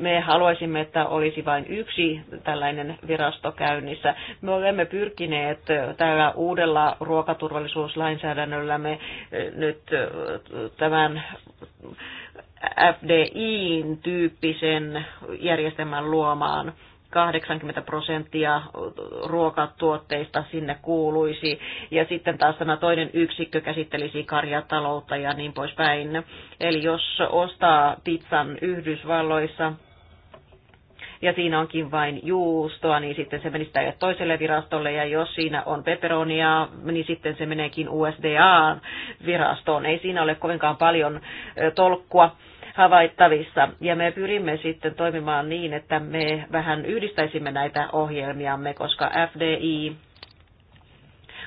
me haluaisimme, että olisi vain yksi tällainen virasto käynnissä. Me olemme pyrkineet tällä uudella ruokaturvallisuuslainsäädännöllämme eh, nyt eh, tämän FDIin tyyppisen järjestelmän luomaan 80 prosenttia ruokatuotteista sinne kuuluisi. Ja sitten taas tämä toinen yksikkö käsittelisi karjataloutta ja niin poispäin. Eli jos ostaa pizzan Yhdysvalloissa, ja siinä onkin vain juustoa, niin sitten se menisi tälle toiselle virastolle, ja jos siinä on peperonia, niin sitten se meneekin USDA-virastoon. Ei siinä ole kovinkaan paljon tolkkua havaittavissa. Ja me pyrimme sitten toimimaan niin, että me vähän yhdistäisimme näitä ohjelmiamme, koska FDI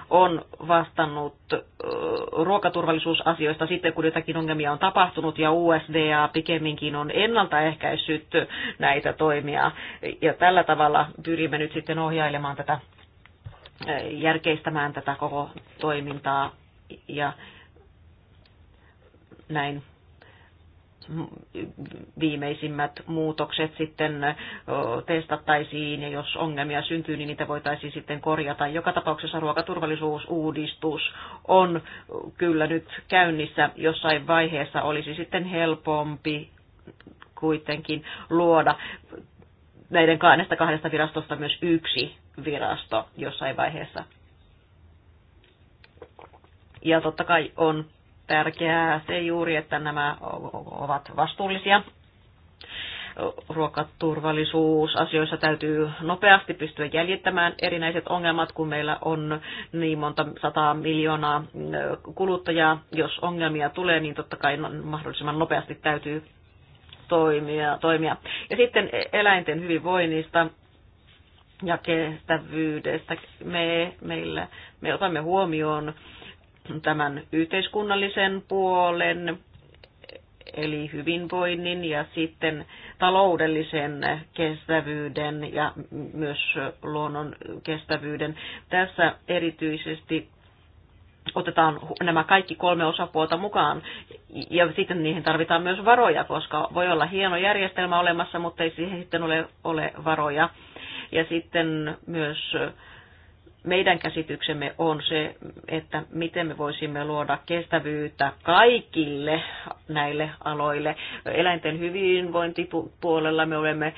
on vastannut ruokaturvallisuusasioista sitten, kun jotakin ongelmia on tapahtunut, ja USDA pikemminkin on ennaltaehkäissyt näitä toimia. Ja tällä tavalla pyrimme nyt sitten ohjailemaan tätä, järkeistämään tätä koko toimintaa ja näin viimeisimmät muutokset sitten testattaisiin ja jos ongelmia syntyy, niin niitä voitaisiin sitten korjata. Joka tapauksessa ruokaturvallisuusuudistus on kyllä nyt käynnissä. Jossain vaiheessa olisi sitten helpompi kuitenkin luoda näiden näistä kahdesta virastosta myös yksi virasto jossain vaiheessa. Ja totta kai on tärkeää se juuri, että nämä ovat vastuullisia ruokaturvallisuusasioissa täytyy nopeasti pystyä jäljittämään erinäiset ongelmat, kun meillä on niin monta sataa miljoonaa kuluttajaa. Jos ongelmia tulee, niin totta kai mahdollisimman nopeasti täytyy toimia. toimia. Ja sitten eläinten hyvinvoinnista ja kestävyydestä. Me, meillä, me otamme huomioon tämän yhteiskunnallisen puolen, eli hyvinvoinnin ja sitten taloudellisen kestävyyden ja myös luonnon kestävyyden. Tässä erityisesti otetaan nämä kaikki kolme osapuolta mukaan ja sitten niihin tarvitaan myös varoja, koska voi olla hieno järjestelmä olemassa, mutta ei siihen sitten ole, ole varoja. Ja sitten myös äh, meidän käsityksemme on se, että miten me voisimme luoda kestävyyttä kaikille näille aloille. Eläinten hyvinvointipuolella me olemme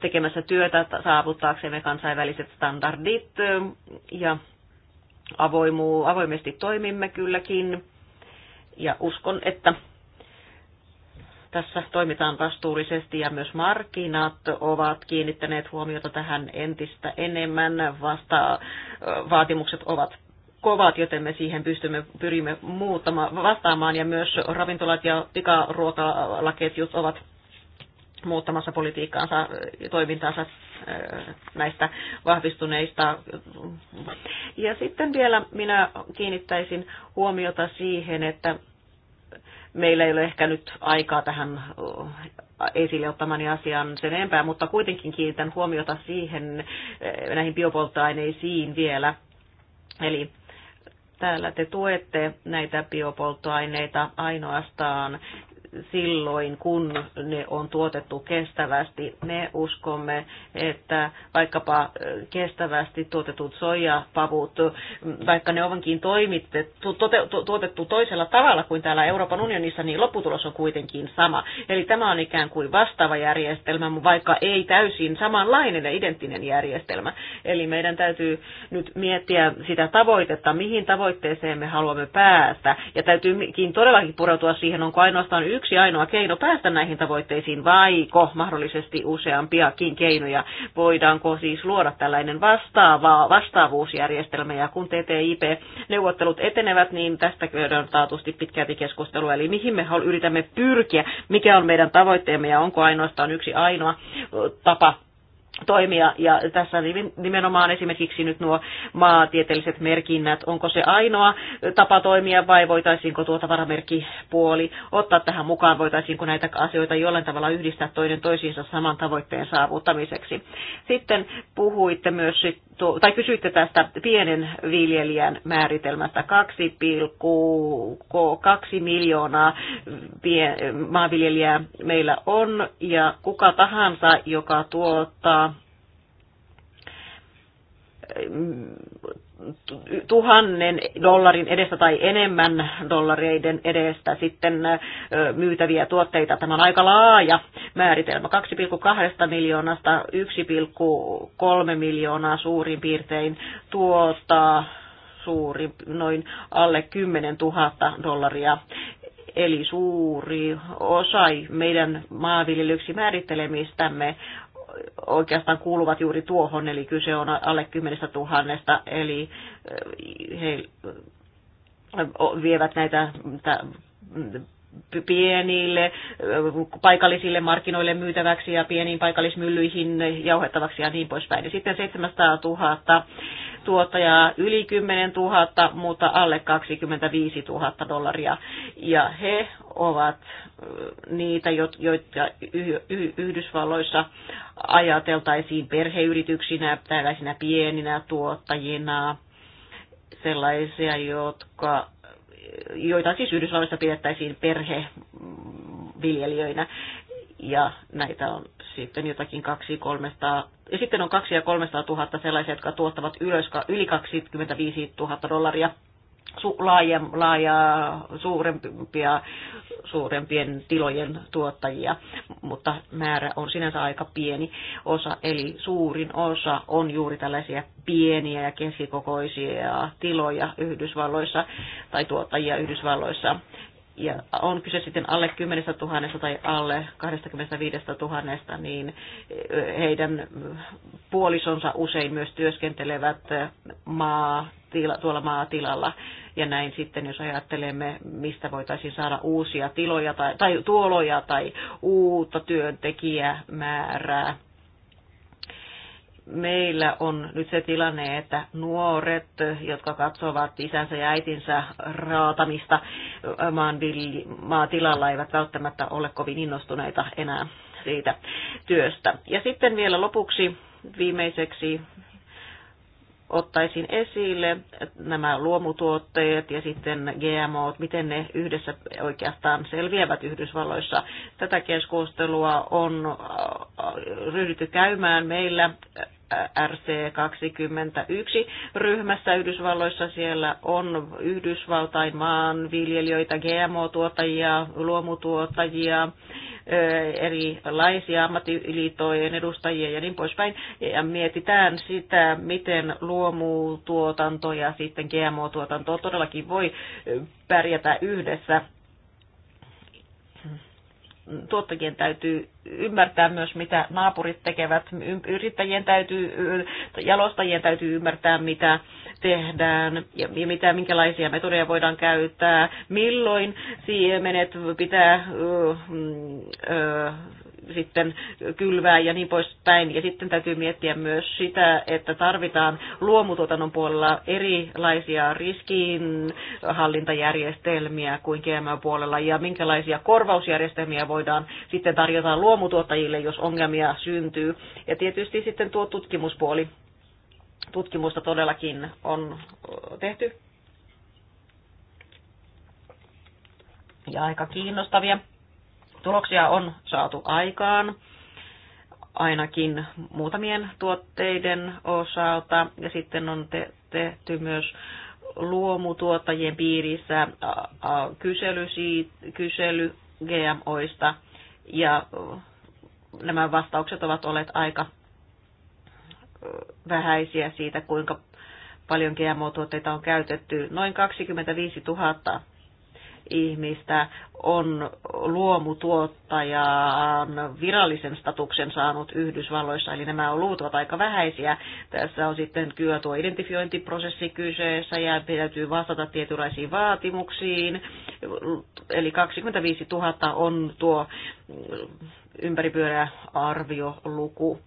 tekemässä työtä saavuttaaksemme kansainväliset standardit ja avoimu, avoimesti toimimme kylläkin. Ja uskon, että tässä toimitaan vastuullisesti ja myös markkinat ovat kiinnittäneet huomiota tähän entistä enemmän. Vasta vaatimukset ovat kovat, joten me siihen pystymme, pyrimme muuttamaan, vastaamaan ja myös ravintolat ja pikaruokalaketjut ovat muuttamassa politiikkaansa ja toimintaansa näistä vahvistuneista. Ja sitten vielä minä kiinnittäisin huomiota siihen, että meillä ei ole ehkä nyt aikaa tähän äh, esille ottamani asian sen enempää, mutta kuitenkin kiinnitän huomiota siihen äh, näihin biopolttoaineisiin vielä. Eli täällä te tuette näitä biopolttoaineita ainoastaan silloin, kun ne on tuotettu kestävästi. Me uskomme, että vaikkapa kestävästi tuotetut soijapavut, vaikka ne ovankin toimitettu, tuotettu toisella tavalla kuin täällä Euroopan unionissa, niin lopputulos on kuitenkin sama. Eli tämä on ikään kuin vastaava järjestelmä, vaikka ei täysin samanlainen ja identtinen järjestelmä. Eli meidän täytyy nyt miettiä sitä tavoitetta, mihin tavoitteeseen me haluamme päästä. Ja täytyykin todellakin pureutua siihen, onko ainoastaan yksi yksi ainoa keino päästä näihin tavoitteisiin, vaiko mahdollisesti useampiakin keinoja? Voidaanko siis luoda tällainen vastaava, vastaavuusjärjestelmä, ja kun TTIP-neuvottelut etenevät, niin tästä on taatusti pitkälti keskustelua, eli mihin me yritämme pyrkiä, mikä on meidän tavoitteemme, ja onko ainoastaan yksi ainoa tapa toimia. Ja tässä nimenomaan esimerkiksi nyt nuo maatieteelliset merkinnät, onko se ainoa tapa toimia vai voitaisiinko tuo tavaramerkkipuoli ottaa tähän mukaan, voitaisiinko näitä asioita jollain tavalla yhdistää toinen toisiinsa saman tavoitteen saavuttamiseksi. Sitten puhuitte myös, tai kysyitte tästä pienen viljelijän määritelmästä 2,2 miljoonaa maanviljelijää meillä on ja kuka tahansa, joka tuottaa tuhannen dollarin edestä tai enemmän dollareiden edestä sitten myytäviä tuotteita. Tämä on aika laaja määritelmä, 2,2 miljoonasta 1,3 miljoonaa suurin piirtein tuottaa suuri, noin alle 10 000 dollaria eli suuri osa meidän maanviljelyksi määrittelemistämme oikeastaan kuuluvat juuri tuohon, eli kyse on alle 10 tuhannesta, eli eh, he eh, vievät näitä pienille paikallisille markkinoille myytäväksi ja pieniin paikallismyllyihin jauhettavaksi ja niin poispäin. Ja sitten 700 000 tuottajaa, yli 10 000, mutta alle 25 000 dollaria. Ja he ovat niitä, joita Yhdysvalloissa ajateltaisiin perheyrityksinä, tällaisina pieninä tuottajina, sellaisia, jotka joita siis Yhdysvalloissa pidettäisiin perheviljelijöinä. Ja näitä on sitten jotakin 200-300, ja sitten on 2 ja 300 000 sellaisia, jotka tuottavat ylös yli 25 000 dollaria su, laaja, laajaa, suurempia, suurempien tilojen tuottajia, mutta määrä on sinänsä aika pieni osa, eli suurin osa on juuri tällaisia pieniä ja keskikokoisia tiloja Yhdysvalloissa tai tuottajia Yhdysvalloissa ja on kyse sitten alle 10 000 tai alle 25 000, niin heidän puolisonsa usein myös työskentelevät maa, tila, tuolla maatilalla. Ja näin sitten, jos ajattelemme, mistä voitaisiin saada uusia tiloja tai, tai tuoloja tai uutta työntekijämäärää, meillä on nyt se tilanne, että nuoret, jotka katsovat isänsä ja äitinsä raatamista maatilalla, eivät välttämättä ole kovin innostuneita enää siitä työstä. Ja sitten vielä lopuksi viimeiseksi ottaisin esille nämä luomutuotteet ja sitten GMO, miten ne yhdessä oikeastaan selviävät Yhdysvalloissa. Tätä keskustelua on äh, ryhdytty käymään meillä RC21 ryhmässä Yhdysvalloissa. Siellä on Yhdysvaltain maanviljelijöitä, GMO-tuottajia, luomutuottajia, erilaisia ammattiliitojen edustajia ja niin poispäin. Ja mietitään sitä, miten luomutuotanto ja sitten GMO-tuotanto todellakin voi pärjätä yhdessä tuottajien täytyy ymmärtää myös, mitä naapurit tekevät, yrittäjien täytyy, jalostajien täytyy ymmärtää, mitä tehdään ja mitä, minkälaisia metodeja voidaan käyttää, milloin siemenet pitää mm, sitten kylvää ja niin poispäin. Ja sitten täytyy miettiä myös sitä, että tarvitaan luomutuotannon puolella erilaisia riskinhallintajärjestelmiä kuin GMO-puolella ja minkälaisia korvausjärjestelmiä voidaan sitten tarjota luomutuottajille, jos ongelmia syntyy. Ja tietysti sitten tuo tutkimuspuoli. Tutkimusta todellakin on tehty ja aika kiinnostavia Tuloksia on saatu aikaan ainakin muutamien tuotteiden osalta ja sitten on te- tehty myös luomutuottajien piirissä kysely, siitä, kysely GMOista ja nämä vastaukset ovat olleet aika vähäisiä siitä, kuinka paljon GMO-tuotteita on käytetty. Noin 25 000 ihmistä on luomutuottajan virallisen statuksen saanut Yhdysvalloissa, eli nämä on luut ovat aika vähäisiä. Tässä on sitten kyllä tuo identifiointiprosessi kyseessä ja täytyy vastata tietynlaisiin vaatimuksiin. Eli 25 000 on tuo ympäripyöräarvioluku. arvioluku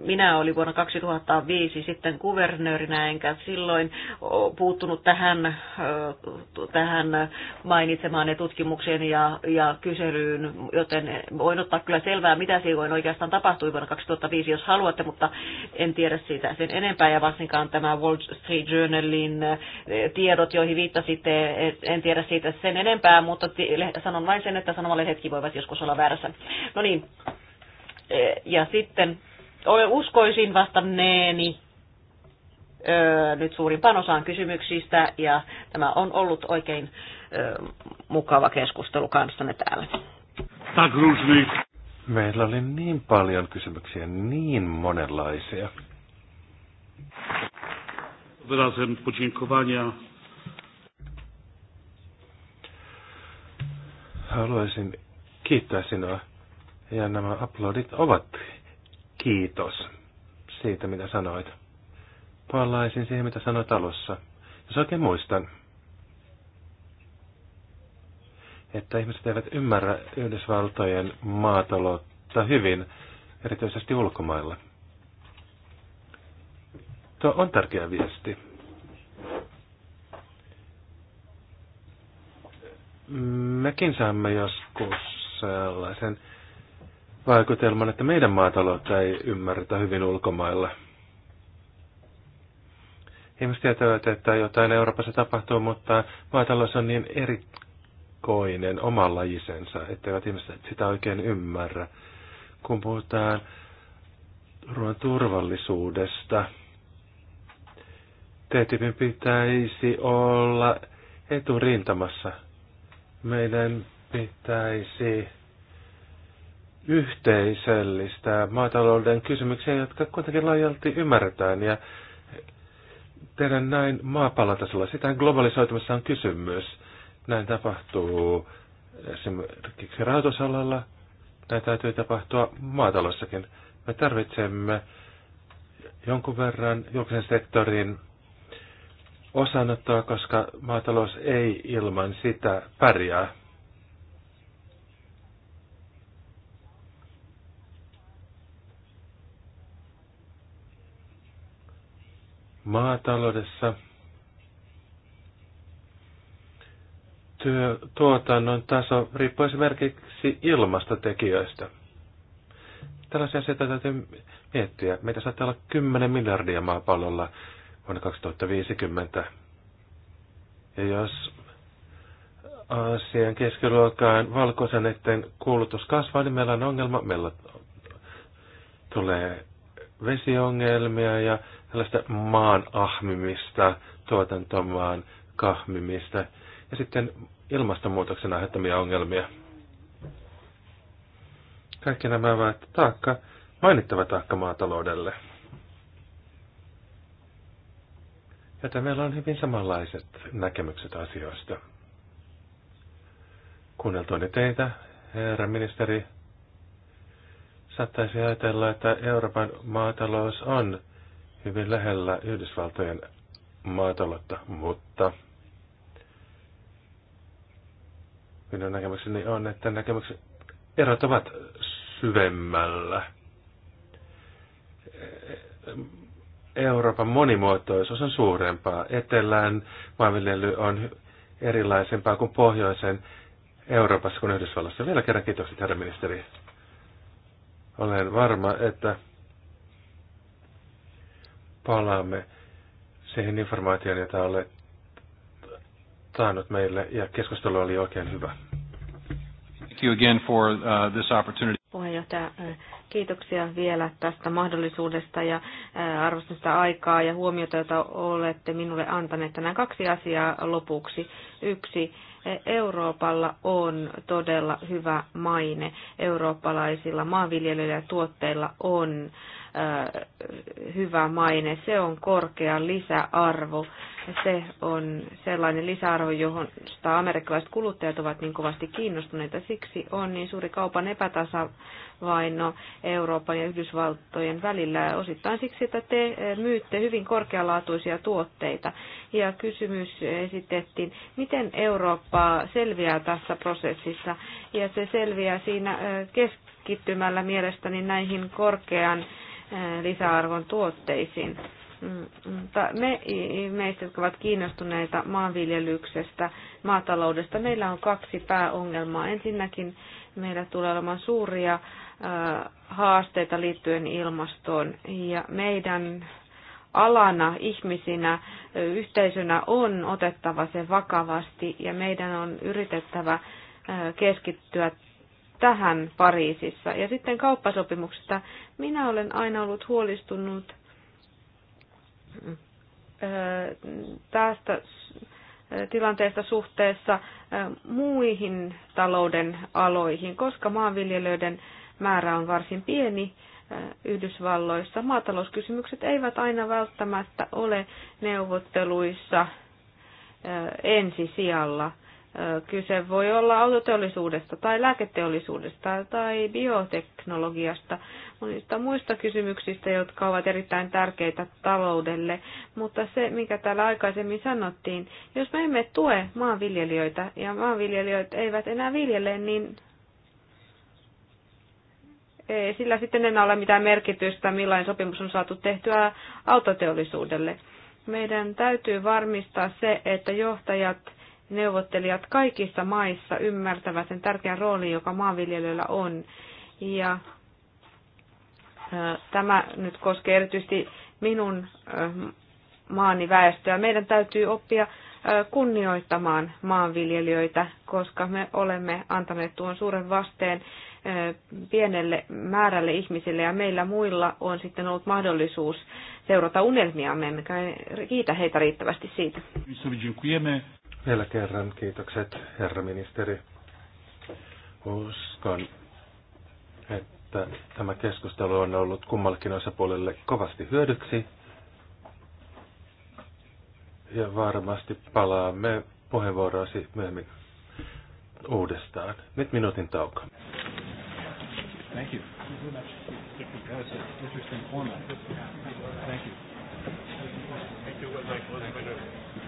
minä olin vuonna 2005 sitten kuvernöörinä, enkä silloin puuttunut tähän, tähän mainitsemaan tutkimukseen ja, ja kyselyyn, joten voin ottaa kyllä selvää, mitä silloin oikeastaan tapahtui vuonna 2005, jos haluatte, mutta en tiedä siitä sen enempää, ja varsinkaan tämä Wall Street Journalin tiedot, joihin viittasitte, en tiedä siitä sen enempää, mutta sanon vain sen, että hetki voivat joskus olla väärässä. No niin, e, ja sitten uskoisin vastanneeni öö, nyt suurimpaan osaan kysymyksistä ja tämä on ollut oikein öö, mukava keskustelu kanssanne täällä. Meillä oli niin paljon kysymyksiä, niin monenlaisia. Wyrazem podziękowania. Haluaisin kiittää sinua. Ja nämä uploadit ovat kiitos siitä, mitä sanoit. Palaisin siihen, mitä sanoit alussa. Jos oikein muistan, että ihmiset eivät ymmärrä Yhdysvaltojen maataloutta hyvin, erityisesti ulkomailla. Tuo on tärkeä viesti. Mekin saamme joskus sellaisen vaikutelman, että meidän maataloutta ei ymmärretä hyvin ulkomailla. Ihmiset tietävät, että jotain Euroopassa tapahtuu, mutta maatalous on niin erikoinen oma lajisensa, etteivät ihmiset sitä oikein ymmärrä. Kun puhutaan ruoan turvallisuudesta, TTIPin pitäisi olla eturintamassa. Meidän pitäisi yhteisöllistä maatalouden kysymyksiä, jotka kuitenkin laajalti ymmärretään ja tehdä näin maapallotasolla. Sitä globalisoitumassa on kysymys. Näin tapahtuu esimerkiksi rahoitusalalla. Näin täytyy tapahtua maatalossakin. Me tarvitsemme jonkun verran julkisen sektorin osanottoa, koska maatalous ei ilman sitä pärjää. maataloudessa, työ, tuotannon taso riippuu esimerkiksi ilmastotekijöistä. Tällaisia asioita täytyy miettiä. Meitä saattaa olla 10 miljardia maapallolla vuonna 2050. Ja jos Aasian keskiluokkaan valkoisen, kulutus kasvaa, niin meillä on ongelma. Meillä tulee vesiongelmia ja tällaista maan ahmimista, tuotantomaan kahmimista ja sitten ilmastonmuutoksen aiheuttamia ongelmia. Kaikki nämä ovat taakka, mainittava taakka maataloudelle. Joten meillä on hyvin samanlaiset näkemykset asioista. Kuunneltuani teitä, herra ministeri, saattaisi ajatella, että Euroopan maatalous on hyvin lähellä Yhdysvaltojen maataloutta, mutta minun näkemykseni on, että näkemykset erot ovat syvemmällä. Euroopan monimuotoisuus on suurempaa. Etelän maanviljely on erilaisempaa kuin pohjoisen Euroopassa kuin Yhdysvallassa. Vielä kerran kiitokset, herra ministeri. Olen varma, että palaamme siihen informaatioon, jota olet taannut meille, ja keskustelu oli oikein hyvä. Thank you again for uh, this opportunity. Puheenjohtaja, äh, kiitoksia vielä tästä mahdollisuudesta ja äh, arvostan sitä aikaa ja huomiota, jota olette minulle antaneet. Tänään kaksi asiaa lopuksi. Yksi, e, Euroopalla on todella hyvä maine. Eurooppalaisilla maanviljelyillä ja tuotteilla on äh, hyvä maine. Se on korkea lisäarvo. Se on sellainen lisäarvo, johon amerikkalaiset kuluttajat ovat niin kovasti kiinnostuneita. Siksi on niin suuri kaupan epätasavaino Euroopan ja Yhdysvaltojen välillä. Osittain siksi, että te myytte hyvin korkealaatuisia tuotteita. Ja kysymys esitettiin, miten Eurooppa selviää tässä prosessissa. Ja se selviää siinä keskittymällä mielestäni näihin korkean Eh, lisäarvon tuotteisiin. Mm, mutta me, meistä, jotka ovat kiinnostuneita maanviljelyksestä, maataloudesta, meillä on kaksi pääongelmaa. Ensinnäkin meillä tulee olemaan suuria eh, haasteita liittyen ilmastoon ja meidän alana, ihmisinä, yhteisönä on otettava se vakavasti ja meidän on yritettävä eh, keskittyä tähän Pariisissa. Ja sitten kauppasopimuksesta. Minä olen aina ollut huolistunut tästä tilanteesta suhteessa muihin talouden aloihin, koska maanviljelijöiden määrä on varsin pieni Yhdysvalloissa. Maatalouskysymykset eivät aina välttämättä ole neuvotteluissa ensisijalla. Kyse voi olla autoteollisuudesta tai lääketeollisuudesta tai bioteknologiasta, monista muista kysymyksistä, jotka ovat erittäin tärkeitä taloudelle. Mutta se, mikä täällä aikaisemmin sanottiin, jos me emme tue maanviljelijöitä ja maanviljelijöitä eivät enää viljele, niin ei sillä sitten enää ole mitään merkitystä, millainen sopimus on saatu tehtyä autoteollisuudelle. Meidän täytyy varmistaa se, että johtajat – neuvottelijat kaikissa maissa ymmärtävät sen tärkeän roolin, joka maanviljelijöillä on. Ja tämä nyt koskee erityisesti minun maani väestöä. Meidän täytyy oppia kunnioittamaan maanviljelijöitä, koska me olemme antaneet tuon suuren vasteen pienelle määrälle ihmisille ja meillä muilla on sitten ollut mahdollisuus seurata unelmiamme, emmekä kiitä heitä riittävästi siitä. Vielä kerran kiitokset, herra ministeri. Uskon, että tämä keskustelu on ollut kummallekin osapuolelle kovasti hyödyksi. Ja varmasti palaamme puheenvuoroasi myöhemmin uudestaan. Nyt minuutin tauko. Thank you. Thank you.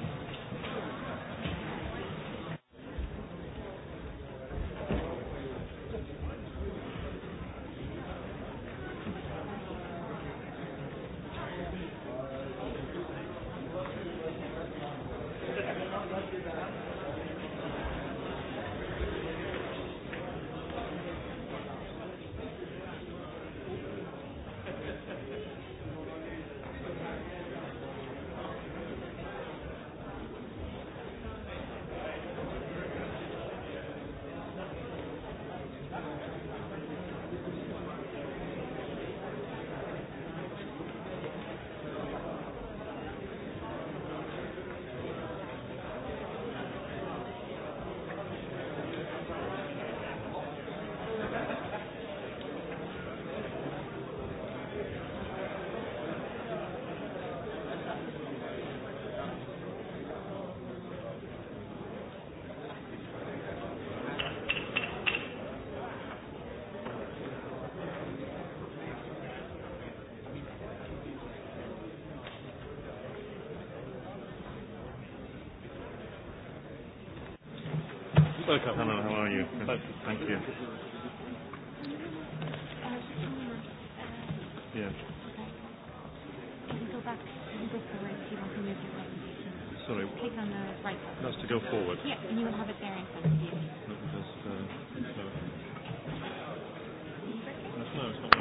Welcome. Hello, how are you? Thank you. Yeah. Sorry. Click on the right button. That's to go forward. Yeah, and you will have it there in front of you. Let me just. Uh, no. No, it's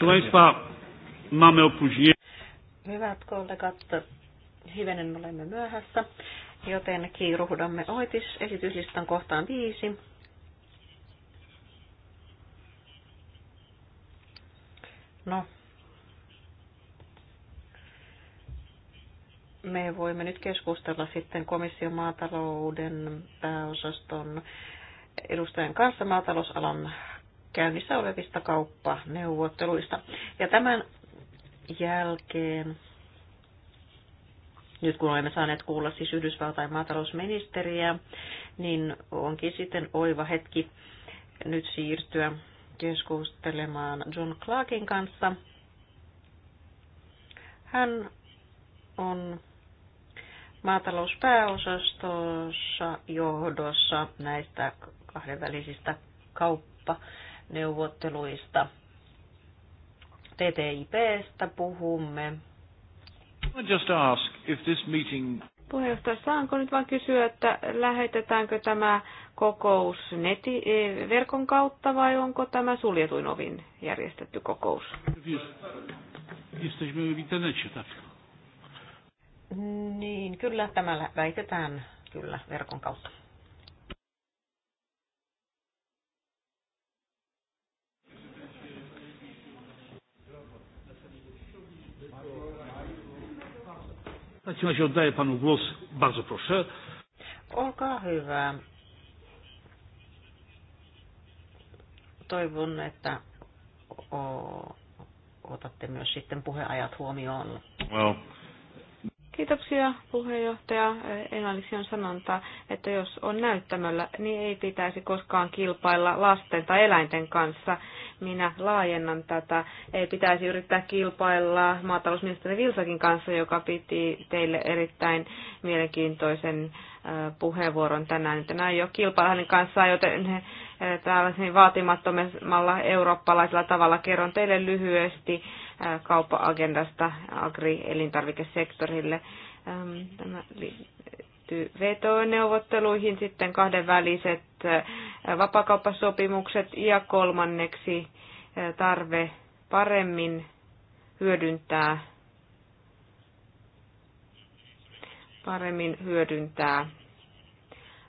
not. Proszę Państwa, Hyvät kollegat, hivenen olemme myöhässä, joten kiiruhdamme oitis esityslistan kohtaan viisi. No, me voimme nyt keskustella sitten komission maatalouden pääosaston edustajan kanssa maatalousalan käynnissä olevista kauppaneuvotteluista. Ja tämän jälkeen nyt kun olemme saaneet kuulla siis Yhdysvaltain maatalousministeriä, niin onkin sitten oiva hetki nyt siirtyä keskustelemaan John Clarkin kanssa. Hän on maatalouspääosastossa johdossa näistä kahdenvälisistä kauppaneuvotteluista. TTIPstä puhumme Puheenjohtaja, saanko nyt vain kysyä, että lähetetäänkö tämä kokous neti, e, verkon kautta vai onko tämä suljetuin ovin järjestetty kokous? Niin, kyllä tämä väitetään kyllä verkon kautta. W takim razie oddaję panu głos. Bardzo proszę. Olkaa hyvä. Toivon, että otatte myös sitten puheajat huomioon. Well. Kiitoksia puheenjohtaja. Englanniksi on sanonta, että jos on näyttämöllä, niin ei pitäisi koskaan kilpailla lasten tai eläinten kanssa minä laajennan tätä. Ei pitäisi yrittää kilpailla maatalousministeri Vilsakin kanssa, joka piti teille erittäin mielenkiintoisen puheenvuoron tänään. Nyt ei ole kilpailla hänen kanssaan, joten tällaisen siis vaatimattomalla eurooppalaisella tavalla kerron teille lyhyesti kauppa-agendasta agri-elintarvikesektorille liittyy vetoneuvotteluihin, sitten kahdenväliset eh, vapakauppasopimukset ja kolmanneksi eh, tarve paremmin hyödyntää paremmin hyödyntää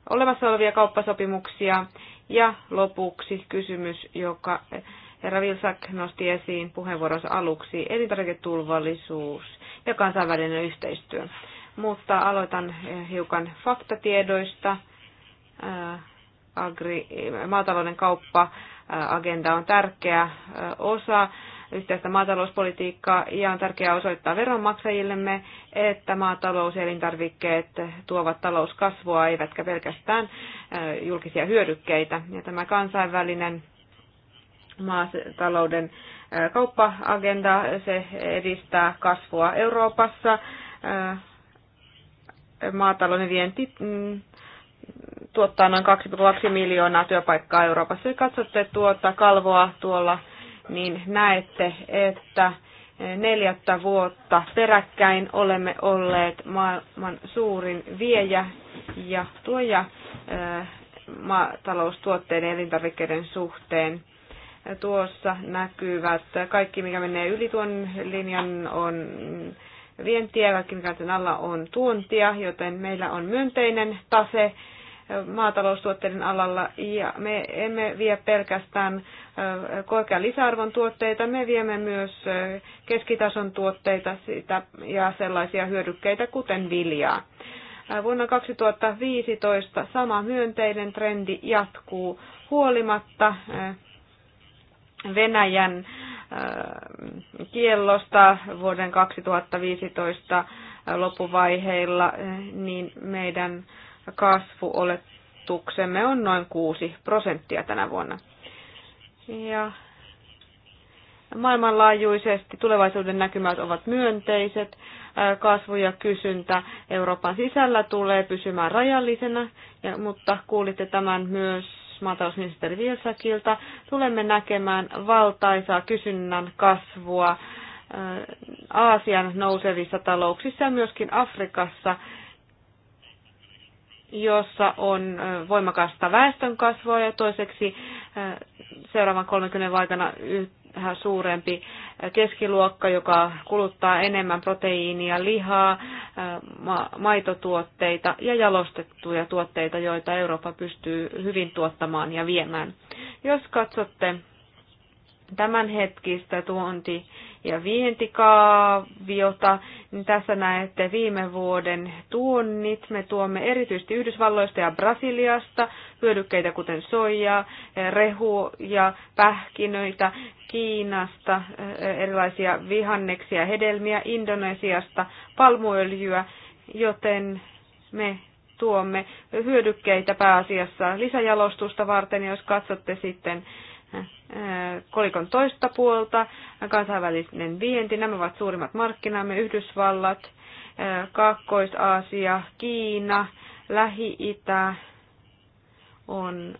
olemassa olevia kauppasopimuksia. Ja lopuksi kysymys, joka eh, herra Vilsak nosti esiin puheenvuoronsa aluksi, elintarviketulvallisuus ja kansainvälinen yhteistyö mutta aloitan eh, hiukan faktatiedoista. Eh, agri, eh, maatalouden kauppa agenda on tärkeä osa yhteistä maatalouspolitiikkaa ja on tärkeää osoittaa veronmaksajillemme, että maatalous- ja elintarvikkeet tuovat talouskasvua eivätkä pelkästään julkisia hyödykkeitä. Ja tämä kansainvälinen maatalouden kauppa-agenda, se edistää kasvua Euroopassa, maatalouden vienti mm, tuottaa noin 2,2 miljoonaa työpaikkaa Euroopassa. Jos katsotte tuota kalvoa tuolla, niin näette, että neljättä vuotta peräkkäin olemme olleet maailman suurin viejä ja tuoja maataloustuotteiden ja elintarvikkeiden suhteen. Tuossa näkyvät kaikki, mikä menee yli tuon linjan, on vientiä, kaikkien kansan alla on tuontia, joten meillä on myönteinen tase maataloustuotteiden alalla ja me emme vie pelkästään korkean lisäarvon tuotteita, me viemme myös keskitason tuotteita sitä ja sellaisia hyödykkeitä kuten viljaa. Vuonna 2015 sama myönteinen trendi jatkuu huolimatta Venäjän Äh, kiellosta vuoden 2015 loppuvaiheilla, niin meidän kasvuoletuksemme on noin 6 prosenttia tänä vuonna. Ja maailmanlaajuisesti tulevaisuuden näkymät ovat myönteiset. Äh, kasvu ja kysyntä Euroopan sisällä tulee pysymään rajallisena, mutta kuulitte tämän myös maatalousministeri Vilsakilta. Tulemme näkemään valtaisaa kysynnän kasvua Aasian nousevissa talouksissa ja myöskin Afrikassa, jossa on voimakasta väestönkasvua ja toiseksi seuraavan 30 aikana yhä suurempi keskiluokka, joka kuluttaa enemmän proteiinia, lihaa, maitotuotteita ja jalostettuja tuotteita, joita Eurooppa pystyy hyvin tuottamaan ja viemään. Jos katsotte tämänhetkistä tuonti ja vientikaaviota, niin tässä näette viime vuoden tuonnit. Me tuomme erityisesti Yhdysvalloista ja Brasiliasta hyödykkeitä kuten soijaa, rehuja, pähkinöitä, Kiinasta erilaisia vihanneksia, hedelmiä, Indonesiasta, palmuöljyä, joten me tuomme hyödykkeitä pääasiassa lisäjalostusta varten, jos katsotte sitten Äh, kolikon toista puolta, kansainvälinen vienti, nämä ovat suurimmat markkinamme, Yhdysvallat, äh, Kaakkois-Aasia, Kiina, Lähi-Itä, on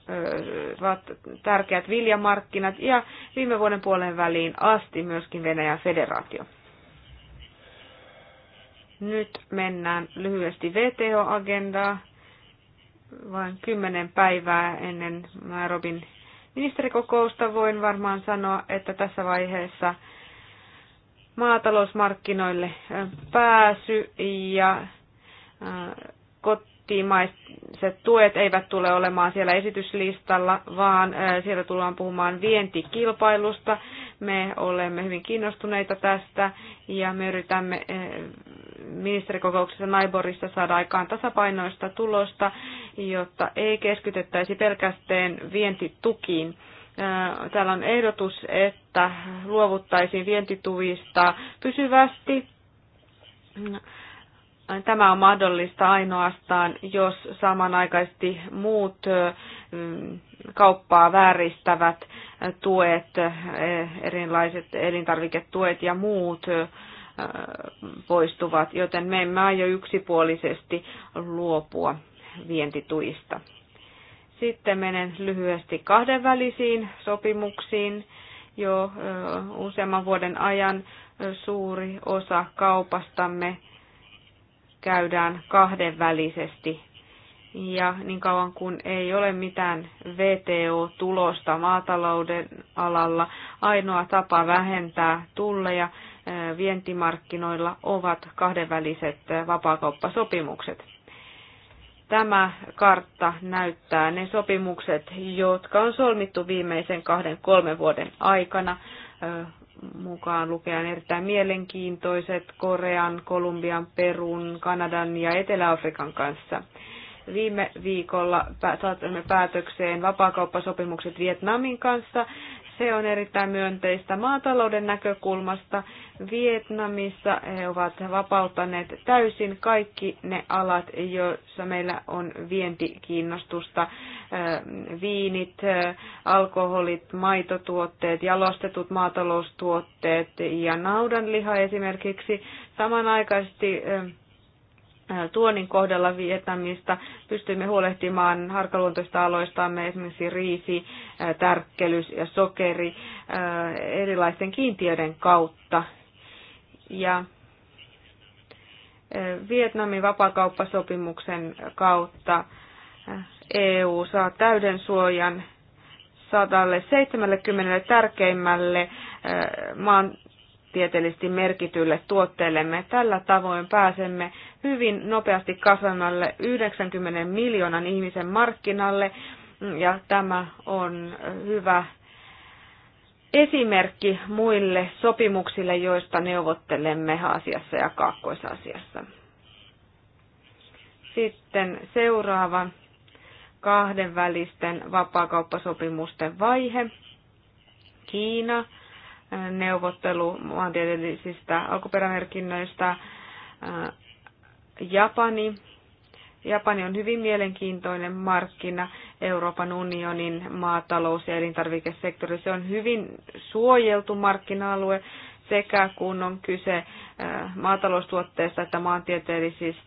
äh, tärkeät viljamarkkinat ja viime vuoden puolen väliin asti myöskin Venäjän federaatio. Nyt mennään lyhyesti VTO-agendaa, vain kymmenen päivää ennen Robin ministerikokousta voin varmaan sanoa, että tässä vaiheessa maatalousmarkkinoille pääsy ja kotimaiset tuet eivät tule olemaan siellä esityslistalla, vaan siellä tullaan puhumaan vientikilpailusta. Me olemme hyvin kiinnostuneita tästä ja me yritämme eh, ministerikokouksessa Naiborissa saada aikaan tasapainoista tulosta, jotta ei keskitettäisi pelkästään vientitukiin. Eh, täällä on ehdotus, että luovuttaisiin vientituista pysyvästi Tämä on mahdollista ainoastaan, jos samanaikaisesti muut mm, kauppaa vääristävät tuet, erilaiset elintarviketuet ja muut poistuvat, joten me emme aio yksipuolisesti luopua vientituista. Sitten menen lyhyesti kahdenvälisiin sopimuksiin. Jo useamman vuoden ajan suuri osa kaupastamme käydään kahdenvälisesti. Ja niin kauan kun ei ole mitään VTO-tulosta maatalouden alalla, ainoa tapa vähentää tulleja vientimarkkinoilla ovat kahdenväliset vapaakauppasopimukset. Tämä kartta näyttää ne sopimukset, jotka on solmittu viimeisen kahden kolmen vuoden aikana mukaan lukien erittäin mielenkiintoiset Korean, Kolumbian, Perun, Kanadan ja Etelä-Afrikan kanssa. Viime viikolla saatamme päätökseen vapaakauppasopimukset Vietnamin kanssa se on erittäin myönteistä maatalouden näkökulmasta. Vietnamissa he ovat vapauttaneet täysin kaikki ne alat, joissa meillä on vientikiinnostusta. Viinit, alkoholit, maitotuotteet, jalostetut maataloustuotteet ja naudanliha esimerkiksi. Samanaikaisesti Äh, tuonnin kohdalla Vietnamista. Pystyimme huolehtimaan harkaluontoista aloistamme, esimerkiksi riisi, äh, tärkkelys ja sokeri äh, erilaisten kiintiöiden kautta. Ja Vietnamin vapakauppasopimuksen kautta EU saa täyden suojan 170 tärkeimmälle maantieteellisesti merkitylle tuotteellemme. Tällä tavoin pääsemme hyvin nopeasti kasvamalle 90 miljoonan ihmisen markkinalle ja tämä on hyvä esimerkki muille sopimuksille, joista neuvottelemme Aasiassa ja Kaakkois-Aasiassa. Sitten seuraava kahdenvälisten vapaakauppasopimusten vaihe. Kiina, neuvottelu maantieteellisistä alkuperämerkinnöistä, Japani. Japani on hyvin mielenkiintoinen markkina Euroopan unionin maatalous- ja elintarvikesektori. Se on hyvin suojeltu markkina-alue sekä kun on kyse äh, maataloustuotteista että maantieteellisistä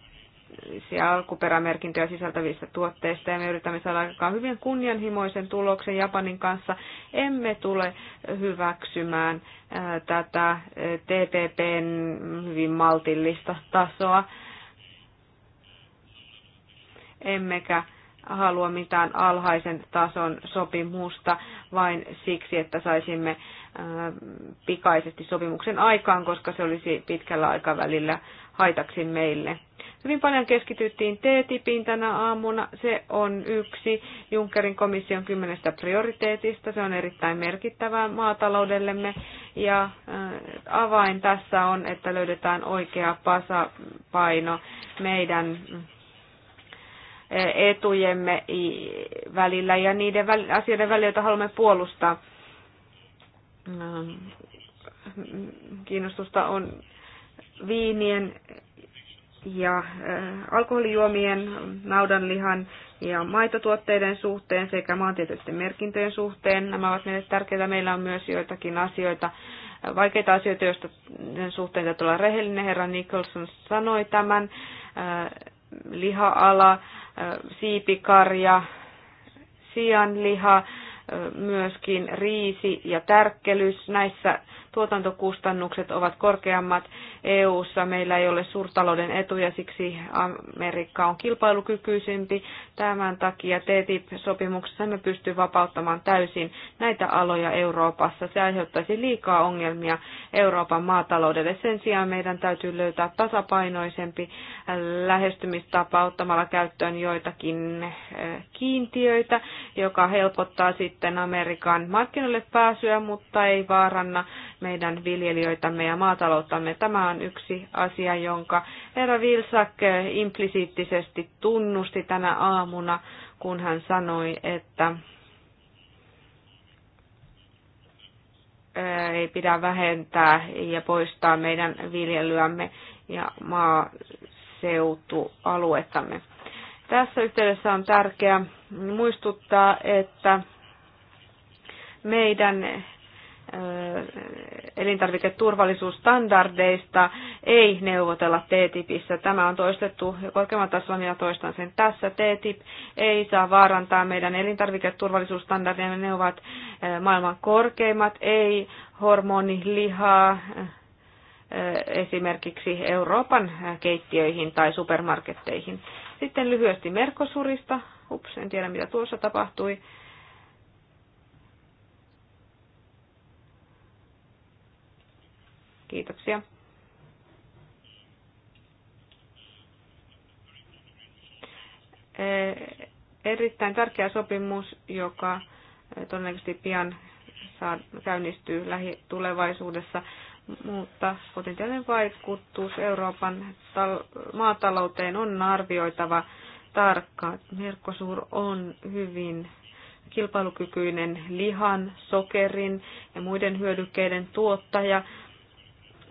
alkuperämerkintöjä sisältävistä tuotteista ja me yritämme saada aikaan hyvin kunnianhimoisen tuloksen Japanin kanssa. Emme tule hyväksymään äh, tätä äh, TPPn hyvin maltillista tasoa emmekä halua mitään alhaisen tason sopimusta vain siksi, että saisimme pikaisesti sopimuksen aikaan, koska se olisi pitkällä aikavälillä haitaksi meille. Hyvin paljon keskityttiin T-tipiin tänä aamuna. Se on yksi Junckerin komission kymmenestä prioriteetista. Se on erittäin merkittävää maataloudellemme ja avain tässä on, että löydetään oikea pasapaino meidän etujemme välillä ja niiden asioiden välillä, joita haluamme puolustaa. Mm, kiinnostusta on viinien ja äh, alkoholijuomien, naudanlihan ja maitotuotteiden suhteen sekä maantieteellisten merkintöjen suhteen. Nämä ovat meille tärkeitä. Meillä on myös joitakin asioita, vaikeita asioita, joista suhteen täytyy olla rehellinen. Herra Nicholson sanoi tämän. Äh, liha-ala, siipikarja, sianliha, myöskin riisi ja tärkkelys. Näissä tuotantokustannukset ovat korkeammat EU:ssa. Meillä ei ole suurtalouden etuja, siksi Amerikka on kilpailukykyisempi. Tämän takia TTIP-sopimuksessa me pystyy vapauttamaan täysin näitä aloja Euroopassa. Se aiheuttaisi liikaa ongelmia Euroopan maataloudelle. Sen sijaan meidän täytyy löytää tasapainoisempi lähestymistapa ottamalla käyttöön joitakin eh, kiintiöitä, joka helpottaa sitten Amerikan markkinoille pääsyä, mutta ei vaaranna meidän viljelijöitämme ja maatalouttamme. Tämä on yksi asia, jonka herra Vilsak eh, implisiittisesti tunnusti tänä aamuna, kun hän sanoi, että eh, ei pidä vähentää ja poistaa meidän viljelyämme ja maaseutualuettamme. Tässä yhteydessä on tärkeää muistuttaa, että meidän elintarviketurvallisuusstandardeista ei neuvotella TTIPissä. Tämä on toistettu korkeamman tasolla, minä toistan sen tässä. TTIP ei saa vaarantaa meidän elintarviketurvallisuusstandardeja, ne ovat maailman korkeimmat, ei hormonilihaa esimerkiksi Euroopan keittiöihin tai supermarketteihin. Sitten lyhyesti Merkosurista. Ups, en tiedä mitä tuossa tapahtui. Kiitoksia. Eh, erittäin tärkeä sopimus, joka eh, todennäköisesti pian saa, käynnistyy lähitulevaisuudessa, mutta potentiaalinen vaikutus Euroopan maatalouteen on arvioitava tarkkaan. Merkosur on hyvin kilpailukykyinen lihan, sokerin ja muiden hyödykkeiden tuottaja,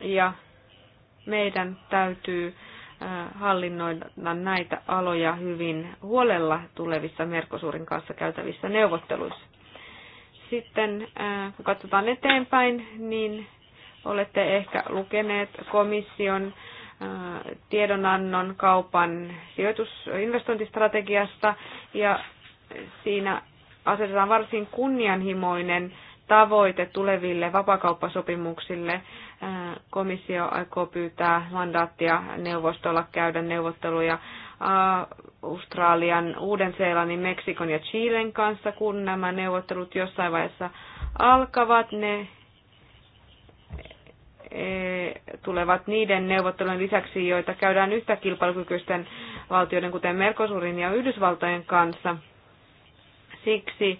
ja meidän täytyy hallinnoida näitä aloja hyvin huolella tulevissa Merkosuurin kanssa käytävissä neuvotteluissa. Sitten kun katsotaan eteenpäin, niin olette ehkä lukeneet komission tiedonannon kaupan sijoitusinvestointistrategiasta ja siinä asetetaan varsin kunnianhimoinen tavoite tuleville vapakauppasopimuksille. Äh, komissio aikoo pyytää mandaattia neuvostolla käydä neuvotteluja äh, Australian, Uuden-Seelannin, Meksikon ja Chilen kanssa, kun nämä neuvottelut jossain vaiheessa alkavat. Ne e, tulevat niiden neuvottelujen lisäksi, joita käydään yhtä kilpailukykyisten valtioiden, kuten merkosurin ja Yhdysvaltojen kanssa. Siksi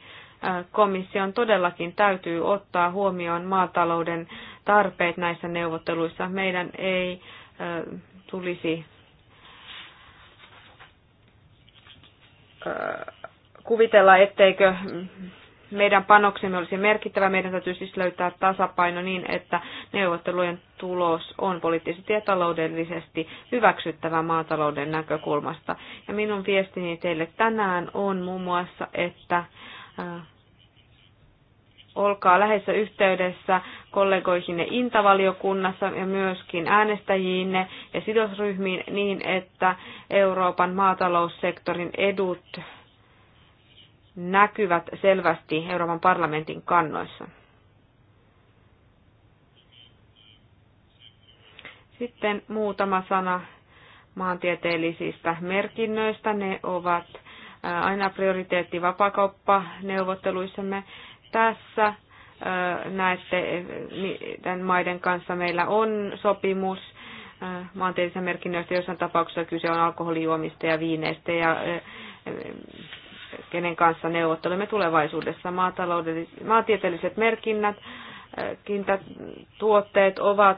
komission todellakin täytyy ottaa huomioon maatalouden tarpeet näissä neuvotteluissa. Meidän ei tulisi kuvitella, etteikö meidän panoksemme olisi merkittävä. Meidän täytyy siis löytää tasapaino niin, että neuvottelujen tulos on poliittisesti ja taloudellisesti hyväksyttävä maatalouden näkökulmasta. Ja minun viestini teille tänään on muun muassa, että Äh, olkaa läheisessä yhteydessä kollegoihinne Intavaliokunnassa ja myöskin äänestäjiinne ja sidosryhmiin niin, että Euroopan maataloussektorin edut näkyvät selvästi Euroopan parlamentin kannoissa. Sitten muutama sana maantieteellisistä merkinnöistä. Ne ovat aina prioriteetti vapakauppaneuvotteluissamme. Tässä näette, miten maiden kanssa meillä on sopimus maantieteellisistä merkinnöistä, joissain tapauksessa kyse on alkoholijuomista ja viineistä ja kenen kanssa neuvottelemme tulevaisuudessa. Maatieteelliset merkinnät, tuotteet ovat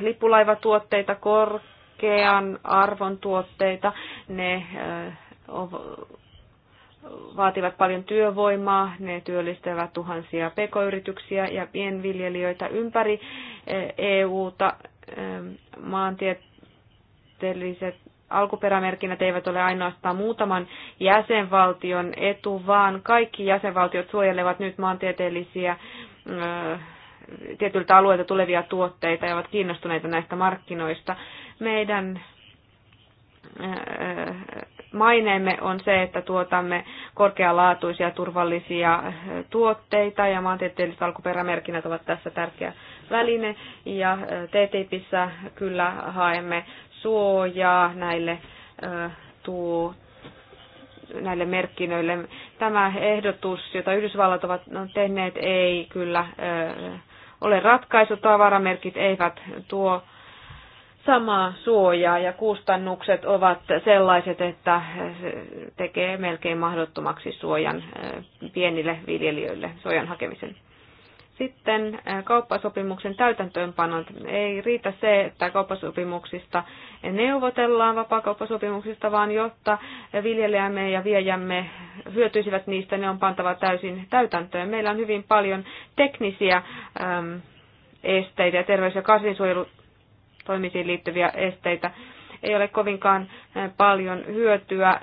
lippulaivatuotteita, korkean arvon tuotteita, ne vaativat paljon työvoimaa, ne työllistävät tuhansia pekoyrityksiä ja pienviljelijöitä ympäri EU-ta eh, e Maantieteelliset alkuperämerkinnät eivät ole ainoastaan muutaman jäsenvaltion etu, vaan kaikki jäsenvaltiot suojelevat nyt maantieteellisiä eh, tietyiltä alueilta tulevia tuotteita ja ovat kiinnostuneita näistä markkinoista. Meidän eh, maineemme on se, että tuotamme korkealaatuisia turvallisia eh, tuotteita ja maantieteelliset alkuperämerkinnät ovat tässä tärkeä väline. Ja eh, TTIPissä kyllä haemme suojaa näille eh, tuo, näille merkinnöille. Tämä ehdotus, jota Yhdysvallat ovat no, tehneet, ei kyllä ole ratkaisu. Tavaramerkit eivät tuo samaa suojaa ja kustannukset ovat sellaiset, että se tekee melkein mahdottomaksi suojan pienille viljelijöille suojan hakemisen. Sitten kauppasopimuksen täytäntöönpanot. Ei riitä se, että kauppasopimuksista neuvotellaan vapaakauppasopimuksista, vaan jotta viljelijämme ja viejämme hyötyisivät niistä, ne on pantava täysin täytäntöön. Meillä on hyvin paljon teknisiä esteitä ja terveys- ja kasvinsuojelu toimisiin liittyviä esteitä. Ei ole kovinkaan paljon hyötyä,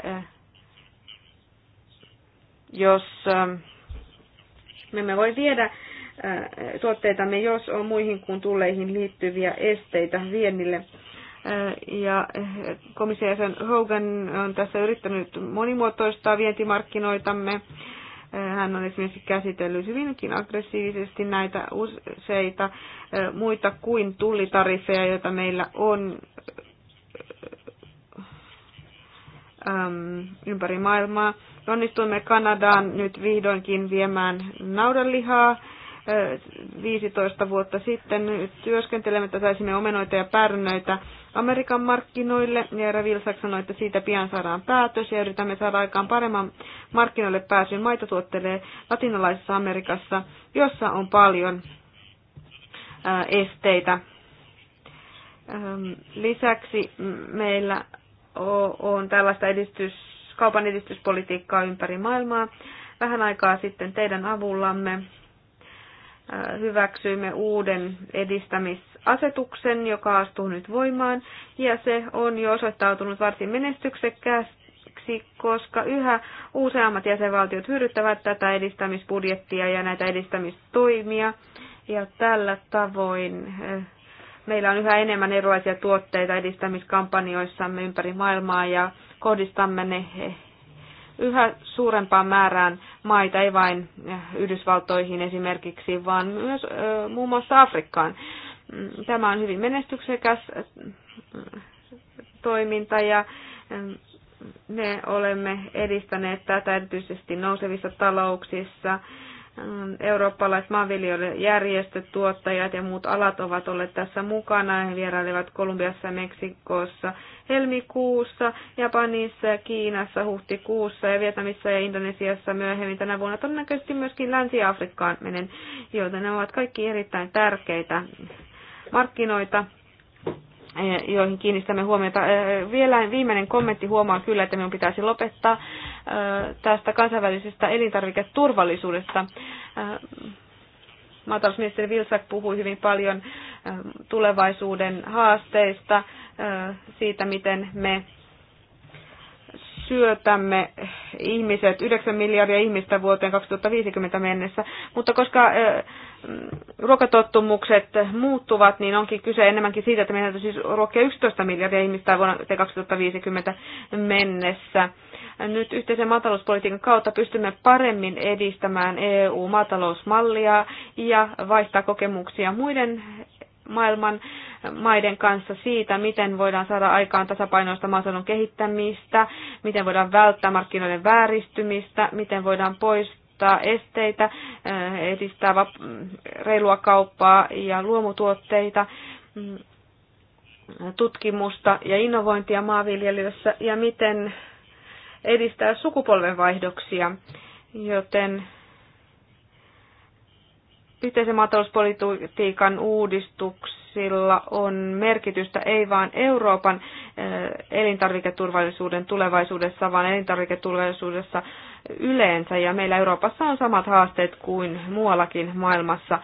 jos me emme voi viedä tuotteitamme, jos on muihin kuin tulleihin liittyviä esteitä viennille. Ja komissio Hogan on tässä yrittänyt monimuotoistaa vientimarkkinoitamme hän on esimerkiksi käsitellyt hyvinkin aggressiivisesti näitä useita muita kuin tullitariffeja, joita meillä on ympäri maailmaa. Onnistuimme Kanadaan nyt vihdoinkin viemään naudanlihaa. 15 vuotta sitten työskentelemme, että saisimme omenoita ja pärnöitä. Amerikan markkinoille. Ja Eera Vilsak sanoi, että siitä pian saadaan päätös ja yritämme saada aikaan paremman markkinoille pääsyn maitotuotteille latinalaisessa Amerikassa, jossa on paljon esteitä. Lisäksi meillä on tällaista edistys, kaupan edistyspolitiikkaa ympäri maailmaa. Vähän aikaa sitten teidän avullamme hyväksyimme uuden edistämisasetuksen, joka astuu nyt voimaan, ja se on jo osoittautunut varsin menestyksekkääksi, koska yhä useammat jäsenvaltiot hyödyttävät tätä edistämisbudjettia ja näitä edistämistoimia, ja tällä tavoin eh, meillä on yhä enemmän erilaisia tuotteita edistämiskampanjoissamme ympäri maailmaa ja kohdistamme ne yhä suurempaan määrään maita, ei vain eh, Yhdysvaltoihin esimerkiksi, vaan myös eh, muun muassa Afrikkaan. Mm, tämä on hyvin menestyksekäs eh, toiminta ja me olemme edistäneet tätä erityisesti nousevissa talouksissa Eurooppalaiset maanviljelijäjärjestöt, tuottajat ja muut alat ovat olleet tässä mukana. He vierailivat Kolumbiassa ja Meksikossa helmikuussa, Japanissa, Kiinassa huhtikuussa ja Vietnamissa ja Indonesiassa myöhemmin tänä vuonna. Todennäköisesti myöskin Länsi-Afrikkaan menen, joten ne ovat kaikki erittäin tärkeitä markkinoita eh, joihin kiinnistämme huomiota. Eh, vielä viimeinen kommentti huomaa kyllä, että minun pitäisi lopettaa tästä kansainvälisestä elintarviketurvallisuudesta. Maatalousministeri Vilsak puhui hyvin paljon tulevaisuuden haasteista, siitä miten me syötämme ihmiset, 9 miljardia ihmistä vuoteen 2050 mennessä, mutta koska mm, ruokatottumukset muuttuvat, niin onkin kyse enemmänkin siitä, että meidän täytyy siis ruokkia 11 miljardia ihmistä vuonna 2050 mennessä. Nyt yhteisen maatalouspolitiikan kautta pystymme paremmin edistämään EU-maatalousmallia ja vaihtaa kokemuksia muiden maailman maiden kanssa siitä, miten voidaan saada aikaan tasapainoista maaseudun kehittämistä, miten voidaan välttää markkinoiden vääristymistä, miten voidaan poistaa esteitä, eh, edistää reilua kauppaa ja luomutuotteita, mm, tutkimusta ja innovointia maanviljelyssä ja miten edistää sukupolvenvaihdoksia, joten yhteisen maatalouspolitiikan uudistuksilla on merkitystä ei vain Euroopan eh, elintarviketurvallisuuden tulevaisuudessa, vaan elintarviketurvallisuudessa yleensä ja meillä Euroopassa on samat haasteet kuin muuallakin maailmassa.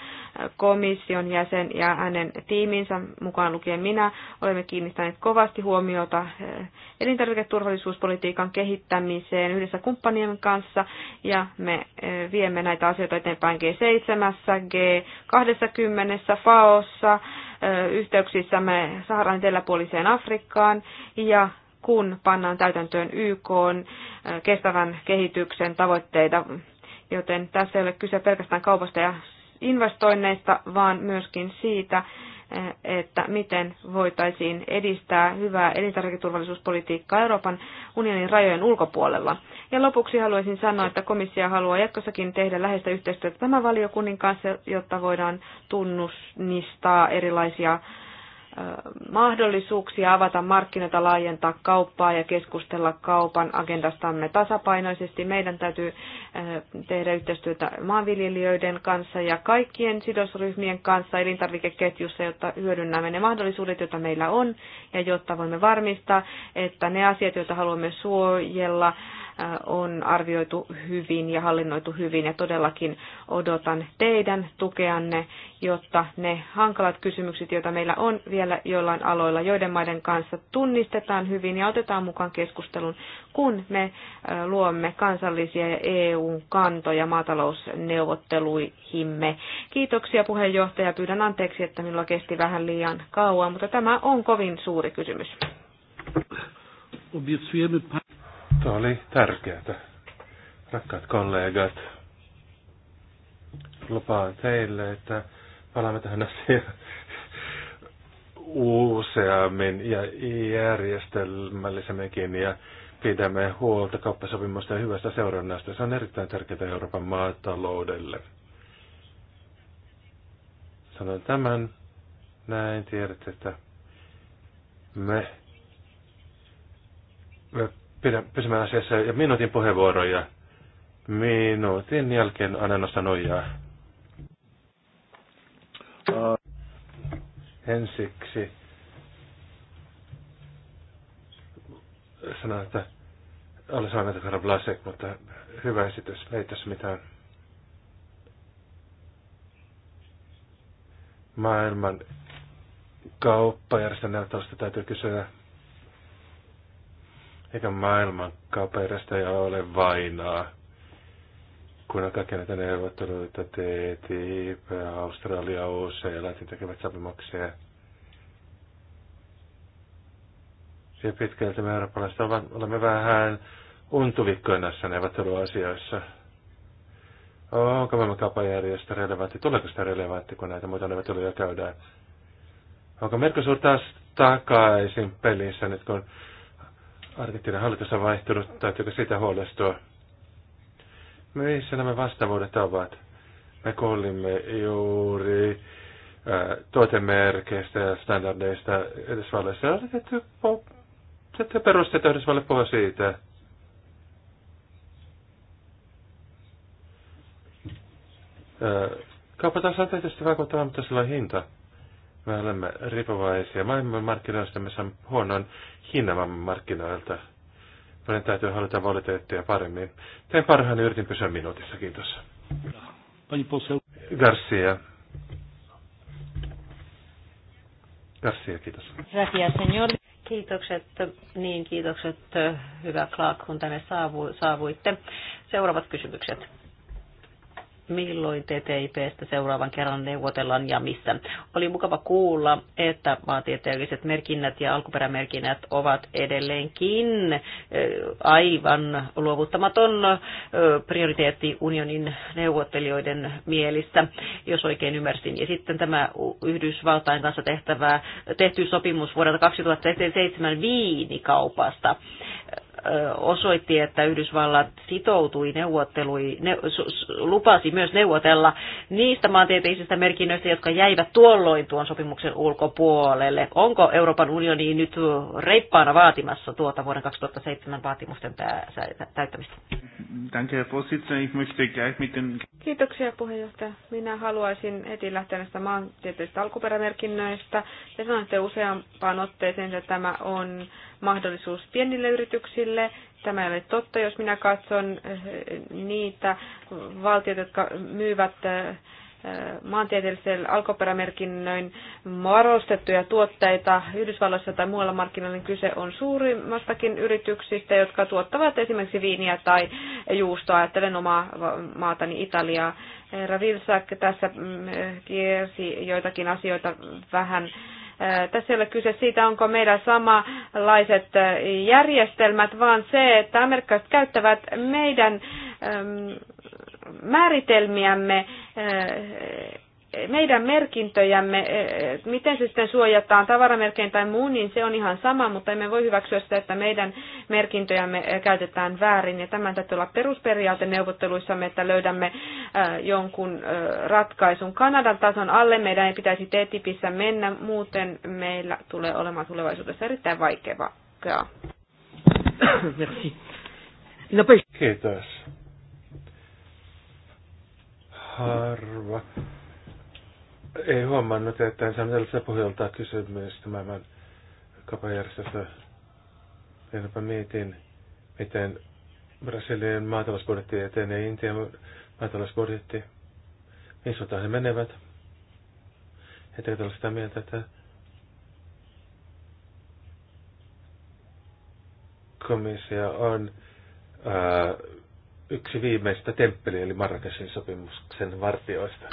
Komission jäsen ja hänen tiiminsä, mukaan lukien minä, olemme kiinnittäneet kovasti huomiota eh, elintarviketurvallisuuspolitiikan kehittämiseen yhdessä kumppanien kanssa ja me eh, viemme näitä asioita eteenpäin G7, G20, FAOssa, eh, yhteyksissämme Saharan eteläpuoliseen Afrikkaan ja kun pannaan täytäntöön YK äh, kestävän kehityksen tavoitteita. Joten tässä ei ole kyse pelkästään kaupasta ja investoinneista, vaan myöskin siitä, äh, että miten voitaisiin edistää hyvää elintarviketurvallisuuspolitiikkaa Euroopan unionin rajojen ulkopuolella. Ja lopuksi haluaisin sanoa, että komissio haluaa jatkossakin tehdä läheistä yhteistyötä tämän valiokunnin kanssa, jotta voidaan tunnustaa erilaisia mahdollisuuksia avata markkinoita, laajentaa kauppaa ja keskustella kaupan agendastamme tasapainoisesti. Meidän täytyy äh, tehdä yhteistyötä maanviljelijöiden kanssa ja kaikkien sidosryhmien kanssa elintarvikeketjussa, jotta hyödynnämme ne mahdollisuudet, joita meillä on ja jotta voimme varmistaa, että ne asiat, joita haluamme suojella, on arvioitu hyvin ja hallinnoitu hyvin ja todellakin odotan teidän tukeanne, jotta ne hankalat kysymykset, joita meillä on vielä joillain aloilla, joiden maiden kanssa tunnistetaan hyvin ja otetaan mukaan keskustelun, kun me luomme kansallisia ja EUn kantoja maatalousneuvotteluihimme. Kiitoksia puheenjohtaja. Pyydän anteeksi, että minulla kesti vähän liian kauan, mutta tämä on kovin suuri kysymys. Obiecujemy Tämä oli tärkeää. Rakkaat kollegat, lupaan teille, että palaamme tähän asiaan useammin ja järjestelmällisemminkin ja pidämme huolta kauppasopimusta ja hyvästä seurannasta. Se on erittäin tärkeää Euroopan maataloudelle. Sanon tämän näin, tiedät, että me, me pidä, pysymään asiassa ja minuutin puheenvuoroja. Minuutin jälkeen annan nostan nojaa. Uh, äh. ensiksi sanoin, että olen saanut herra Blasek, mutta hyvä esitys, ei tässä mitään. Maailman kauppajärjestön täytyy kysyä eikä maailman kaperasta ole vainaa. Kun kaikkea näitä neuvotteluita, TTIP, Australia, USA, Latin tekevät sopimuksia. Ja pitkälti me eurooppalaiset olemme vähän untuvikkoja näissä neuvotteluasioissa. Onko kapajärjestö relevantti? Tuleeko sitä relevantti, kun näitä muita neuvotteluja käydään? Onko Merkosuur taas takaisin pelissä nyt, kun Argentiinan hallitus on vaihtunut, täytyykö sitä huolestua? Missä nämä vastavuudet ovat? Me kuulimme juuri äh, tuotemerkeistä ja standardeista Yhdysvalloissa. Ja oli tehty, tehty perusteita Yhdysvalloille puhua siitä. Ää, äh, kaupataan saa tietysti vaikuttavaa, mutta sillä on hinta. Me olemme riippuvaisia maailmanmarkkinoista, me saamme huonon hinnan markkinoilta. Meidän täytyy hallita valiteettia paremmin. Teen parhaani, yritin pysyä minuutissa. Kiitos. Garcia. Garcia, kiitos. Gracias, señor. Kiitokset, niin kiitokset, hyvä Clark, kun tänne saavuitte. Seuraavat kysymykset milloin TTIPstä seuraavan kerran neuvotellaan ja missä. Oli mukava kuulla, että maantieteelliset merkinnät ja alkuperämerkinnät ovat edelleenkin eh, aivan luovuttamaton eh, prioriteetti unionin neuvottelijoiden mielissä, jos oikein ymmärsin. Ja sitten tämä Yhdysvaltain kanssa tehtävä, tehty sopimus vuodelta 2007 viinikaupasta osoitti, että Yhdysvallat sitoutui neuvottelui, ne, lupasi myös neuvotella niistä maantieteisistä merkinnöistä, jotka jäivät tuolloin tuon sopimuksen ulkopuolelle. Onko Euroopan unioni nyt reippaana vaatimassa tuota vuoden 2007 vaatimusten täyttämistä? Kiitoksia puheenjohtaja. Minä haluaisin heti lähteä näistä maantieteisistä alkuperämerkinnöistä. Te sanoitte useampaan otteeseen, että tämä on mahdollisuus pienille yrityksille. Tämä ei ole totta, jos minä katson eh, niitä valtioita, jotka myyvät eh, eh, maantieteellisellä alkuperämerkinnöin varustettuja tuotteita Yhdysvalloissa tai muualla markkinoilla, niin kyse on suurimmastakin yrityksistä, jotka tuottavat esimerkiksi viiniä tai juustoa. Ajattelen omaa maatani Italiaa. Ravilsak tässä mm, kiersi joitakin asioita vähän tässä ei ole kyse siitä, onko meillä samanlaiset järjestelmät, vaan se, että amerikkalaiset käyttävät meidän määritelmiämme meidän merkintöjämme, e, e, miten se sitten suojataan tavaramerkein tai muun, niin se on ihan sama, mutta emme voi hyväksyä sitä, että meidän merkintöjämme e, käytetään väärin. Ja tämän täytyy olla perusperiaate neuvotteluissamme, että löydämme jonkun ratkaisun Kanadan tason alle. Meidän ei pitäisi TTIPissä mennä, muuten meillä tulee olemaan tulevaisuudessa erittäin vaikeaa. Merci. No, Kiitos. Harva ei huomannut, että en saanut tällaista pohjalta kysymystä maailman kapajärjestöstä. Enpä mietin, miten Brasilian maatalousbudjetti etenee Intian maatalousbudjetti. Mihin suuntaan he menevät? ettei ole sitä mieltä, että komissio on ää, yksi viimeistä temppeli eli Marrakesin sopimuksen vartioista?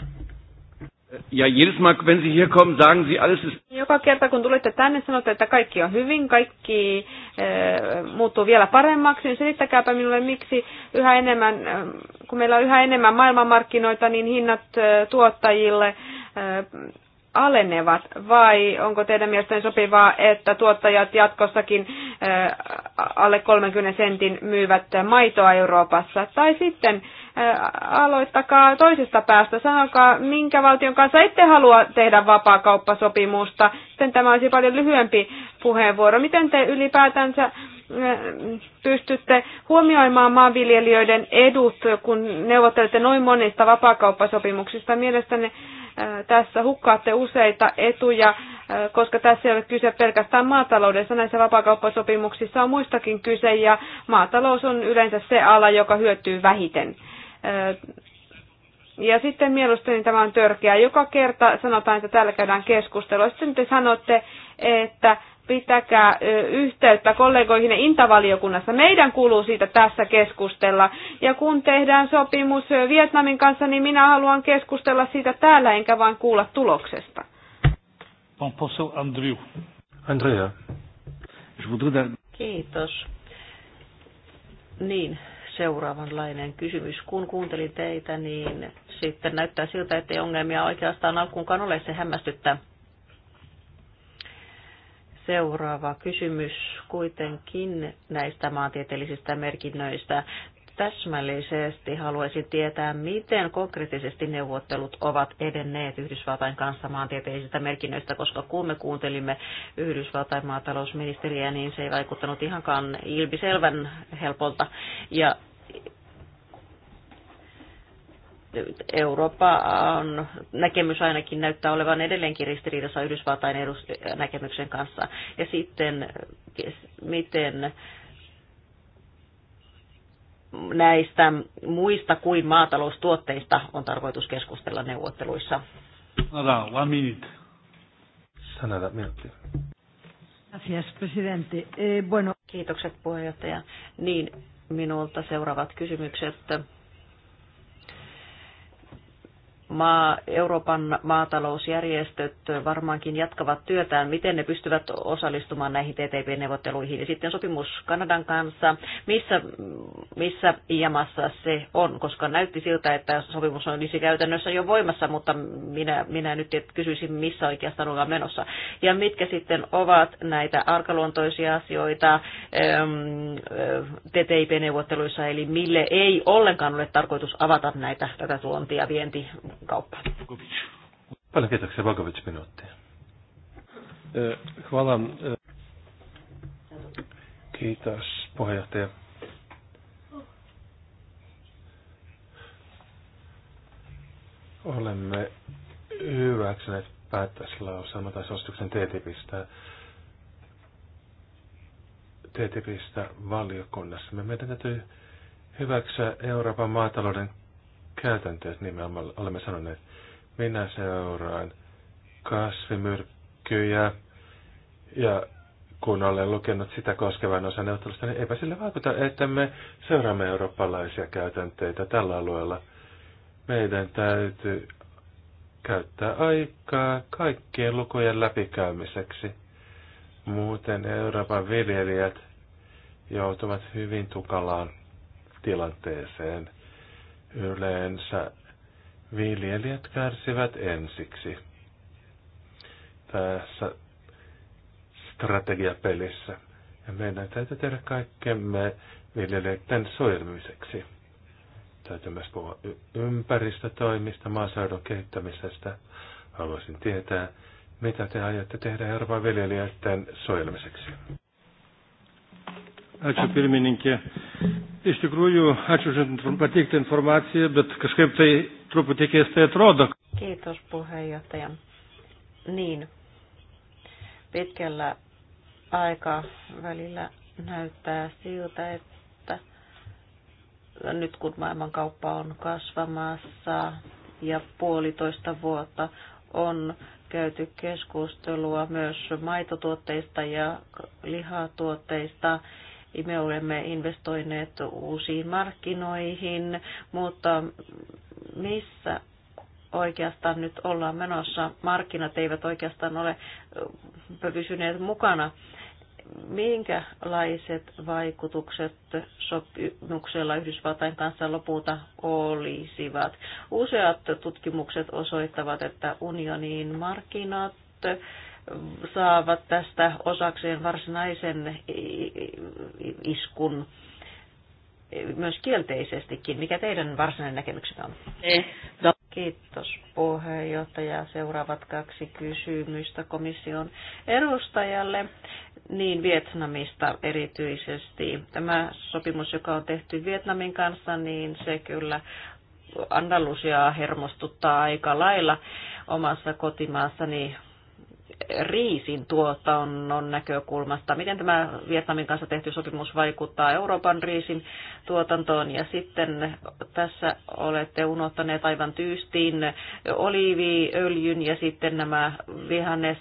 Ja jedes Mal, wenn Sie hier kommen, sagen Sie alles ist... Joka kerta kun tulette tänne, sanotte, että kaikki on hyvin, kaikki äh, muuttuu vielä paremmaksi, niin selittäkääpä minulle, miksi yhä enemmän, äh, kun meillä on yhä enemmän maailmanmarkkinoita, niin hinnat äh, tuottajille äh, alenevat, vai onko teidän mielestänne sopivaa, että tuottajat jatkossakin äh, alle 30 sentin myyvät maitoa Euroopassa, tai sitten äh, aloittakaa toisesta päästä. Sanokaa, minkä valtion kanssa ette halua tehdä vapaakauppasopimusta. Sitten tämä olisi paljon lyhyempi puheenvuoro. Miten te ylipäätänsä pystytte huomioimaan maanviljelijöiden edut, kun neuvottelette noin monista vapaakauppasopimuksista? Mielestäni tässä hukkaatte useita etuja, koska tässä ei ole kyse pelkästään maataloudessa. Näissä vapaakauppasopimuksissa on muistakin kyse ja maatalous on yleensä se ala, joka hyötyy vähiten. Ja sitten mielestäni tämä on törkeä. Joka kerta sanotaan, että täällä käydään keskustelua. Sitten te sanotte, että pitäkää yhteyttä kollegoihin intavaliokunnassa. Meidän kuuluu siitä tässä keskustella. Ja kun tehdään sopimus Vietnamin kanssa, niin minä haluan keskustella siitä täällä, enkä vain kuulla tuloksesta. Kiitos. Niin, seuraavanlainen kysymys. Kun kuuntelin teitä, niin sitten näyttää siltä, että ei ongelmia oikeastaan alkuunkaan ole. Se hämmästyttää. Seuraava kysymys kuitenkin näistä maantieteellisistä merkinnöistä täsmällisesti haluaisi tietää, miten konkreettisesti neuvottelut ovat edenneet Yhdysvaltain kanssa maantieteellisistä merkinnöistä, koska kun me kuuntelimme Yhdysvaltain maatalousministeriä, niin se ei vaikuttanut ihankaan ilmiselvän helpolta. Ja Eurooppa on, näkemys ainakin näyttää olevan edelleenkin ristiriidassa Yhdysvaltain edus, näkemyksen kanssa. Ja sitten miten näistä muista kuin maataloustuotteista on tarkoitus keskustella neuvotteluissa. Sanada, one minute. Sanada, minuutti. Gracias, presidente. Eh, bueno. Kiitokset puheenjohtaja. Niin, minulta seuraavat kysymykset maa, Euroopan maatalousjärjestöt varmaankin jatkavat työtään, miten ne pystyvät osallistumaan näihin TTP-neuvotteluihin. Ja sitten sopimus Kanadan kanssa, missä, missä iamassa se on, koska näytti siltä, että sopimus olisi käytännössä jo voimassa, mutta minä, minä nyt kysyisin, missä oikeastaan ollaan menossa. Ja mitkä sitten ovat näitä arkaluontoisia asioita ähm, äh, TTIP-neuvotteluissa, eli mille ei ollenkaan ole tarkoitus avata näitä tätä tuontia vienti kauppa. Paljon kiitoksia, Vakovic, minuuttia. Hvala. Kiitos, puheenjohtaja. Olemme hyväksyneet päättäislauselma tai suosituksen TTIPistä, TTIPistä valiokunnassa. meidän täytyy hyväksyä Euroopan maatalouden käytänteet, niin me olemme sanoneet, minä seuraan kasvimyrkkyjä ja kun olen lukenut sitä koskevan osan neuvottelusta, niin eipä sille vaikuta, että me seuraamme eurooppalaisia käytänteitä tällä alueella. Meidän täytyy käyttää aikaa kaikkien lukujen läpikäymiseksi. Muuten Euroopan viljelijät joutuvat hyvin tukalaan tilanteeseen. Yleensä viljelijät kärsivät ensiksi tässä strategiapelissä. Ja meidän täytyy tehdä kaikkemme viljelijöiden suojelmiseksi. Täytyy myös puhua ympäristötoimista, maaseudun kehittämisestä. Haluaisin tietää, mitä te aiotte tehdä Euroopan viljelijöiden suojelmiseksi. Ačiū Iš tikrųjų, ačiū už pateiktą informaciją, bet kažkaip tai truputį keistai atrodo. Kiitos puheenjohtaja. Niin, pitkällä aikavälillä näyttää siltä, että nyt kun maailmankauppa on kasvamassa ja puolitoista vuotta on käyty keskustelua myös maitotuotteista ja lihatuotteista, me olemme investoineet uusiin markkinoihin, mutta missä oikeastaan nyt ollaan menossa? Markkinat eivät oikeastaan ole pysyneet mukana minkälaiset vaikutukset sopimuksella Yhdysvaltain kanssa lopulta olisivat. Useat tutkimukset osoittavat, että unionin markkinat saavat tästä osakseen varsinaisen iskun myös kielteisestikin. Mikä teidän varsinainen näkemyksenne on? Kiitos puheenjohtaja. Seuraavat kaksi kysymystä komission edustajalle. Niin Vietnamista erityisesti. Tämä sopimus, joka on tehty Vietnamin kanssa, niin se kyllä Andalusia hermostuttaa aika lailla omassa kotimaassani riisin tuotannon näkökulmasta. Miten tämä Vietnamin kanssa tehty sopimus vaikuttaa Euroopan riisin tuotantoon? Ja sitten tässä olette unohtaneet aivan tyystiin oliiviöljyn ja sitten nämä vihannes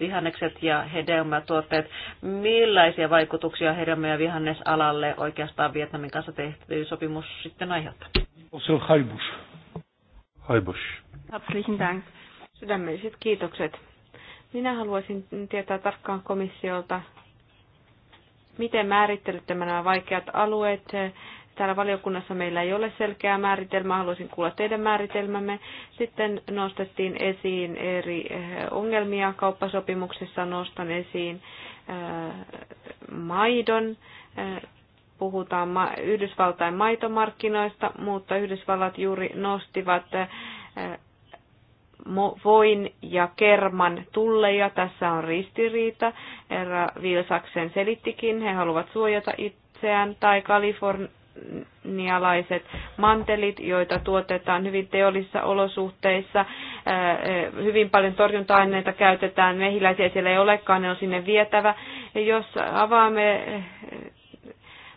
vihannekset ja hedelmätuotteet. Millaisia vaikutuksia hedelmä- ja vihannesalalle oikeastaan Vietnamin kanssa tehty sopimus sitten aiheuttaa? Haibus. Haibus. Herzlichen Dank. Sydämelliset kiitokset minä haluaisin tietää tarkkaan komissiolta, miten määrittelette nämä vaikeat alueet. Täällä valiokunnassa meillä ei ole selkeää määritelmää, haluaisin kuulla teidän määritelmämme. Sitten nostettiin esiin eri eh, ongelmia Kauppasopimuksessa nostan esiin eh, maidon eh, puhutaan Yhdysvaltain maitomarkkinoista, mutta Yhdysvallat juuri nostivat voin ja kerman tulleja. Tässä on ristiriita. Herra Vilsaksen selittikin, he haluavat suojata itseään tai kalifornialaiset mantelit, joita tuotetaan hyvin teollisissa olosuhteissa. Äh, hyvin paljon torjunta-aineita käytetään, mehiläisiä siellä ei olekaan, ne on sinne vietävä. Jos avaamme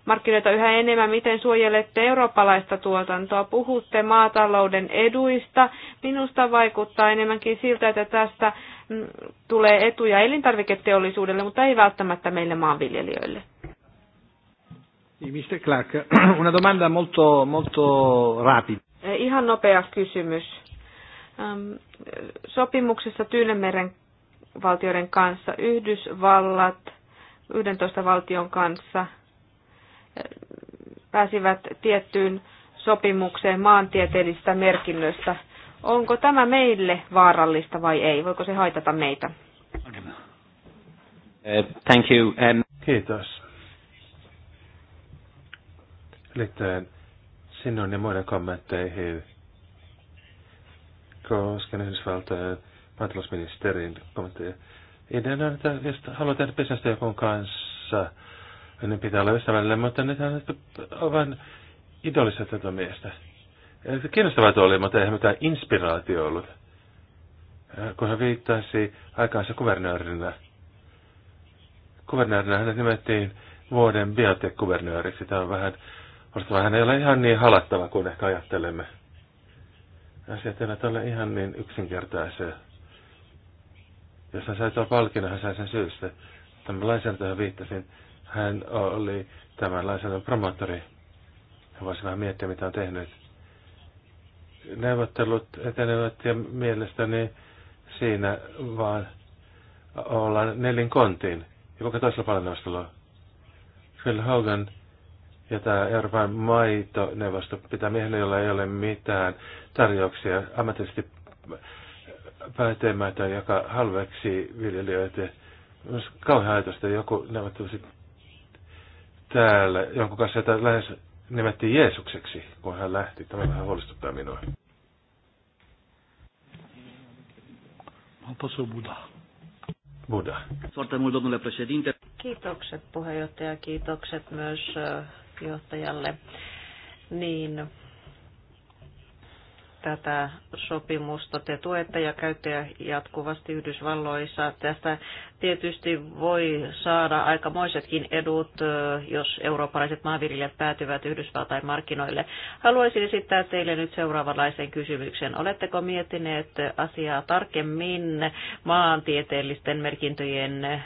markkinoita yhä enemmän. Miten suojelette eurooppalaista tuotantoa? Puhutte maatalouden eduista. Minusta vaikuttaa enemmänkin siltä, että tästä mm, tulee etuja elintarviketeollisuudelle, mutta ei välttämättä meille maanviljelijöille. Niin, Mr. Clark, una domanda molto, molto rapida. Eh, ihan nopea kysymys. Sopimuksessa Tyynemeren valtioiden kanssa, Yhdysvallat 11 valtion kanssa – pääsivät tiettyyn sopimukseen maantieteellisestä merkinnöstä. Onko tämä meille vaarallista vai ei? Voiko se haitata meitä? Uh, thank you. Um... Kiitos. Liittyen sinun ja muiden kommentteihin koskien Yhdysvaltojen maatalousministerin kommentteja. Ideana on, että jos haluaa tehdä bisnestä jonkun kanssa, ne pitää olla ystävällinen, mutta ne on vain idolissa tätä miestä. Kiinnostavaa tuo oli, mutta eihän mitään inspiraatio ollut. Kun hän viittasi aikaansa kuvernöörinä. Kuvernöörinä hänet nimettiin vuoden biotech-kuvernööriksi. Tämä on vähän, on hän ei ole ihan niin halattava kuin ehkä ajattelemme. Asiat eivät ole ihan niin yksinkertaisia. Jos hän sai tuon palkinnon, hän sai sen syystä. Tämän lainsäädäntöön viittasin. Hän oli tämän lainsäädännön promottori. Hän voisi vähän miettiä, mitä on tehnyt. Neuvottelut etenevät ja mielestäni siinä vaan ollaan nelin kontiin. Ja kuinka toisella paljon neuvostelua? Phil Hogan ja tämä Euroopan maitoneuvosto pitää miehelle, jolla ei ole mitään tarjouksia ammatillisesti päätemätön, joka halveksi viljelijöitä. kauhean ajatusta, joku sitten täällä jonkun kanssa, sieltä lähes nimettiin Jeesukseksi, kun hän lähti. Tämä vähän huolestuttaa minua. Apostol Buddha. Buddha. Kiitokset puheenjohtaja, kiitokset myös eh, johtajalle. Niin, tätä sopimusta te tuette ja käytte jatkuvasti Yhdysvalloissa. Tästä tietysti voi saada aikamoisetkin edut, jos eurooppalaiset maanviljelijät päätyvät Yhdysvaltain markkinoille. Haluaisin esittää teille nyt seuraavanlaisen kysymyksen. Oletteko miettineet asiaa tarkemmin maantieteellisten merkintöjen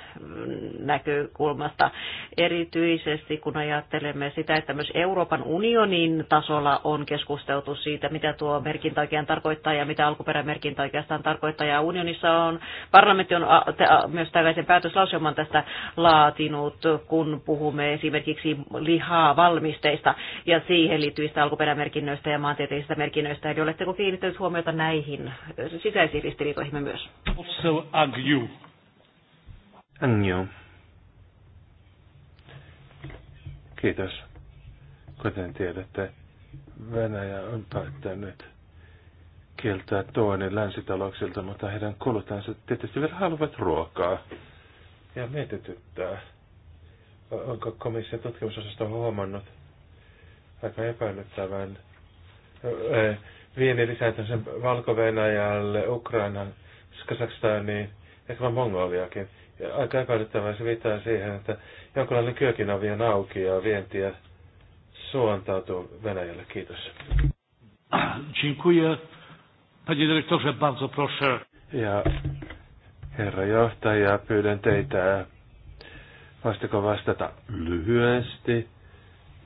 näkökulmasta, erityisesti kun ajattelemme sitä, että myös Euroopan unionin tasolla on keskusteltu siitä, mitä tuo merkintö merkintä oikein tarkoittaa ja mitä alkuperämerkintä oikeastaan tarkoittaa. Ja unionissa on, parlamentti on myös tällaisen päätöslauselman tästä laatinut, kun puhumme esimerkiksi lihaa valmisteista ja siihen liittyvistä alkuperämerkinnöistä ja maantieteellisistä merkinnöistä. Eli oletteko kiinnittänyt huomiota näihin sisäisiin ristiriitoihin myös? Also argue. Anjo. Kiitos. Kuten tiedätte, Venäjä on päättänyt kieltää toinen länsitalouksilta, mutta heidän kulutansa tietysti vielä haluavat ruokaa. Ja mietityttää. Onko komission tutkimusosasto huomannut aika epäilyttävän viennin lisääntymisen Valko-Venäjälle, Ukrainan, Kazakstaniin, ehkä Mongoliakin. Ja aika epäilyttävää se viittaa siihen, että jonkinlainen kyökin on vielä auki ja vientiä suuntautuu Venäjälle. Kiitos. Dziękuję. Panie dyrektorze, bardzo proszę. Ja herra johtaja, pyydän teitä vastako vastata lyhyesti.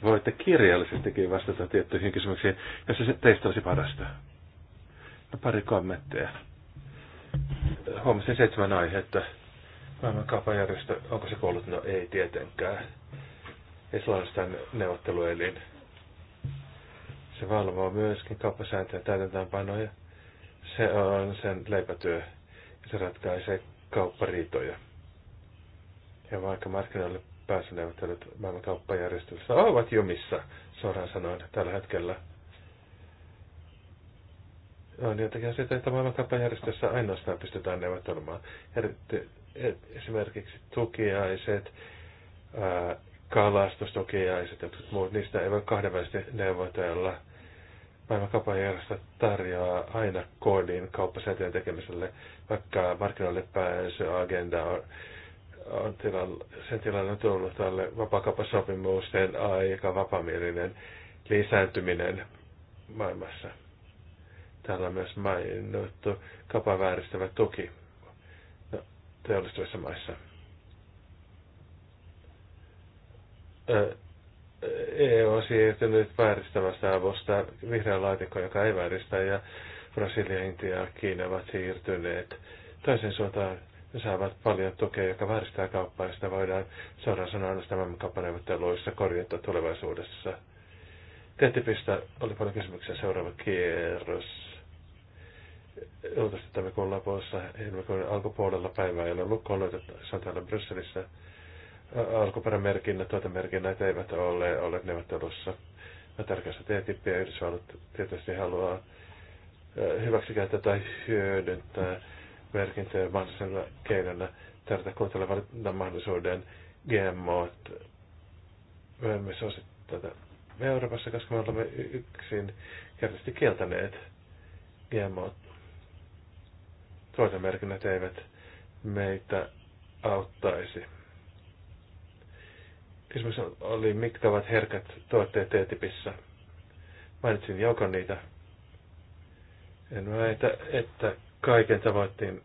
Voitte kirjallisestikin vastata tiettyihin kysymyksiin, jos se teistä olisi parasta. No, pari kommentteja. Huomasin seitsemän aihetta. Maailmankaupanjärjestö, onko se kuollut? No ei tietenkään. Islannistan neuvotteluelin. Se valvoo myöskin kauppasääntöjä täytäntöönpanoja. panoja se on sen leipätyö ja se ratkaisee kauppariitoja. Ja vaikka markkinoille pääsyneuvottelut maailman kauppajärjestelmässä ovat jumissa, suoraan sanoen tällä hetkellä, on jotakin asioita, että maailmankauppajärjestössä ainoastaan pystytään neuvottelemaan. Esimerkiksi tukiaiset, kalastustukiaiset ja muut, niistä ei voi kahdenvälisesti neuvotella. Maailman kaupanjärjestö tarjoaa aina koodin kauppasäätöjen tekemiselle, vaikka markkinoille pääsyagenda on, on tilalla, sen tilanne on tullut tälle vapaakauppasopimusten aika vapamielinen lisääntyminen maailmassa. Täällä on myös mainittu kaupan vääristävä tuki no, teollistuvissa maissa. Ö, EU on siirtynyt vääristämästä avusta vihreän laatikko, joka ei vääristä, ja Brasilia, Intia ja Kiina ovat siirtyneet toisen suuntaan. Ne saavat paljon tukea, joka vääristää kauppaa, ja sitä voidaan suoraan sanoa ainoastaan kauppaneuvotteluissa korjata tulevaisuudessa. TTIPistä oli paljon kysymyksiä. Seuraava kierros. Luultavasti kuun lopussa, kuin alkupuolella päivää ei ole lukkoon löytetty. Se on täällä Brysselissä alkuperämerkinnät, tuotemerkinnät eivät ole olleet neuvottelussa. No, tärkeässä TTIP ja Yhdysvallat tietysti haluaa hyväksikäyttää tai hyödyntää merkintöjä mahdollisella keinona tärjätä kuuntelevan mahdollisuuden GMO myös osittain me Euroopassa, koska me olemme yksin kertaisesti kieltäneet GMO. Tuotemerkinnät eivät meitä auttaisi. Kysymys oli, mitkä ovat herkät tuotteet TTIPissä. Mainitsin joukon niitä. En väitä, että kaiken tavoittiin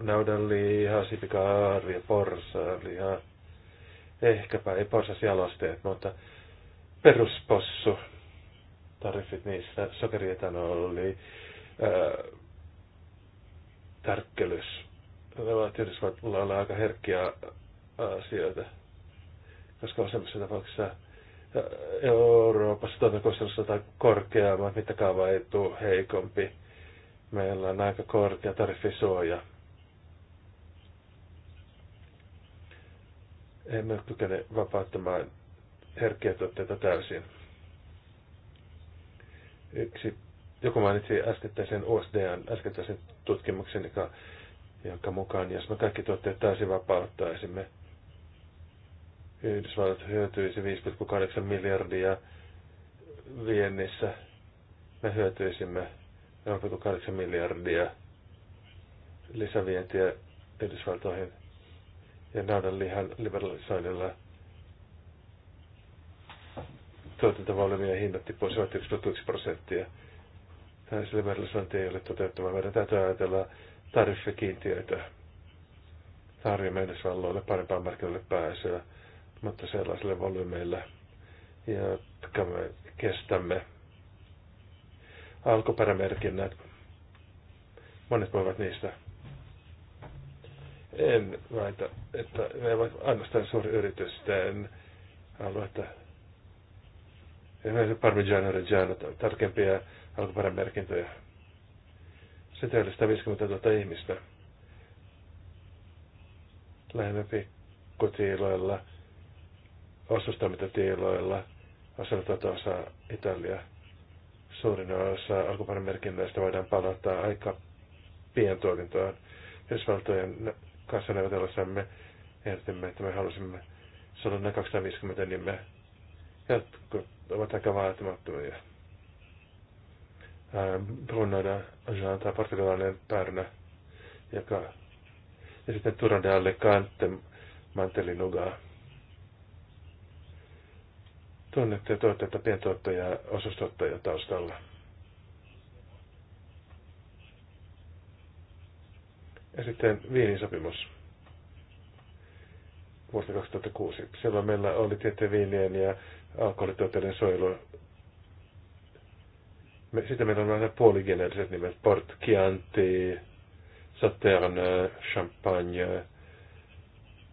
naudanliha, sipikaaria, porsaaliha, ehkäpä ei porsasjalosteet, mutta peruspossu, tariffit niissä, sokerietanoli, tärkkelys. Ne ovat Yhdysvalloilla aika herkkiä asioita koska sellaisessa tapauksessa Euroopassa toimikustannus on mitä mittakaava ei tule heikompi. Meillä on aika korkea tariffisuoja. Emme kykene vapauttamaan herkkiä tuotteita täysin. Yksi, joku mainitsi äskettäisen USDn äskettäisen tutkimuksen, joka, jonka mukaan jos me kaikki tuotteet täysin vapauttaisimme, Yhdysvallat hyötyisi 5,8 miljardia viennissä. Me hyötyisimme 4,8 miljardia lisävientiä Yhdysvaltoihin ja lihan liberalisoinnilla tuotantovolyymien hinnat tippuisivat 1,1 prosenttia. Tällaisen liberalisointi ei ole toteuttava. Meidän täytyy ajatella tariffikiintiöitä. Tarjoamme Yhdysvalloille parempaan markkinoille pääsyä mutta sellaisille volyymeille, jotka me kestämme. Alkuperämerkinnät, monet voivat niistä. En väitä, että ne ovat ainoastaan halua, että Esimerkiksi Parmigiano Reggiano, tarkempia alkuperämerkintöjä. Se työllistää 50 000 ihmistä. Lähinnä pikkutiiloilla tiiloilla asunnotonta osa Italia. Suurin osa alkuperämerkinnöistä voidaan palauttaa aika pientuotintoon. Yhdysvaltojen kanssa neuvotellessamme ehdotimme, että me halusimme se ne 250, niin me ovat aika vaatimattomia. Bruno da Jean, tämä portugalainen pärnä, joka... Ja sitten Turande alle Kante Mantelinugaa tunnette ja että pientuottaja ja osastuottaja taustalla. Ja sitten Viinin sopimus vuosi 2006. Silloin meillä oli tiettyjen viinien ja alkoholituotteiden suojelua. Me, sitten meillä on aina puoligeneelliset nimet. Port Chianti, Sauterne, Champagne,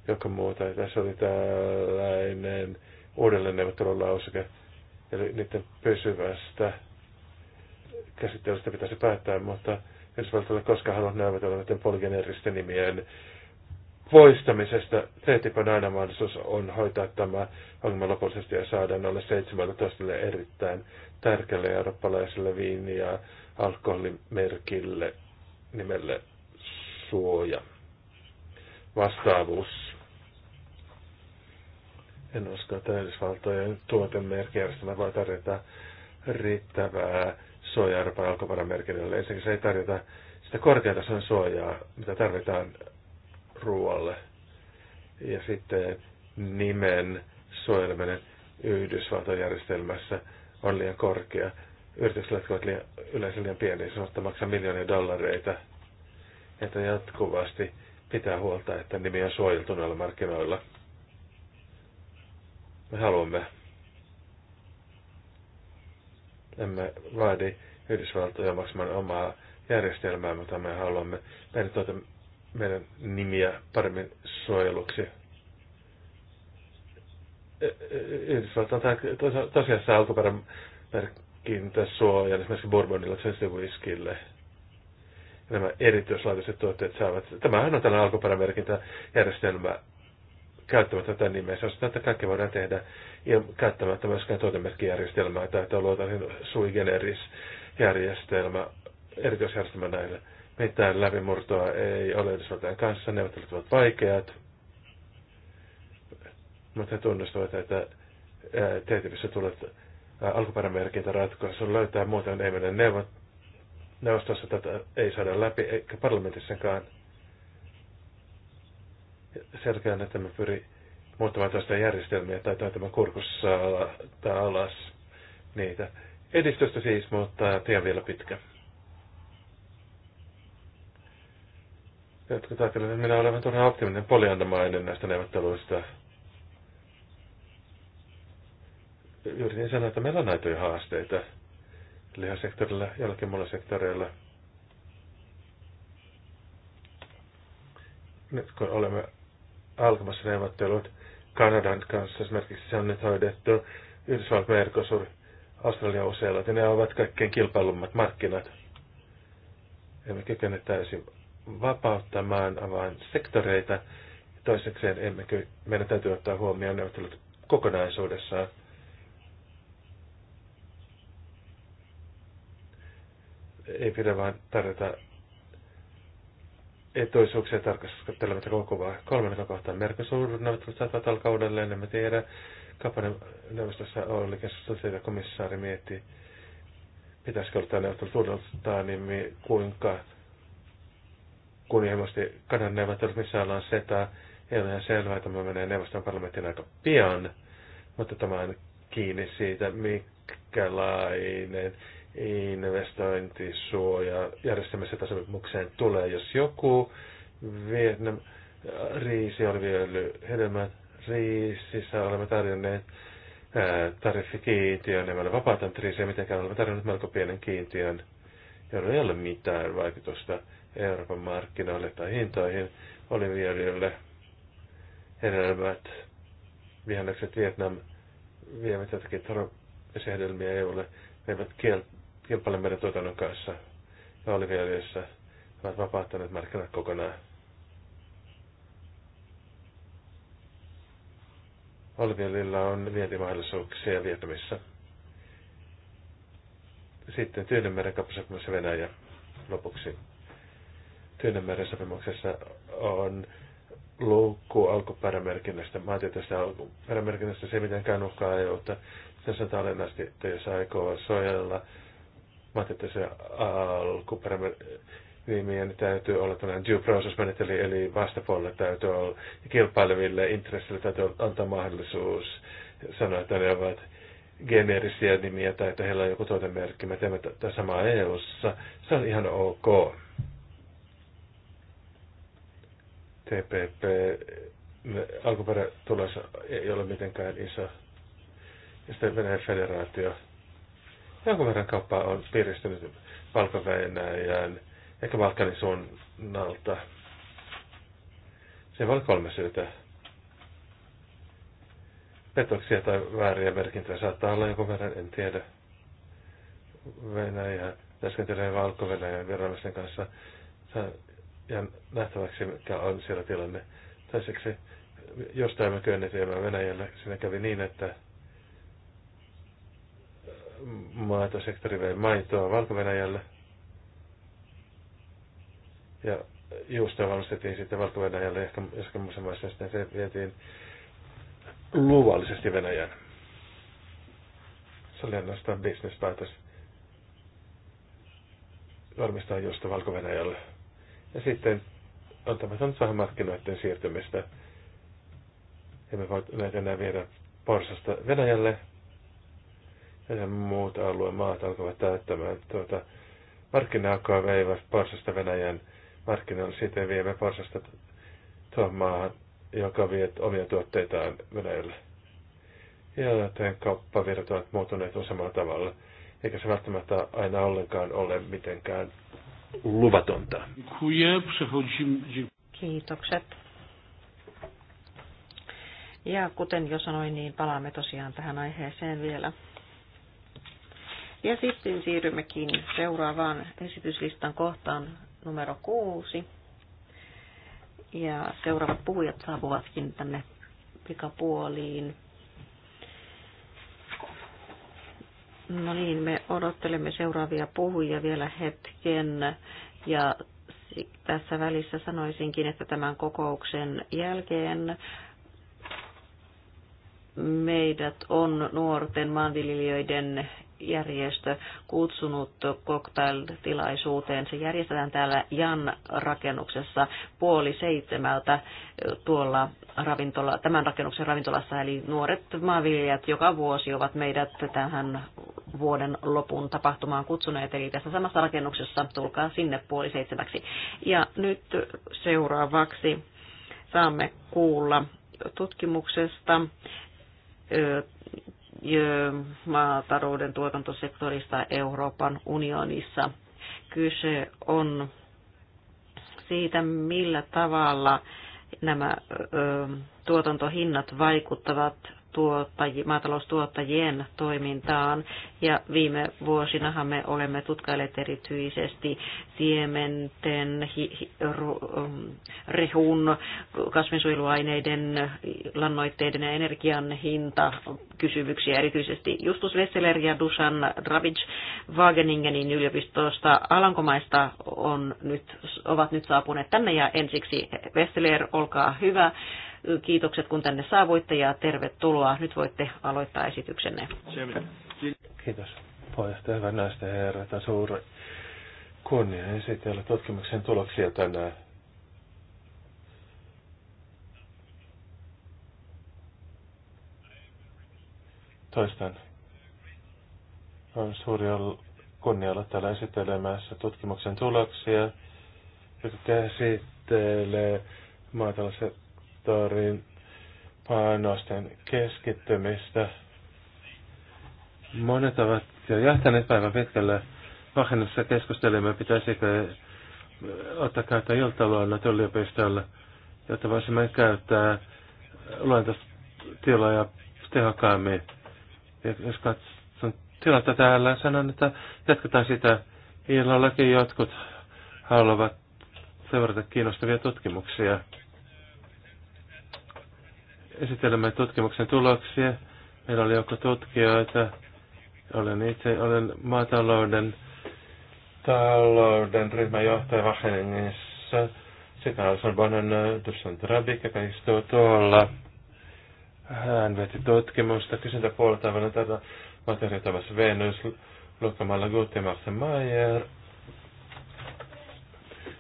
joka muuta. Ja tässä oli tällainen uudelleen neuvottelulauseke. Eli niiden pysyvästä käsittelystä pitäisi päättää, mutta jos ei koskaan haluat neuvotella näiden polygeneeristen nimien poistamisesta. teetipä aina mahdollisuus on hoitaa tämä ongelma lopullisesti ja saada noille 17 erittäin tärkeälle eurooppalaiselle viini- ja alkoholimerkille nimelle suoja. Vastaavuus en usko, että Yhdysvaltojen tuotemerkijärjestelmä voi tarjota riittävää suojaa Euroopan alkuperämerkinnölle. Ensinnäkin se ei tarjota sitä korkeatason suojaa, mitä tarvitaan ruoalle. Ja sitten nimen suojeleminen Yhdysvaltojen järjestelmässä on liian korkea. Yritykset ovat liian, yleensä liian pieniä, sanotaan maksaa miljoonia dollareita. Että jatkuvasti pitää huolta, että nimi on suojeltu noilla markkinoilla – me haluamme. Emme vaadi Yhdysvaltoja maksamaan omaa järjestelmää, mutta me haluamme meidän, tuota, meidän nimiä paremmin suojeluksi. E, e, Yhdysvallat on tosiasiassa alkuperän merkintäsuojan esimerkiksi Bourbonilla, Sensi Whiskille. Nämä erityislaatuiset tuotteet saavat. Tämähän on tällainen järjestelmä, käyttämättä tätä nimeä. Se on sitä, että kaikki voidaan tehdä ja käyttämättä myöskään tuotemerkkijärjestelmää tai että luotaisiin sui generis järjestelmä, erityisjärjestelmä näille. Mitään läpimurtoa ei ole Yhdysvaltain kanssa, neuvottelut ovat vaikeat, mutta he tunnistavat, että TTIPissä tulee alkuperämerkintä ratkaisu löytää, muuten ei mene neuvot, neuvostossa tätä ei saada läpi, eikä parlamentissakaan selkeänä, että me pyri muuttamaan tästä järjestelmiä tai taitamaan kurkussa alas niitä. Edistystä siis, mutta tie vielä pitkä. Jotkut ajattelevat, että minä olen todella aktiivinen poliandamainen näistä neuvotteluista. niin sanoa, että meillä on näitä haasteita lihasektorilla, jollakin muilla sektoreilla. Nyt kun olemme alkamassa neuvottelut Kanadan kanssa. Esimerkiksi se on nyt hoidettu. Yhdysvallat, Mercosur, Australia useilla, että ne ovat kaikkein kilpailummat markkinat. Emme kykene täysin vapauttamaan avain sektoreita. Toisekseen emme, meidän täytyy ottaa huomioon neuvottelut kokonaisuudessaan. Ei pidä vain tarjota etuisuuksia tarkastelevat koko Kolmen kohtaan. Merkosuurneuvottelut saattavat alkaa uudelleen, mä tiedä. Kapanen neuvostossa oli keskustelu siitä, komissaari mietti, pitäisikö olla neuvottelu uudestaan, niin kuinka kunnianhimoisesti Kanan neuvottelut, missä ollaan SETA, ei ole ihan selvää, me menee neuvoston parlamenttiin aika pian, mutta tämä on kiinni siitä, mikälainen investointisuoja järjestämässä tasopimukseen tulee. Jos joku Vietnam äh, riisi oli vielä hedelmät riisissä olemme tarjonneet äh, tariffikiintiön, emme ole vapautan riisiä mitenkään, olemme tarjonneet melko pienen kiintiön, jolla ei ole mitään vaikutusta Euroopan markkinoille tai hintoihin oli vielä Hedelmät, vihannekset Vietnam vievät jotakin tropisia EUlle, ne eivät kiel, kilpailen meidän tuotannon kanssa. Ja oliviöljyssä ovat vapauttaneet markkinat kokonaan. Oliviöljyllä on vientimahdollisuuksia Vietnamissa. Sitten Tyynemeren kauppasopimus Venäjä lopuksi. Tyynemeren sopimuksessa on luukku alkuperämerkinnästä. Mä ajattelin tästä alkuperämerkinnästä se ei mitenkään uhkaa EUta. tässä sanotaan olennaisesti, että jos aikoo sojella että alkuperäinen viimeinen täytyy olla tämmöinen due process-meneteli, eli vastapuolelle täytyy olla, ja kilpaileville intresseille täytyy antaa mahdollisuus sanoa, että ne ovat geneerisiä nimiä tai että heillä on joku merkki. Me teemme tätä samaa EU-ssa. Se on ihan ok. TPP, tulos ei ole mitenkään iso. Ja sitten Venäjän federaatio Jonkun verran kauppaa on piristynyt valko ehkä Balkanin suunnalta. Se voi olla kolme syytä. Petoksia tai vääriä merkintöjä saattaa olla jonkun verran, en tiedä. Venäjä työskentelee valko viranomaisten kanssa. Ja nähtäväksi, mikä on siellä tilanne. Toiseksi, jostain niin me kyönnetiin Venäjällä, siinä kävi niin, että maitosektori vei maitoa valko -Venäjälle. Ja juustoa valmistettiin sitten valko ja ehkä jossakin muissa maissa, sitten se vietiin luvallisesti Venäjään. Se oli ainoastaan bisnespäätös varmistaa juusto valko -Venäjälle. Ja sitten on tapahtunut vähän markkinoiden siirtymistä. Emme voi näitä enää viedä Porsasta Venäjälle, ja muut alueen maat alkavat täyttämään tuota markkina veivät porsasta Venäjän markkinoille. Sitten viemme porsasta tuohon maahan, joka vie omia tuotteitaan Venäjälle. Joten kauppavirrat ovat muuttuneet samalla tavalla, eikä se välttämättä aina ollenkaan ole mitenkään luvatonta. Kiitokset. Ja kuten jo sanoin, niin palaamme tosiaan tähän aiheeseen vielä. Ja sitten siirrymmekin seuraavaan esityslistan kohtaan numero kuusi. Ja seuraavat puhujat saapuvatkin tänne pikapuoliin. No niin, me odottelemme seuraavia puhujia vielä hetken. Ja tässä välissä sanoisinkin, että tämän kokouksen jälkeen meidät on nuorten maanviljelijöiden järjestö kutsunut cocktail-tilaisuuteen. Se järjestetään täällä Jan rakennuksessa puoli seitsemältä tuolla ravintola, tämän rakennuksen ravintolassa. Eli nuoret maanviljelijät joka vuosi ovat meidät tähän vuoden lopun tapahtumaan kutsuneet. Eli tässä samassa rakennuksessa tulkaa sinne puoli seitsemäksi. Ja nyt seuraavaksi saamme kuulla tutkimuksesta maatalouden tuotantosektorista Euroopan unionissa. Kyse on siitä, millä tavalla nämä tuotantohinnat vaikuttavat tuottaji, maataloustuottajien toimintaan. Ja viime vuosinahan me olemme tutkailleet erityisesti siementen, hi, hi, um, rehun, kasvinsuojeluaineiden, lannoitteiden ja energian hintakysymyksiä. Erityisesti Justus Wesseler ja Dusan Dravic Wageningenin yliopistosta Alankomaista on nyt, ovat nyt saapuneet tänne ja ensiksi Wesseler, olkaa hyvä Kiitokset, kun tänne saavuitte ja tervetuloa. Nyt voitte aloittaa esityksenne. Kiitos. Pojasta, hyvät näistä ja herrat, on suuri kunnia esitellä tutkimuksen tuloksia tänään. Toistan. On suuri kunnia olla täällä esittelemässä tutkimuksen tuloksia, jotka käsittelee maatalous- sektorin painosten keskittymistä. Monet ovat jo jähtäneet päivän pitkälle. vahennossa keskustelimme, pitäisikö ottaa käyttöön iltaluonnot yliopistolle, jotta voisimme käyttää luentotiloja tehokkaammin. Ja jos katson tilata täällä, sanon, että jatketaan sitä. Illallakin jotkut haluavat seurata kiinnostavia tutkimuksia esittelemme tutkimuksen tuloksia. Meillä oli joku tutkijoita. Olen itse olen maatalouden talouden ryhmäjohtaja Wageningissa. Sekä on Sorbonen Dusson Trabik, joka istuu tuolla. Hän veti tutkimusta kysyntäpuolta välillä tätä materiaalitavassa Venus lukemalla Guttemassen Mayer.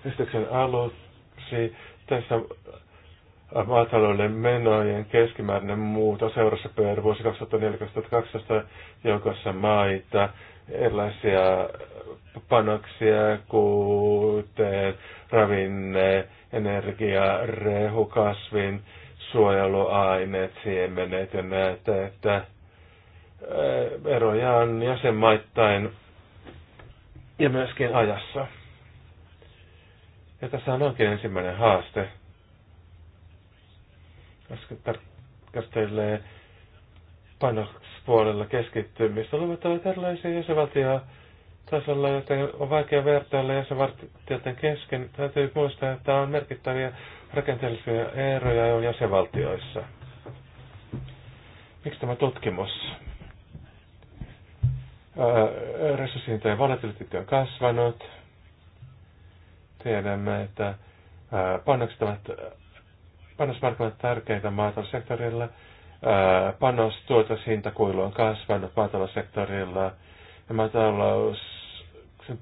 Esityksen aluksi tässä maatalouden menojen keskimääräinen muutos seurassa per vuosi 2014-2012 joukossa maita, erilaisia panoksia, kuten ravinne, energia, rehu, kasvin, suojeluaineet, siemenet ja näitä, että eh, eroja on jäsenmaittain ja myöskin ajassa. Ja tässä on ensimmäinen haaste tarkastelee panoksen keskittymistä. Luvut ovat erilaisia jäsenvaltioon tasolla, joten on vaikea vertailla jäsenvaltioiden kesken. Täytyy muistaa, että on merkittäviä rakenteellisia eroja jo jäsenvaltioissa. Miksi tämä tutkimus? ja volatiliteetti on kasvanut. Tiedämme, että panokset ovat Panosmarkkinat ovat tärkeitä maataloussektorilla. Panos tuotoshintakuilu on kasvanut maataloussektorilla. Ja maatalous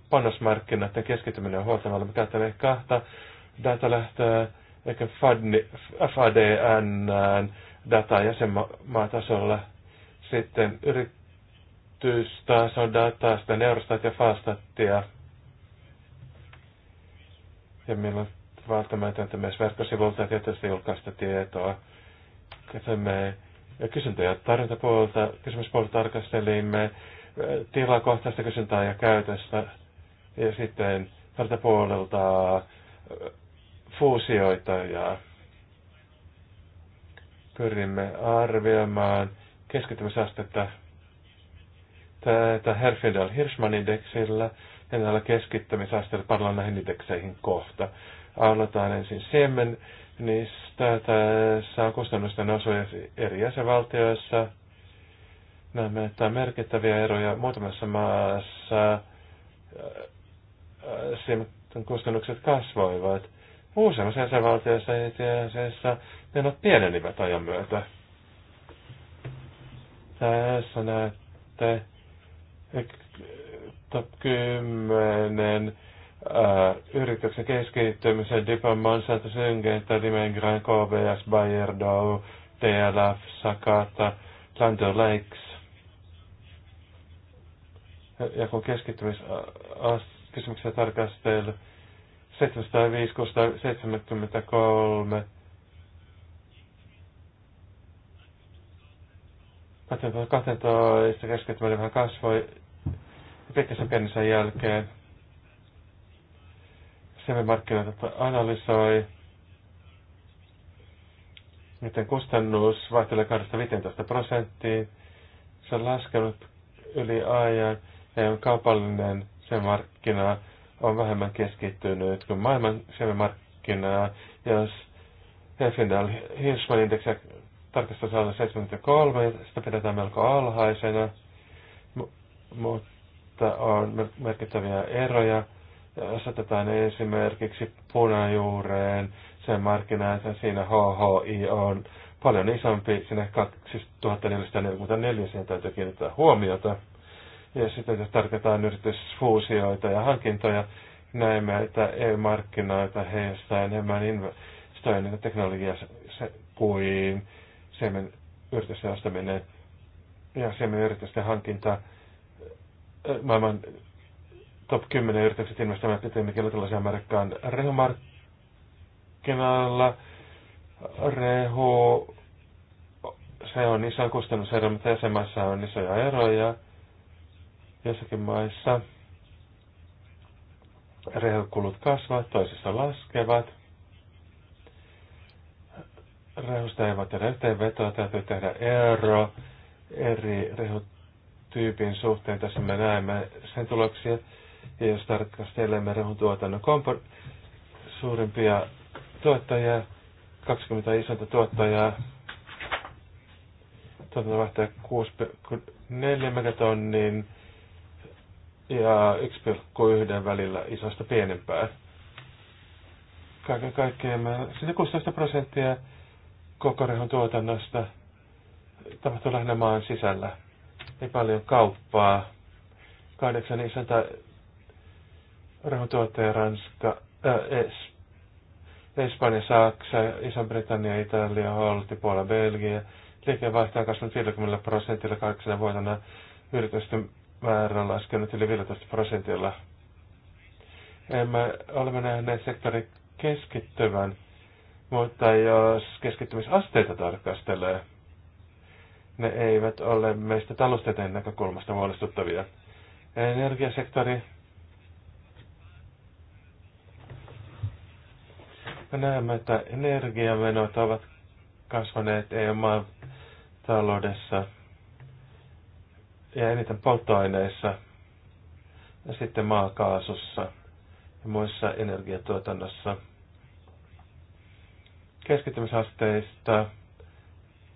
panosmarkkinoiden keskittyminen on huoltavalla. Me käytämme kahta datalähtöä, eikä FADN dataa jäsenmaatasolla. Sitten yritystason dataa, sitä Neurostat ja Fastatia. Ja meillä on välttämätöntä myös verkkosivuilta ja tietysti julkaista tietoa. Katsomme kysyntä- ja tarjontapuolta, kysymyspuolta tarkastelimme tilakohtaista kysyntää ja käytöstä ja sitten tarjontapuolelta fuusioita ja pyrimme arvioimaan keskittymisastetta tätä herfindel hirschman indeksillä ja näillä keskittymisasteilla parhaillaan näihin indekseihin kohta annetaan ensin siemen, niistä tässä on kustannusten osuja eri jäsenvaltioissa. Näemme, että merkittäviä eroja muutamassa maassa. Äh, siemen kustannukset kasvoivat. Muusamassa jäsenvaltioissa itse asiassa menot pienenivät ajan myötä. Tässä näette top 10 Äh, yrityksen keskittymisen, Dipan Monsanto, Syngenta, Dimengran, KBS, Bayer, Dow, TLF, Sakata, Thunder Lakes. Ja kun keskittymiskysymyksiä tarkastellaan, 705, 673, Mä 12 keskittyminen vähän kasvoi pitkässä pienessä jälkeen semimarkkinoita analysoi, miten kustannus vaihtelee 2-15 prosenttiin. Se on laskenut yli ajan ja e kaupallinen markkina on vähemmän keskittynyt kuin maailman semimarkkinaa. Jos Hefindal hirschman indeksi tarkastaa alle 73, sitä pidetään melko alhaisena, mutta on merkittäviä eroja asetetaan esimerkiksi punajuureen, sen markkinaansa siinä HHI on paljon isompi, sinne 2444 täytyy kiinnittää huomiota. Ja sitten jos tarkoitetaan yritysfuusioita ja hankintoja, näemme, että e-markkinoita heistä enemmän investoinnin teknologiassa kuin semen yritysten ostaminen ja semen yritysten hankinta eh, maailman top 10 yritykset investoivat pikemminkin tällaisia Amerikkaan rehumarkkinoilla. Rehu, se on iso kustannusero, mutta jäsenmaissa on isoja eroja. Jossakin maissa Rehokulut kasvavat, toisissa laskevat. Rehusta ei voi tehdä yhteenvetoa, täytyy tehdä ero eri rehutyypin suhteen. Tässä me näemme sen tuloksia ja jos tarkastelemme tuotannon kompor- suurimpia tuottajia, 20 isointa tuottajaa, tuotanto vaihtaa 6,4 megatonnin ja 1,1 välillä isosta pienempää. Kaiken kaikkiaan sinne 16 prosenttia koko rehun tuotannosta tapahtuu lähinnä maan sisällä. Ei paljon kauppaa. Kahdeksan isäntä rehuntuottaja Ranska, äh, es, Espanja, Saksa, Iso-Britannia, Italia, Holti, Puola, Belgia. Liikevaihto on kasvanut 50 prosentilla kahdeksana vuotena. Yritysten määrä on laskenut yli 15 prosentilla. Emme ole nähneet sektori keskittyvän, mutta jos keskittymisasteita tarkastelee, ne eivät ole meistä taloustieteen näkökulmasta huolestuttavia. Energiasektori Me näemme, että energiamenot ovat kasvaneet EU-maan taloudessa ja eniten polttoaineissa ja sitten maakaasussa ja muissa energiatuotannossa. Keskittymisasteista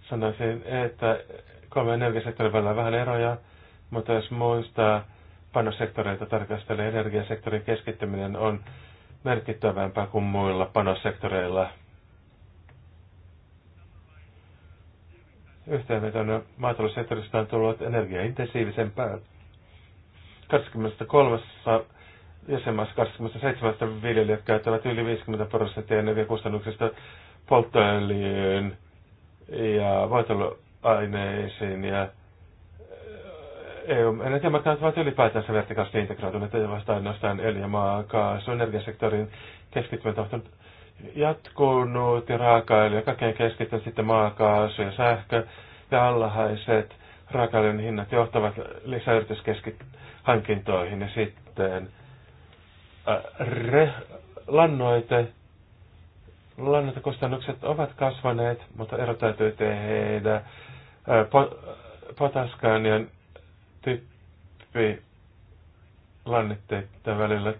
sanoisin, että kolme energiasektorin välillä on vähän eroja, mutta jos muistaa panosektoreita tarkastelee, energiasektorin keskittyminen on merkittävämpää kuin muilla panossektoreilla. Yhteenvetona maataloussektorista on tullut energiaintensiivisempää. 23 jäsenmaassa 27 viljelijät käyttävät yli 50 prosenttia energiakustannuksista polttoöljyyn ja voiteluaineisiin ja EU-energiamarkkinat ovat ylipäätänsä vertikaalisesti integroituneet ja vasta ainoastaan öljy- ja maakaasu energiasektorin keskittyminen on jatkunut ja raakaöljy ja kaikkeen keskittynyt sitten maakaasu ja sähkö ja alhaiset raakaöljyn hinnat johtavat lisäyrityskeskihankintoihin ja sitten re, lannoite, lannoitekustannukset ovat kasvaneet, mutta ero täytyy tehdä Potaskan ja typpilannetteiden välillä.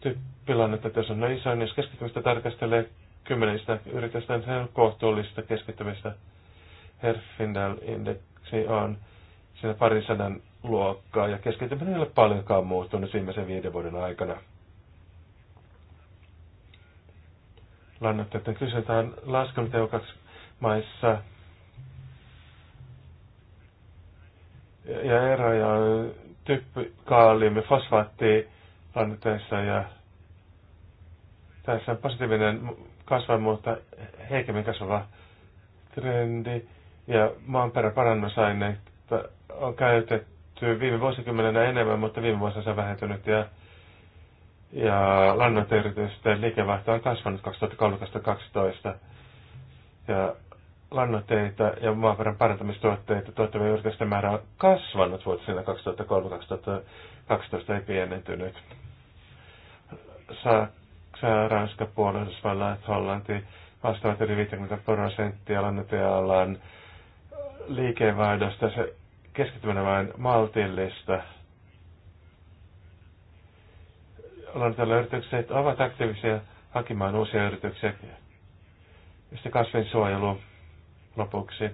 Typpilannetta, jos on no isoin, niin jos keskittymistä tarkastelee kymmenistä yritystä, niin se on kohtuullista keskittymistä. Herfindel-indeksi on siinä parin sadan luokkaa ja keskittyminen ei ole paljonkaan muuttunut viimeisen viiden vuoden aikana. Lannoitteiden kysyntä on laskenut EU2 maissa ja eroja typpikaaliumi fosfaattilanteessa ja tässä on positiivinen kasva, mutta heikemmin kasvava trendi ja maanperäparannusaineita on käytetty viime vuosikymmenenä enemmän, mutta viime vuosina se on vähentynyt ja, ja lannoiteyritysten liikevaihto on kasvanut 2013-2012 ja lannoitteita ja maaperän parantamistuotteita tuottavien yritysten määrä on kasvanut vuosina 2003-2012 ei pienentynyt. Saksa, Ranska, Puolustusvallat, Hollanti vastaavat yli 50 prosenttia lannoitealan liikevaihdosta. Se keskittyminen vain maltillista. Lannoitealan yritykset ovat aktiivisia hakemaan uusia yrityksiä. Ja sitten kasvinsuojelu lopuksi.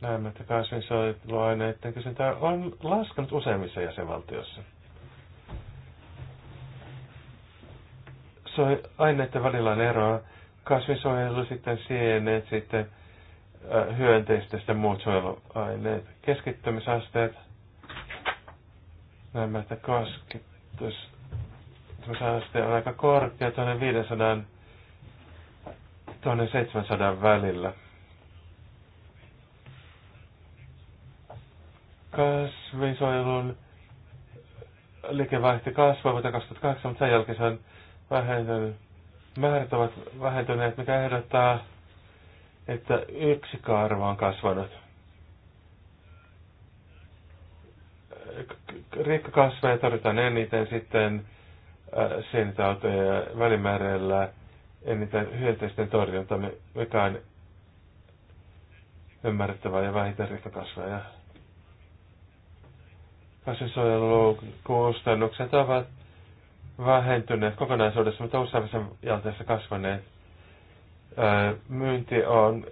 Näemme, että kasvinsuojeluaineiden kysyntä on laskenut useimmissa jäsenvaltioissa. Soi, aineiden välillä on eroa. Kasvinsuojelu, sitten sienet, sitten hyönteistä, sitten muut suojeluaineet. Keskittymisasteet. Näemme, että kosketus, on aika korkea, tuonne 500 1700 välillä. Kasvinsuojelun liikevaihti kasvoi vuoteen 2008, mutta sen jälkeen se on vähentynyt. Määrät ovat vähentyneet, mikä ehdottaa, että yksikköarvo on kasvanut. Rikkakasveja tarvitaan eniten sitten äh, sinitauteja välimerellä eniten hyönteisten torjunta, mikä on ymmärrettävää ja vähiten rikkakasvaja. Kasvinsuojelun kustannukset ovat vähentyneet kokonaisuudessa, mutta useammassa jälteessä kasvaneet. myynti on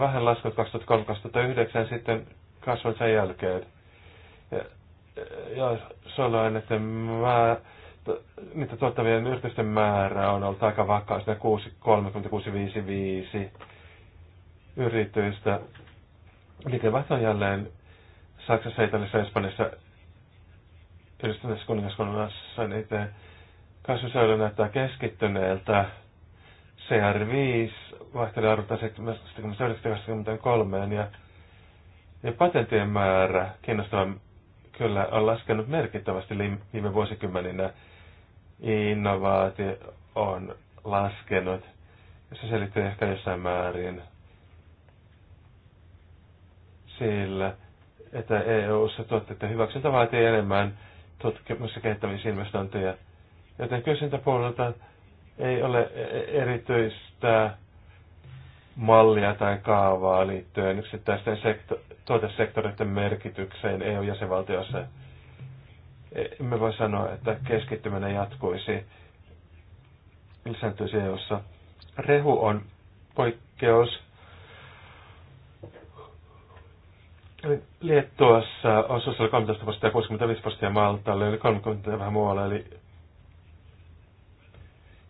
vähän laskut 2003-2009 sitten kasvun sen jälkeen. Ja, ja että mä niitä tuottavien yritysten määrä on ollut aika vakaa, siinä 6, 3655 yritystä. Liikevaihto on jälleen Saksassa, Italiassa, Espanjassa, yhdistyneessä kuningaskunnassa, niitä kasvuseudun näyttää keskittyneeltä. CR5 vaihteli arvotaan 79-83 ja, ja patentien määrä kiinnostavan kyllä on laskenut merkittävästi viime vuosikymmeninä innovaatio on laskenut. Se selittyy ehkä jossain määrin sillä, että EU-ssa tuotteiden hyväksyntä vaatii enemmän tutkimus- ja kehittämisinvestointeja. Joten kysyntäpuolelta ei ole erityistä mallia tai kaavaa liittyen yksittäisten sektor- tuotesektoreiden merkitykseen EU-jäsenvaltioissa emme voi sanoa, että keskittyminen jatkuisi, lisääntyisi EU-ssa. Rehu on poikkeus. Liettuassa osuus oli 13 prosenttia ja 65 prosenttia Maltalle, eli 30 ja vähän muualle. Eli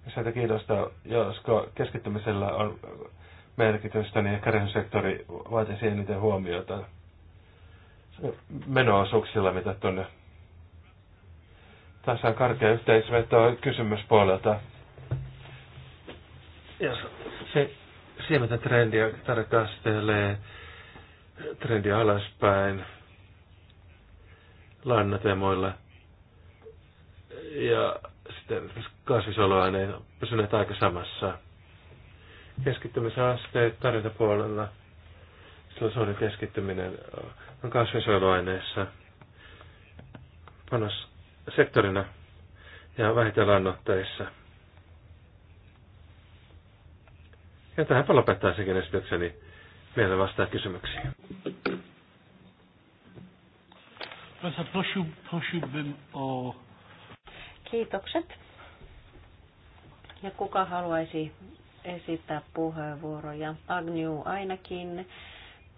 jos kiitosta, kiinnostaa, josko keskittymisellä on merkitystä, niin ehkä vaatii siihen eniten huomiota menoosuuksilla, mitä tuonne tässä on karkea yhteisveto kysymyspuolelta. Jos se siemetän trendiä tarkastelee, trendi alaspäin lannatemoilla ja sitten kasvisoloaineen pysyneet aika samassa. Keskittymisasteet tarjota puolella. silloin suuri keskittyminen on kasvisoloaineissa. Panos sektorina ja vähiten lannoitteissa. Ja tähänpä lopettaisinkin esitykseni. Vielä vastaa kysymyksiin. Kiitokset. Ja kuka haluaisi esittää puheenvuoroja? Agnew ainakin.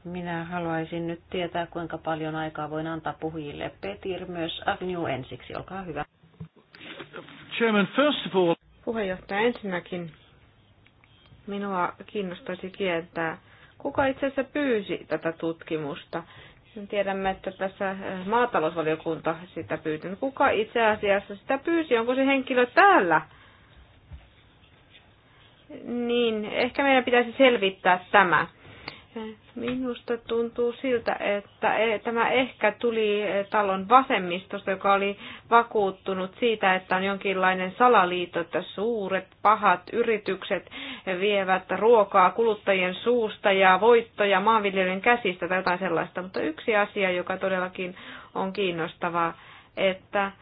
Minä haluaisin nyt tietää, kuinka paljon aikaa voin antaa puhujille. Petir myös Agnew ensiksi, olkaa hyvä. Chairman, first of all... Puheenjohtaja, ensinnäkin minua kiinnostaisi kieltää, kuka itse asiassa pyysi tätä tutkimusta. Tiedämme, että tässä eh, maatalousvaliokunta sitä pyytää. No, kuka itse asiassa sitä pyysi? Onko se henkilö täällä? Niin, ehkä meidän pitäisi selvittää tämä minusta tuntuu siltä, että e, tämä ehkä tuli talon vasemmistosta, joka oli vakuuttunut siitä, että on jonkinlainen salaliitto, että suuret pahat yritykset vievät ruokaa kuluttajien suusta ja voittoja maanviljelijöiden käsistä tai jotain sellaista. Mutta yksi asia, joka todellakin on kiinnostavaa, että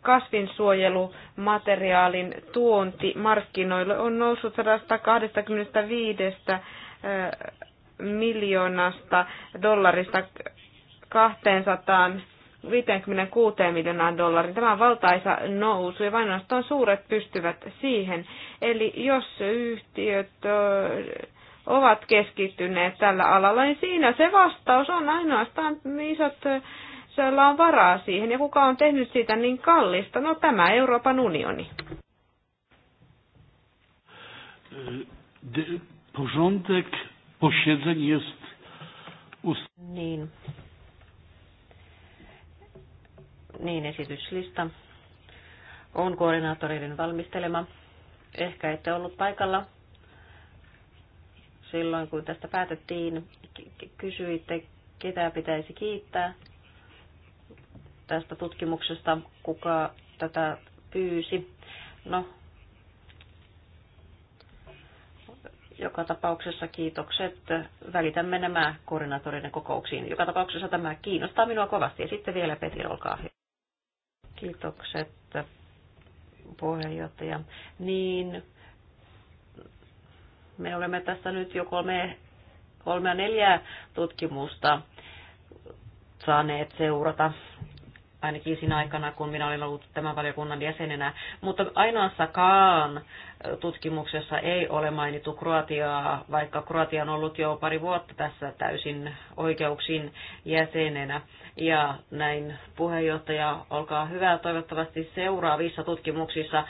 kasvinsuojelumateriaalin tuonti markkinoille on noussut 125 miljoonasta dollarista 256 miljoonaan dollariin. Tämä on valtaisa nousu ja vain ainoastaan suuret pystyvät siihen. Eli jos yhtiöt ovat keskittyneet tällä alalla, niin siinä se vastaus on ainoastaan isot siellä on varaa siihen ja kuka on tehnyt siitä niin kallista? No tämä Euroopan unioni. Porządek posiedzeń jest Niin. Niin, esityslista on koordinaattoreiden valmistelema. Ehkä ette ollut paikalla silloin, kun tästä päätettiin. Kysyitte, ketä pitäisi kiittää tästä tutkimuksesta, kuka tätä pyysi. No, Joka tapauksessa kiitokset. Välitämme nämä koordinaattoreiden kokouksiin. Joka tapauksessa tämä kiinnostaa minua kovasti. Ja sitten vielä Petir, olkaa hyvä. Kiitokset puheenjohtaja. Niin, me olemme tässä nyt jo kolme, kolme ja neljä tutkimusta saaneet seurata ainakin siinä aikana, kun minä olin ollut tämän valiokunnan jäsenenä. Mutta ainoassakaan tutkimuksessa ei ole mainittu Kroatiaa, vaikka Kroatia on ollut jo pari vuotta tässä täysin oikeuksin jäsenenä. Ja näin puheenjohtaja, olkaa hyvä, toivottavasti seuraavissa tutkimuksissa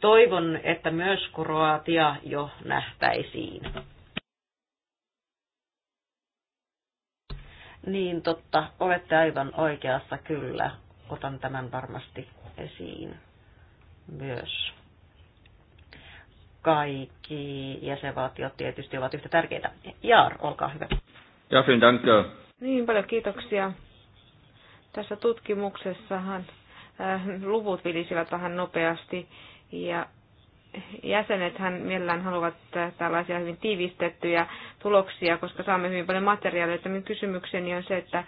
toivon, että myös Kroatia jo nähtäisiin. Niin totta, olette aivan oikeassa kyllä otan tämän varmasti esiin myös. Kaikki jäsenvaltiot tietysti ovat yhtä tärkeitä. Jaar, olkaa hyvä. Ja, dank. Äh. Niin, paljon kiitoksia. Tässä tutkimuksessahan äh, luvut vilisivät vähän nopeasti ja jäsenethän mielellään haluavat äh, tällaisia hyvin tiivistettyjä tuloksia, koska saamme hyvin paljon materiaalia. Minun kysymykseni on se, että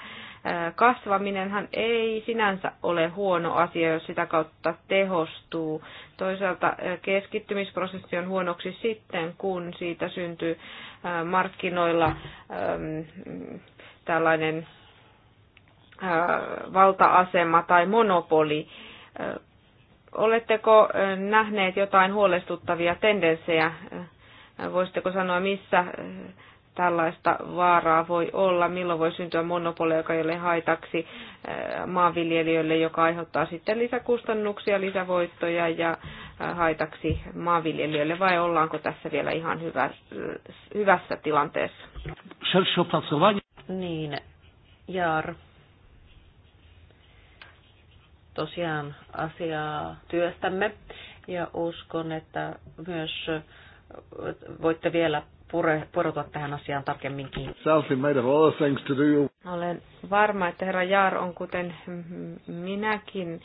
kasvaminenhan ei sinänsä ole huono asia, jos sitä kautta tehostuu. Toisaalta keskittymisprosessi on huonoksi sitten, kun siitä syntyy markkinoilla tällainen valta-asema tai monopoli. Oletteko nähneet jotain huolestuttavia tendenssejä? Voisitteko sanoa, missä tällaista vaaraa voi olla, milloin voi syntyä monopoleja, joka ei ole haitaksi eh, maanviljelijöille, joka aiheuttaa sitten lisäkustannuksia, lisävoittoja ja eh, haitaksi maanviljelijöille, vai ollaanko tässä vielä ihan hyvä, eh, hyvässä tilanteessa? Niin, Jaar. Tosiaan asiaa työstämme ja uskon, että myös voitte vielä pureutua tähän asiaan tarkemminkin. Olen varma, että herra Jaar on kuten minäkin.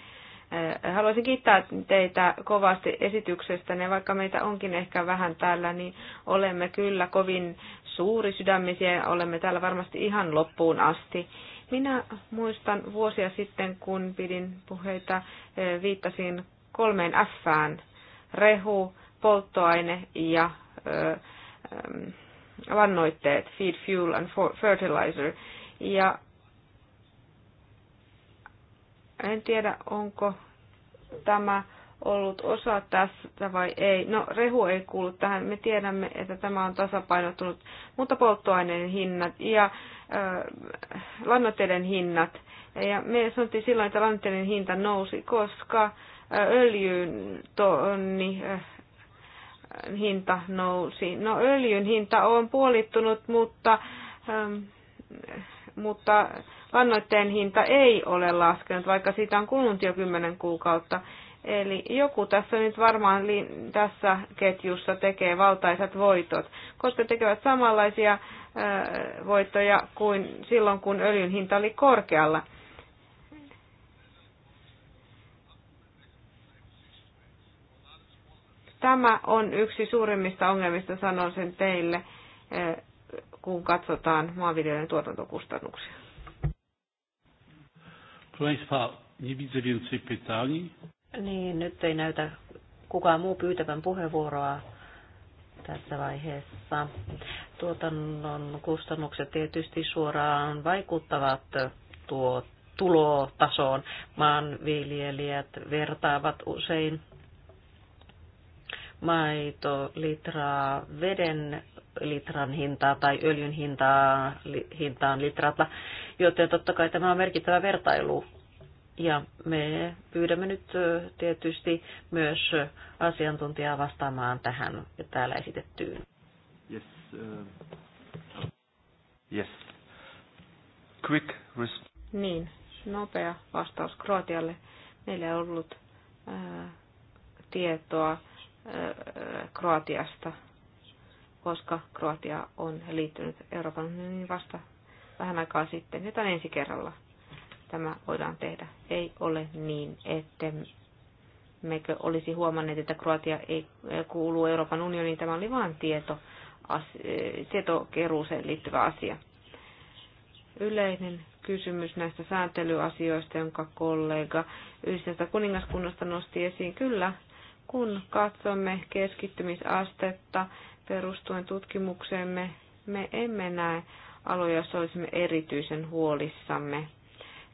Äh, haluaisin kiittää teitä kovasti esityksestä. Ne vaikka meitä onkin ehkä vähän täällä, niin olemme kyllä kovin suuri sydämisiä. Olemme täällä varmasti ihan loppuun asti. Minä muistan vuosia sitten, kun pidin puheita, äh, viittasin kolmeen F-ään, Rehu, polttoaine ja ö, äh, Ähm, lannoitteet, feed, fuel and fertilizer. Ja en tiedä, onko tämä ollut osa tässä vai ei. No, rehu ei kuulu tähän. Me tiedämme, että tämä on tasapainottunut, mutta polttoaineen hinnat ja äh, lannoitteiden hinnat. Ja me sanottiin silloin, että lannoitteiden hinta nousi, koska äh, öljyn tonni äh, hinta nousi. No öljyn hinta on puolittunut, mutta, ähm, mutta lannoitteen hinta ei ole laskenut, vaikka siitä on kulunut jo kymmenen kuukautta. Eli joku tässä nyt varmaan tässä ketjussa tekee valtaisat voitot, koska tekevät samanlaisia äh, voittoja kuin silloin, kun öljyn hinta oli korkealla. Tämä on yksi suurimmista ongelmista, sanon sen teille, eh, kun katsotaan maanviljelijöiden tuotantokustannuksia. Państwa, nie widzę więcej pytań. Niin, nyt ei näytä kukaan muu pyytävän puheenvuoroa tässä vaiheessa. Tuotannon kustannukset tietysti suoraan vaikuttavat tuo tulotasoon. Maanviljelijät vertaavat usein maitolitraa veden litran hintaa tai öljyn hintaa, li, hintaan litrata, joten totta kai tämä on merkittävä vertailu. Ja me pyydämme nyt tietysti myös asiantuntijaa vastaamaan tähän täällä esitettyyn. Yes, uh, yes. Quick response. Niin, nopea vastaus Kroatialle. Meillä on ollut äh, tietoa Kroatiasta, koska Kroatia on liittynyt Euroopan unioniin vasta vähän aikaa sitten. Nyt on ensi kerralla tämä voidaan tehdä. Ei ole niin, että mekö olisi huomanneet, että Kroatia ei kuulu Euroopan unioniin. Tämä oli vain tieto, tietokeruuseen liittyvä asia. Yleinen kysymys näistä sääntelyasioista, jonka kollega yhdistetä kuningaskunnasta nosti esiin. Kyllä, kun katsomme keskittymisastetta perustuen tutkimuksemme, me emme näe aloja, joissa olisimme erityisen huolissamme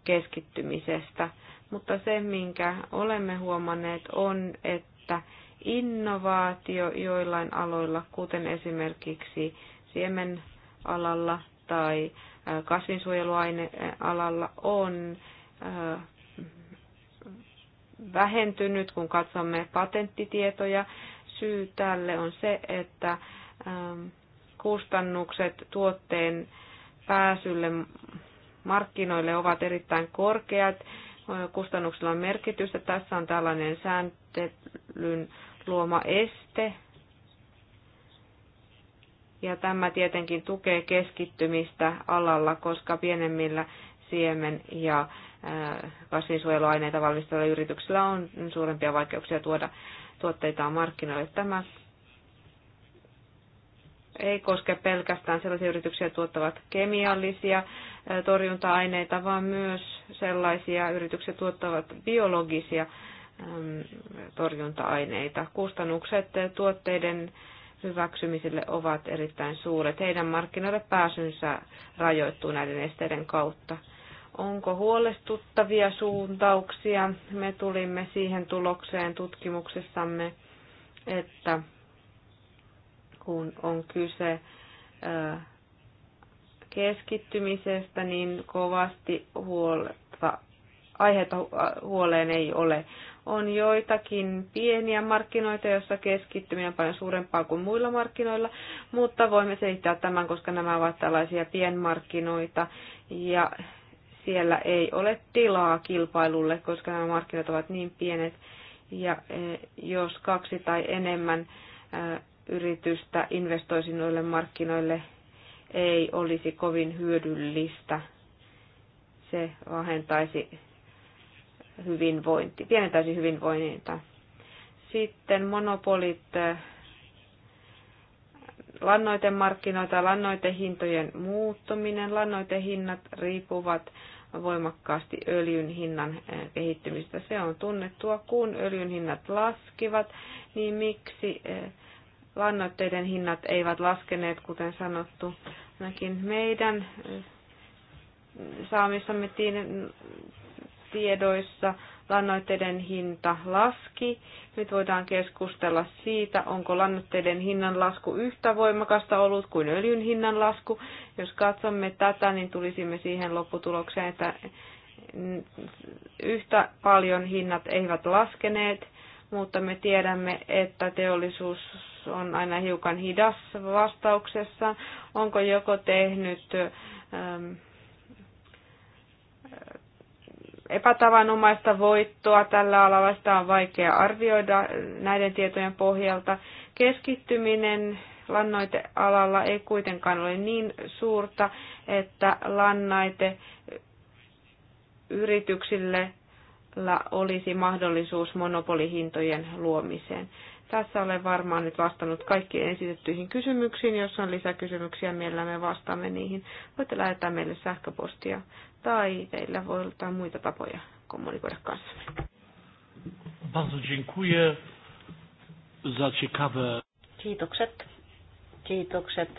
keskittymisestä. Mutta se, minkä olemme huomanneet, on, että innovaatio joillain aloilla, kuten esimerkiksi siemenalalla tai alalla, on vähentynyt, kun katsomme patenttitietoja. Syy tälle on se, että ähm, kustannukset tuotteen pääsylle markkinoille ovat erittäin korkeat. Kustannuksilla on merkitystä. Tässä on tällainen sääntelyn luoma este. Ja tämä tietenkin tukee keskittymistä alalla, koska pienemmillä siemen- ja kasvinsuojeluaineita valmistavilla yrityksillä on suurempia vaikeuksia tuoda tuotteitaan markkinoille. Tämä ei koske pelkästään sellaisia yrityksiä, jotka tuottavat kemiallisia torjunta-aineita, vaan myös sellaisia yrityksiä, jotka tuottavat biologisia torjunta-aineita. Kustannukset tuotteiden hyväksymiselle ovat erittäin suuret. Heidän markkinoille pääsynsä rajoittuu näiden esteiden kautta. Onko huolestuttavia suuntauksia? Me tulimme siihen tulokseen tutkimuksessamme, että kun on kyse keskittymisestä, niin kovasti huolta, aiheita huoleen ei ole. On joitakin pieniä markkinoita, joissa keskittyminen on paljon suurempaa kuin muilla markkinoilla, mutta voimme selittää tämän, koska nämä ovat tällaisia pienmarkkinoita ja siellä ei ole tilaa kilpailulle, koska nämä markkinat ovat niin pienet. Ja e, jos kaksi tai enemmän e, yritystä investoisi noille markkinoille, ei olisi kovin hyödyllistä. Se vähentäisi hyvinvointi, pienentäisi hyvinvointia. Sitten monopolit e, lannoitemarkkinoita, lannoitehintojen muuttuminen. Lannoitehinnat riippuvat voimakkaasti öljyn hinnan eh, kehittymistä. Se on tunnettua, kun öljyn hinnat laskivat, niin miksi eh, lannoitteiden hinnat eivät laskeneet, kuten sanottu, ainakin meidän eh, saamissamme tiedoissa lannoitteiden hinta laski. Nyt voidaan keskustella siitä, onko lannoitteiden hinnan lasku yhtä voimakasta ollut kuin öljyn hinnan lasku. Jos katsomme tätä, niin tulisimme siihen lopputulokseen, että yhtä paljon hinnat eivät laskeneet, mutta me tiedämme, että teollisuus on aina hiukan hidas vastauksessa. Onko joko tehnyt ähm, epätavanomaista voittoa tällä alalla, sitä on vaikea arvioida näiden tietojen pohjalta. Keskittyminen lannoitealalla ei kuitenkaan ole niin suurta, että lannaite yrityksille olisi mahdollisuus monopolihintojen luomiseen. Tässä olen varmaan nyt vastannut kaikkiin esitettyihin kysymyksiin. Jos on lisäkysymyksiä, me vastaamme niihin. Voitte lähettää meille sähköpostia tai teillä voi olla muita tapoja kommunikoida kanssamme. Bardzo dziękuję za ciekawe... Kiitokset. Kiitokset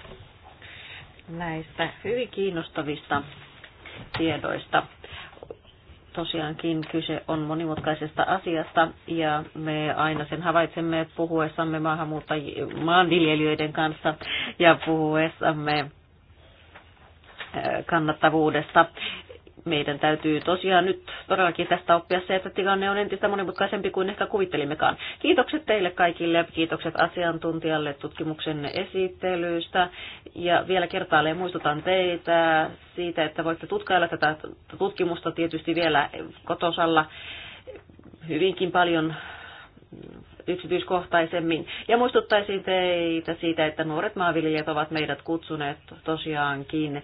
näistä hyvin kiinnostavista tiedoista tosiaankin kyse on monimutkaisesta asiasta ja me aina sen havaitsemme puhuessamme maanviljelijöiden kanssa ja puhuessamme kannattavuudesta meidän täytyy tosiaan nyt todellakin tästä oppia se, että tilanne on entistä monimutkaisempi kuin ehkä kuvittelimmekaan. Kiitokset teille kaikille, kiitokset asiantuntijalle tutkimuksen esittelystä ja vielä kertaalleen muistutan teitä siitä, että voitte tutkailla tätä tutkimusta tietysti vielä kotosalla hyvinkin paljon yksityiskohtaisemmin. Ja muistuttaisin teitä siitä, että nuoret maanviljelijät ovat meidät kutsuneet tosiaankin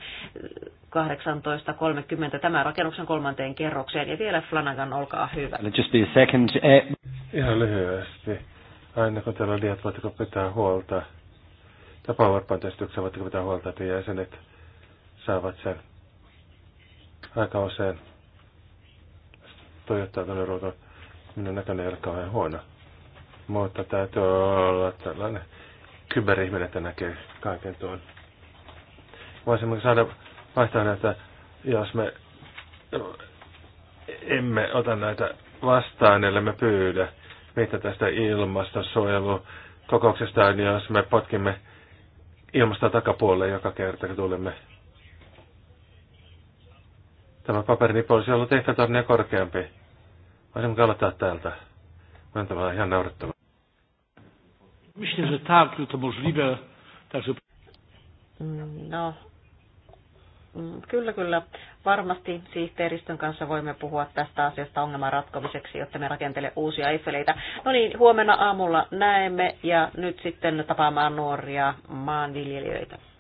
18.30 tämän rakennuksen kolmanteen kerrokseen. Ja vielä Flanagan, olkaa hyvä. Just be a second. Eh... Ihan lyhyesti. Aina kun täällä on voitteko pitää huolta, tai PowerPoint-esityksen voitteko pitää huolta, että jäsenet saavat sen aika usein. Toyottaa tuonne ruutu. Minun näköinen ei ole kauhean huono. Mutta täytyy olla tällainen kyberihminen, että näkee kaiken tuon. Voisimmeko saada Vaihtaa näitä, jos me emme ota näitä vastaan, ellei me pyydä, mitä tästä ilmastonsuojelukokouksesta on, jos me potkimme ilmasta takapuolelle joka kerta, kun tulemme. Tämä paperini olisi ollut ehkä tornia korkeampi. Voisimmeko aloittaa täältä? On tämä ihan naurettava. Myślę, że tak, to możliwe. Także... Mm, no, Mm, kyllä, kyllä. Varmasti sihteeristön kanssa voimme puhua tästä asiasta ongelman ratkomiseksi, jotta me rakentele uusia Eiffeleitä. No niin, huomenna aamulla näemme ja nyt sitten tapaamaan nuoria maanviljelijöitä.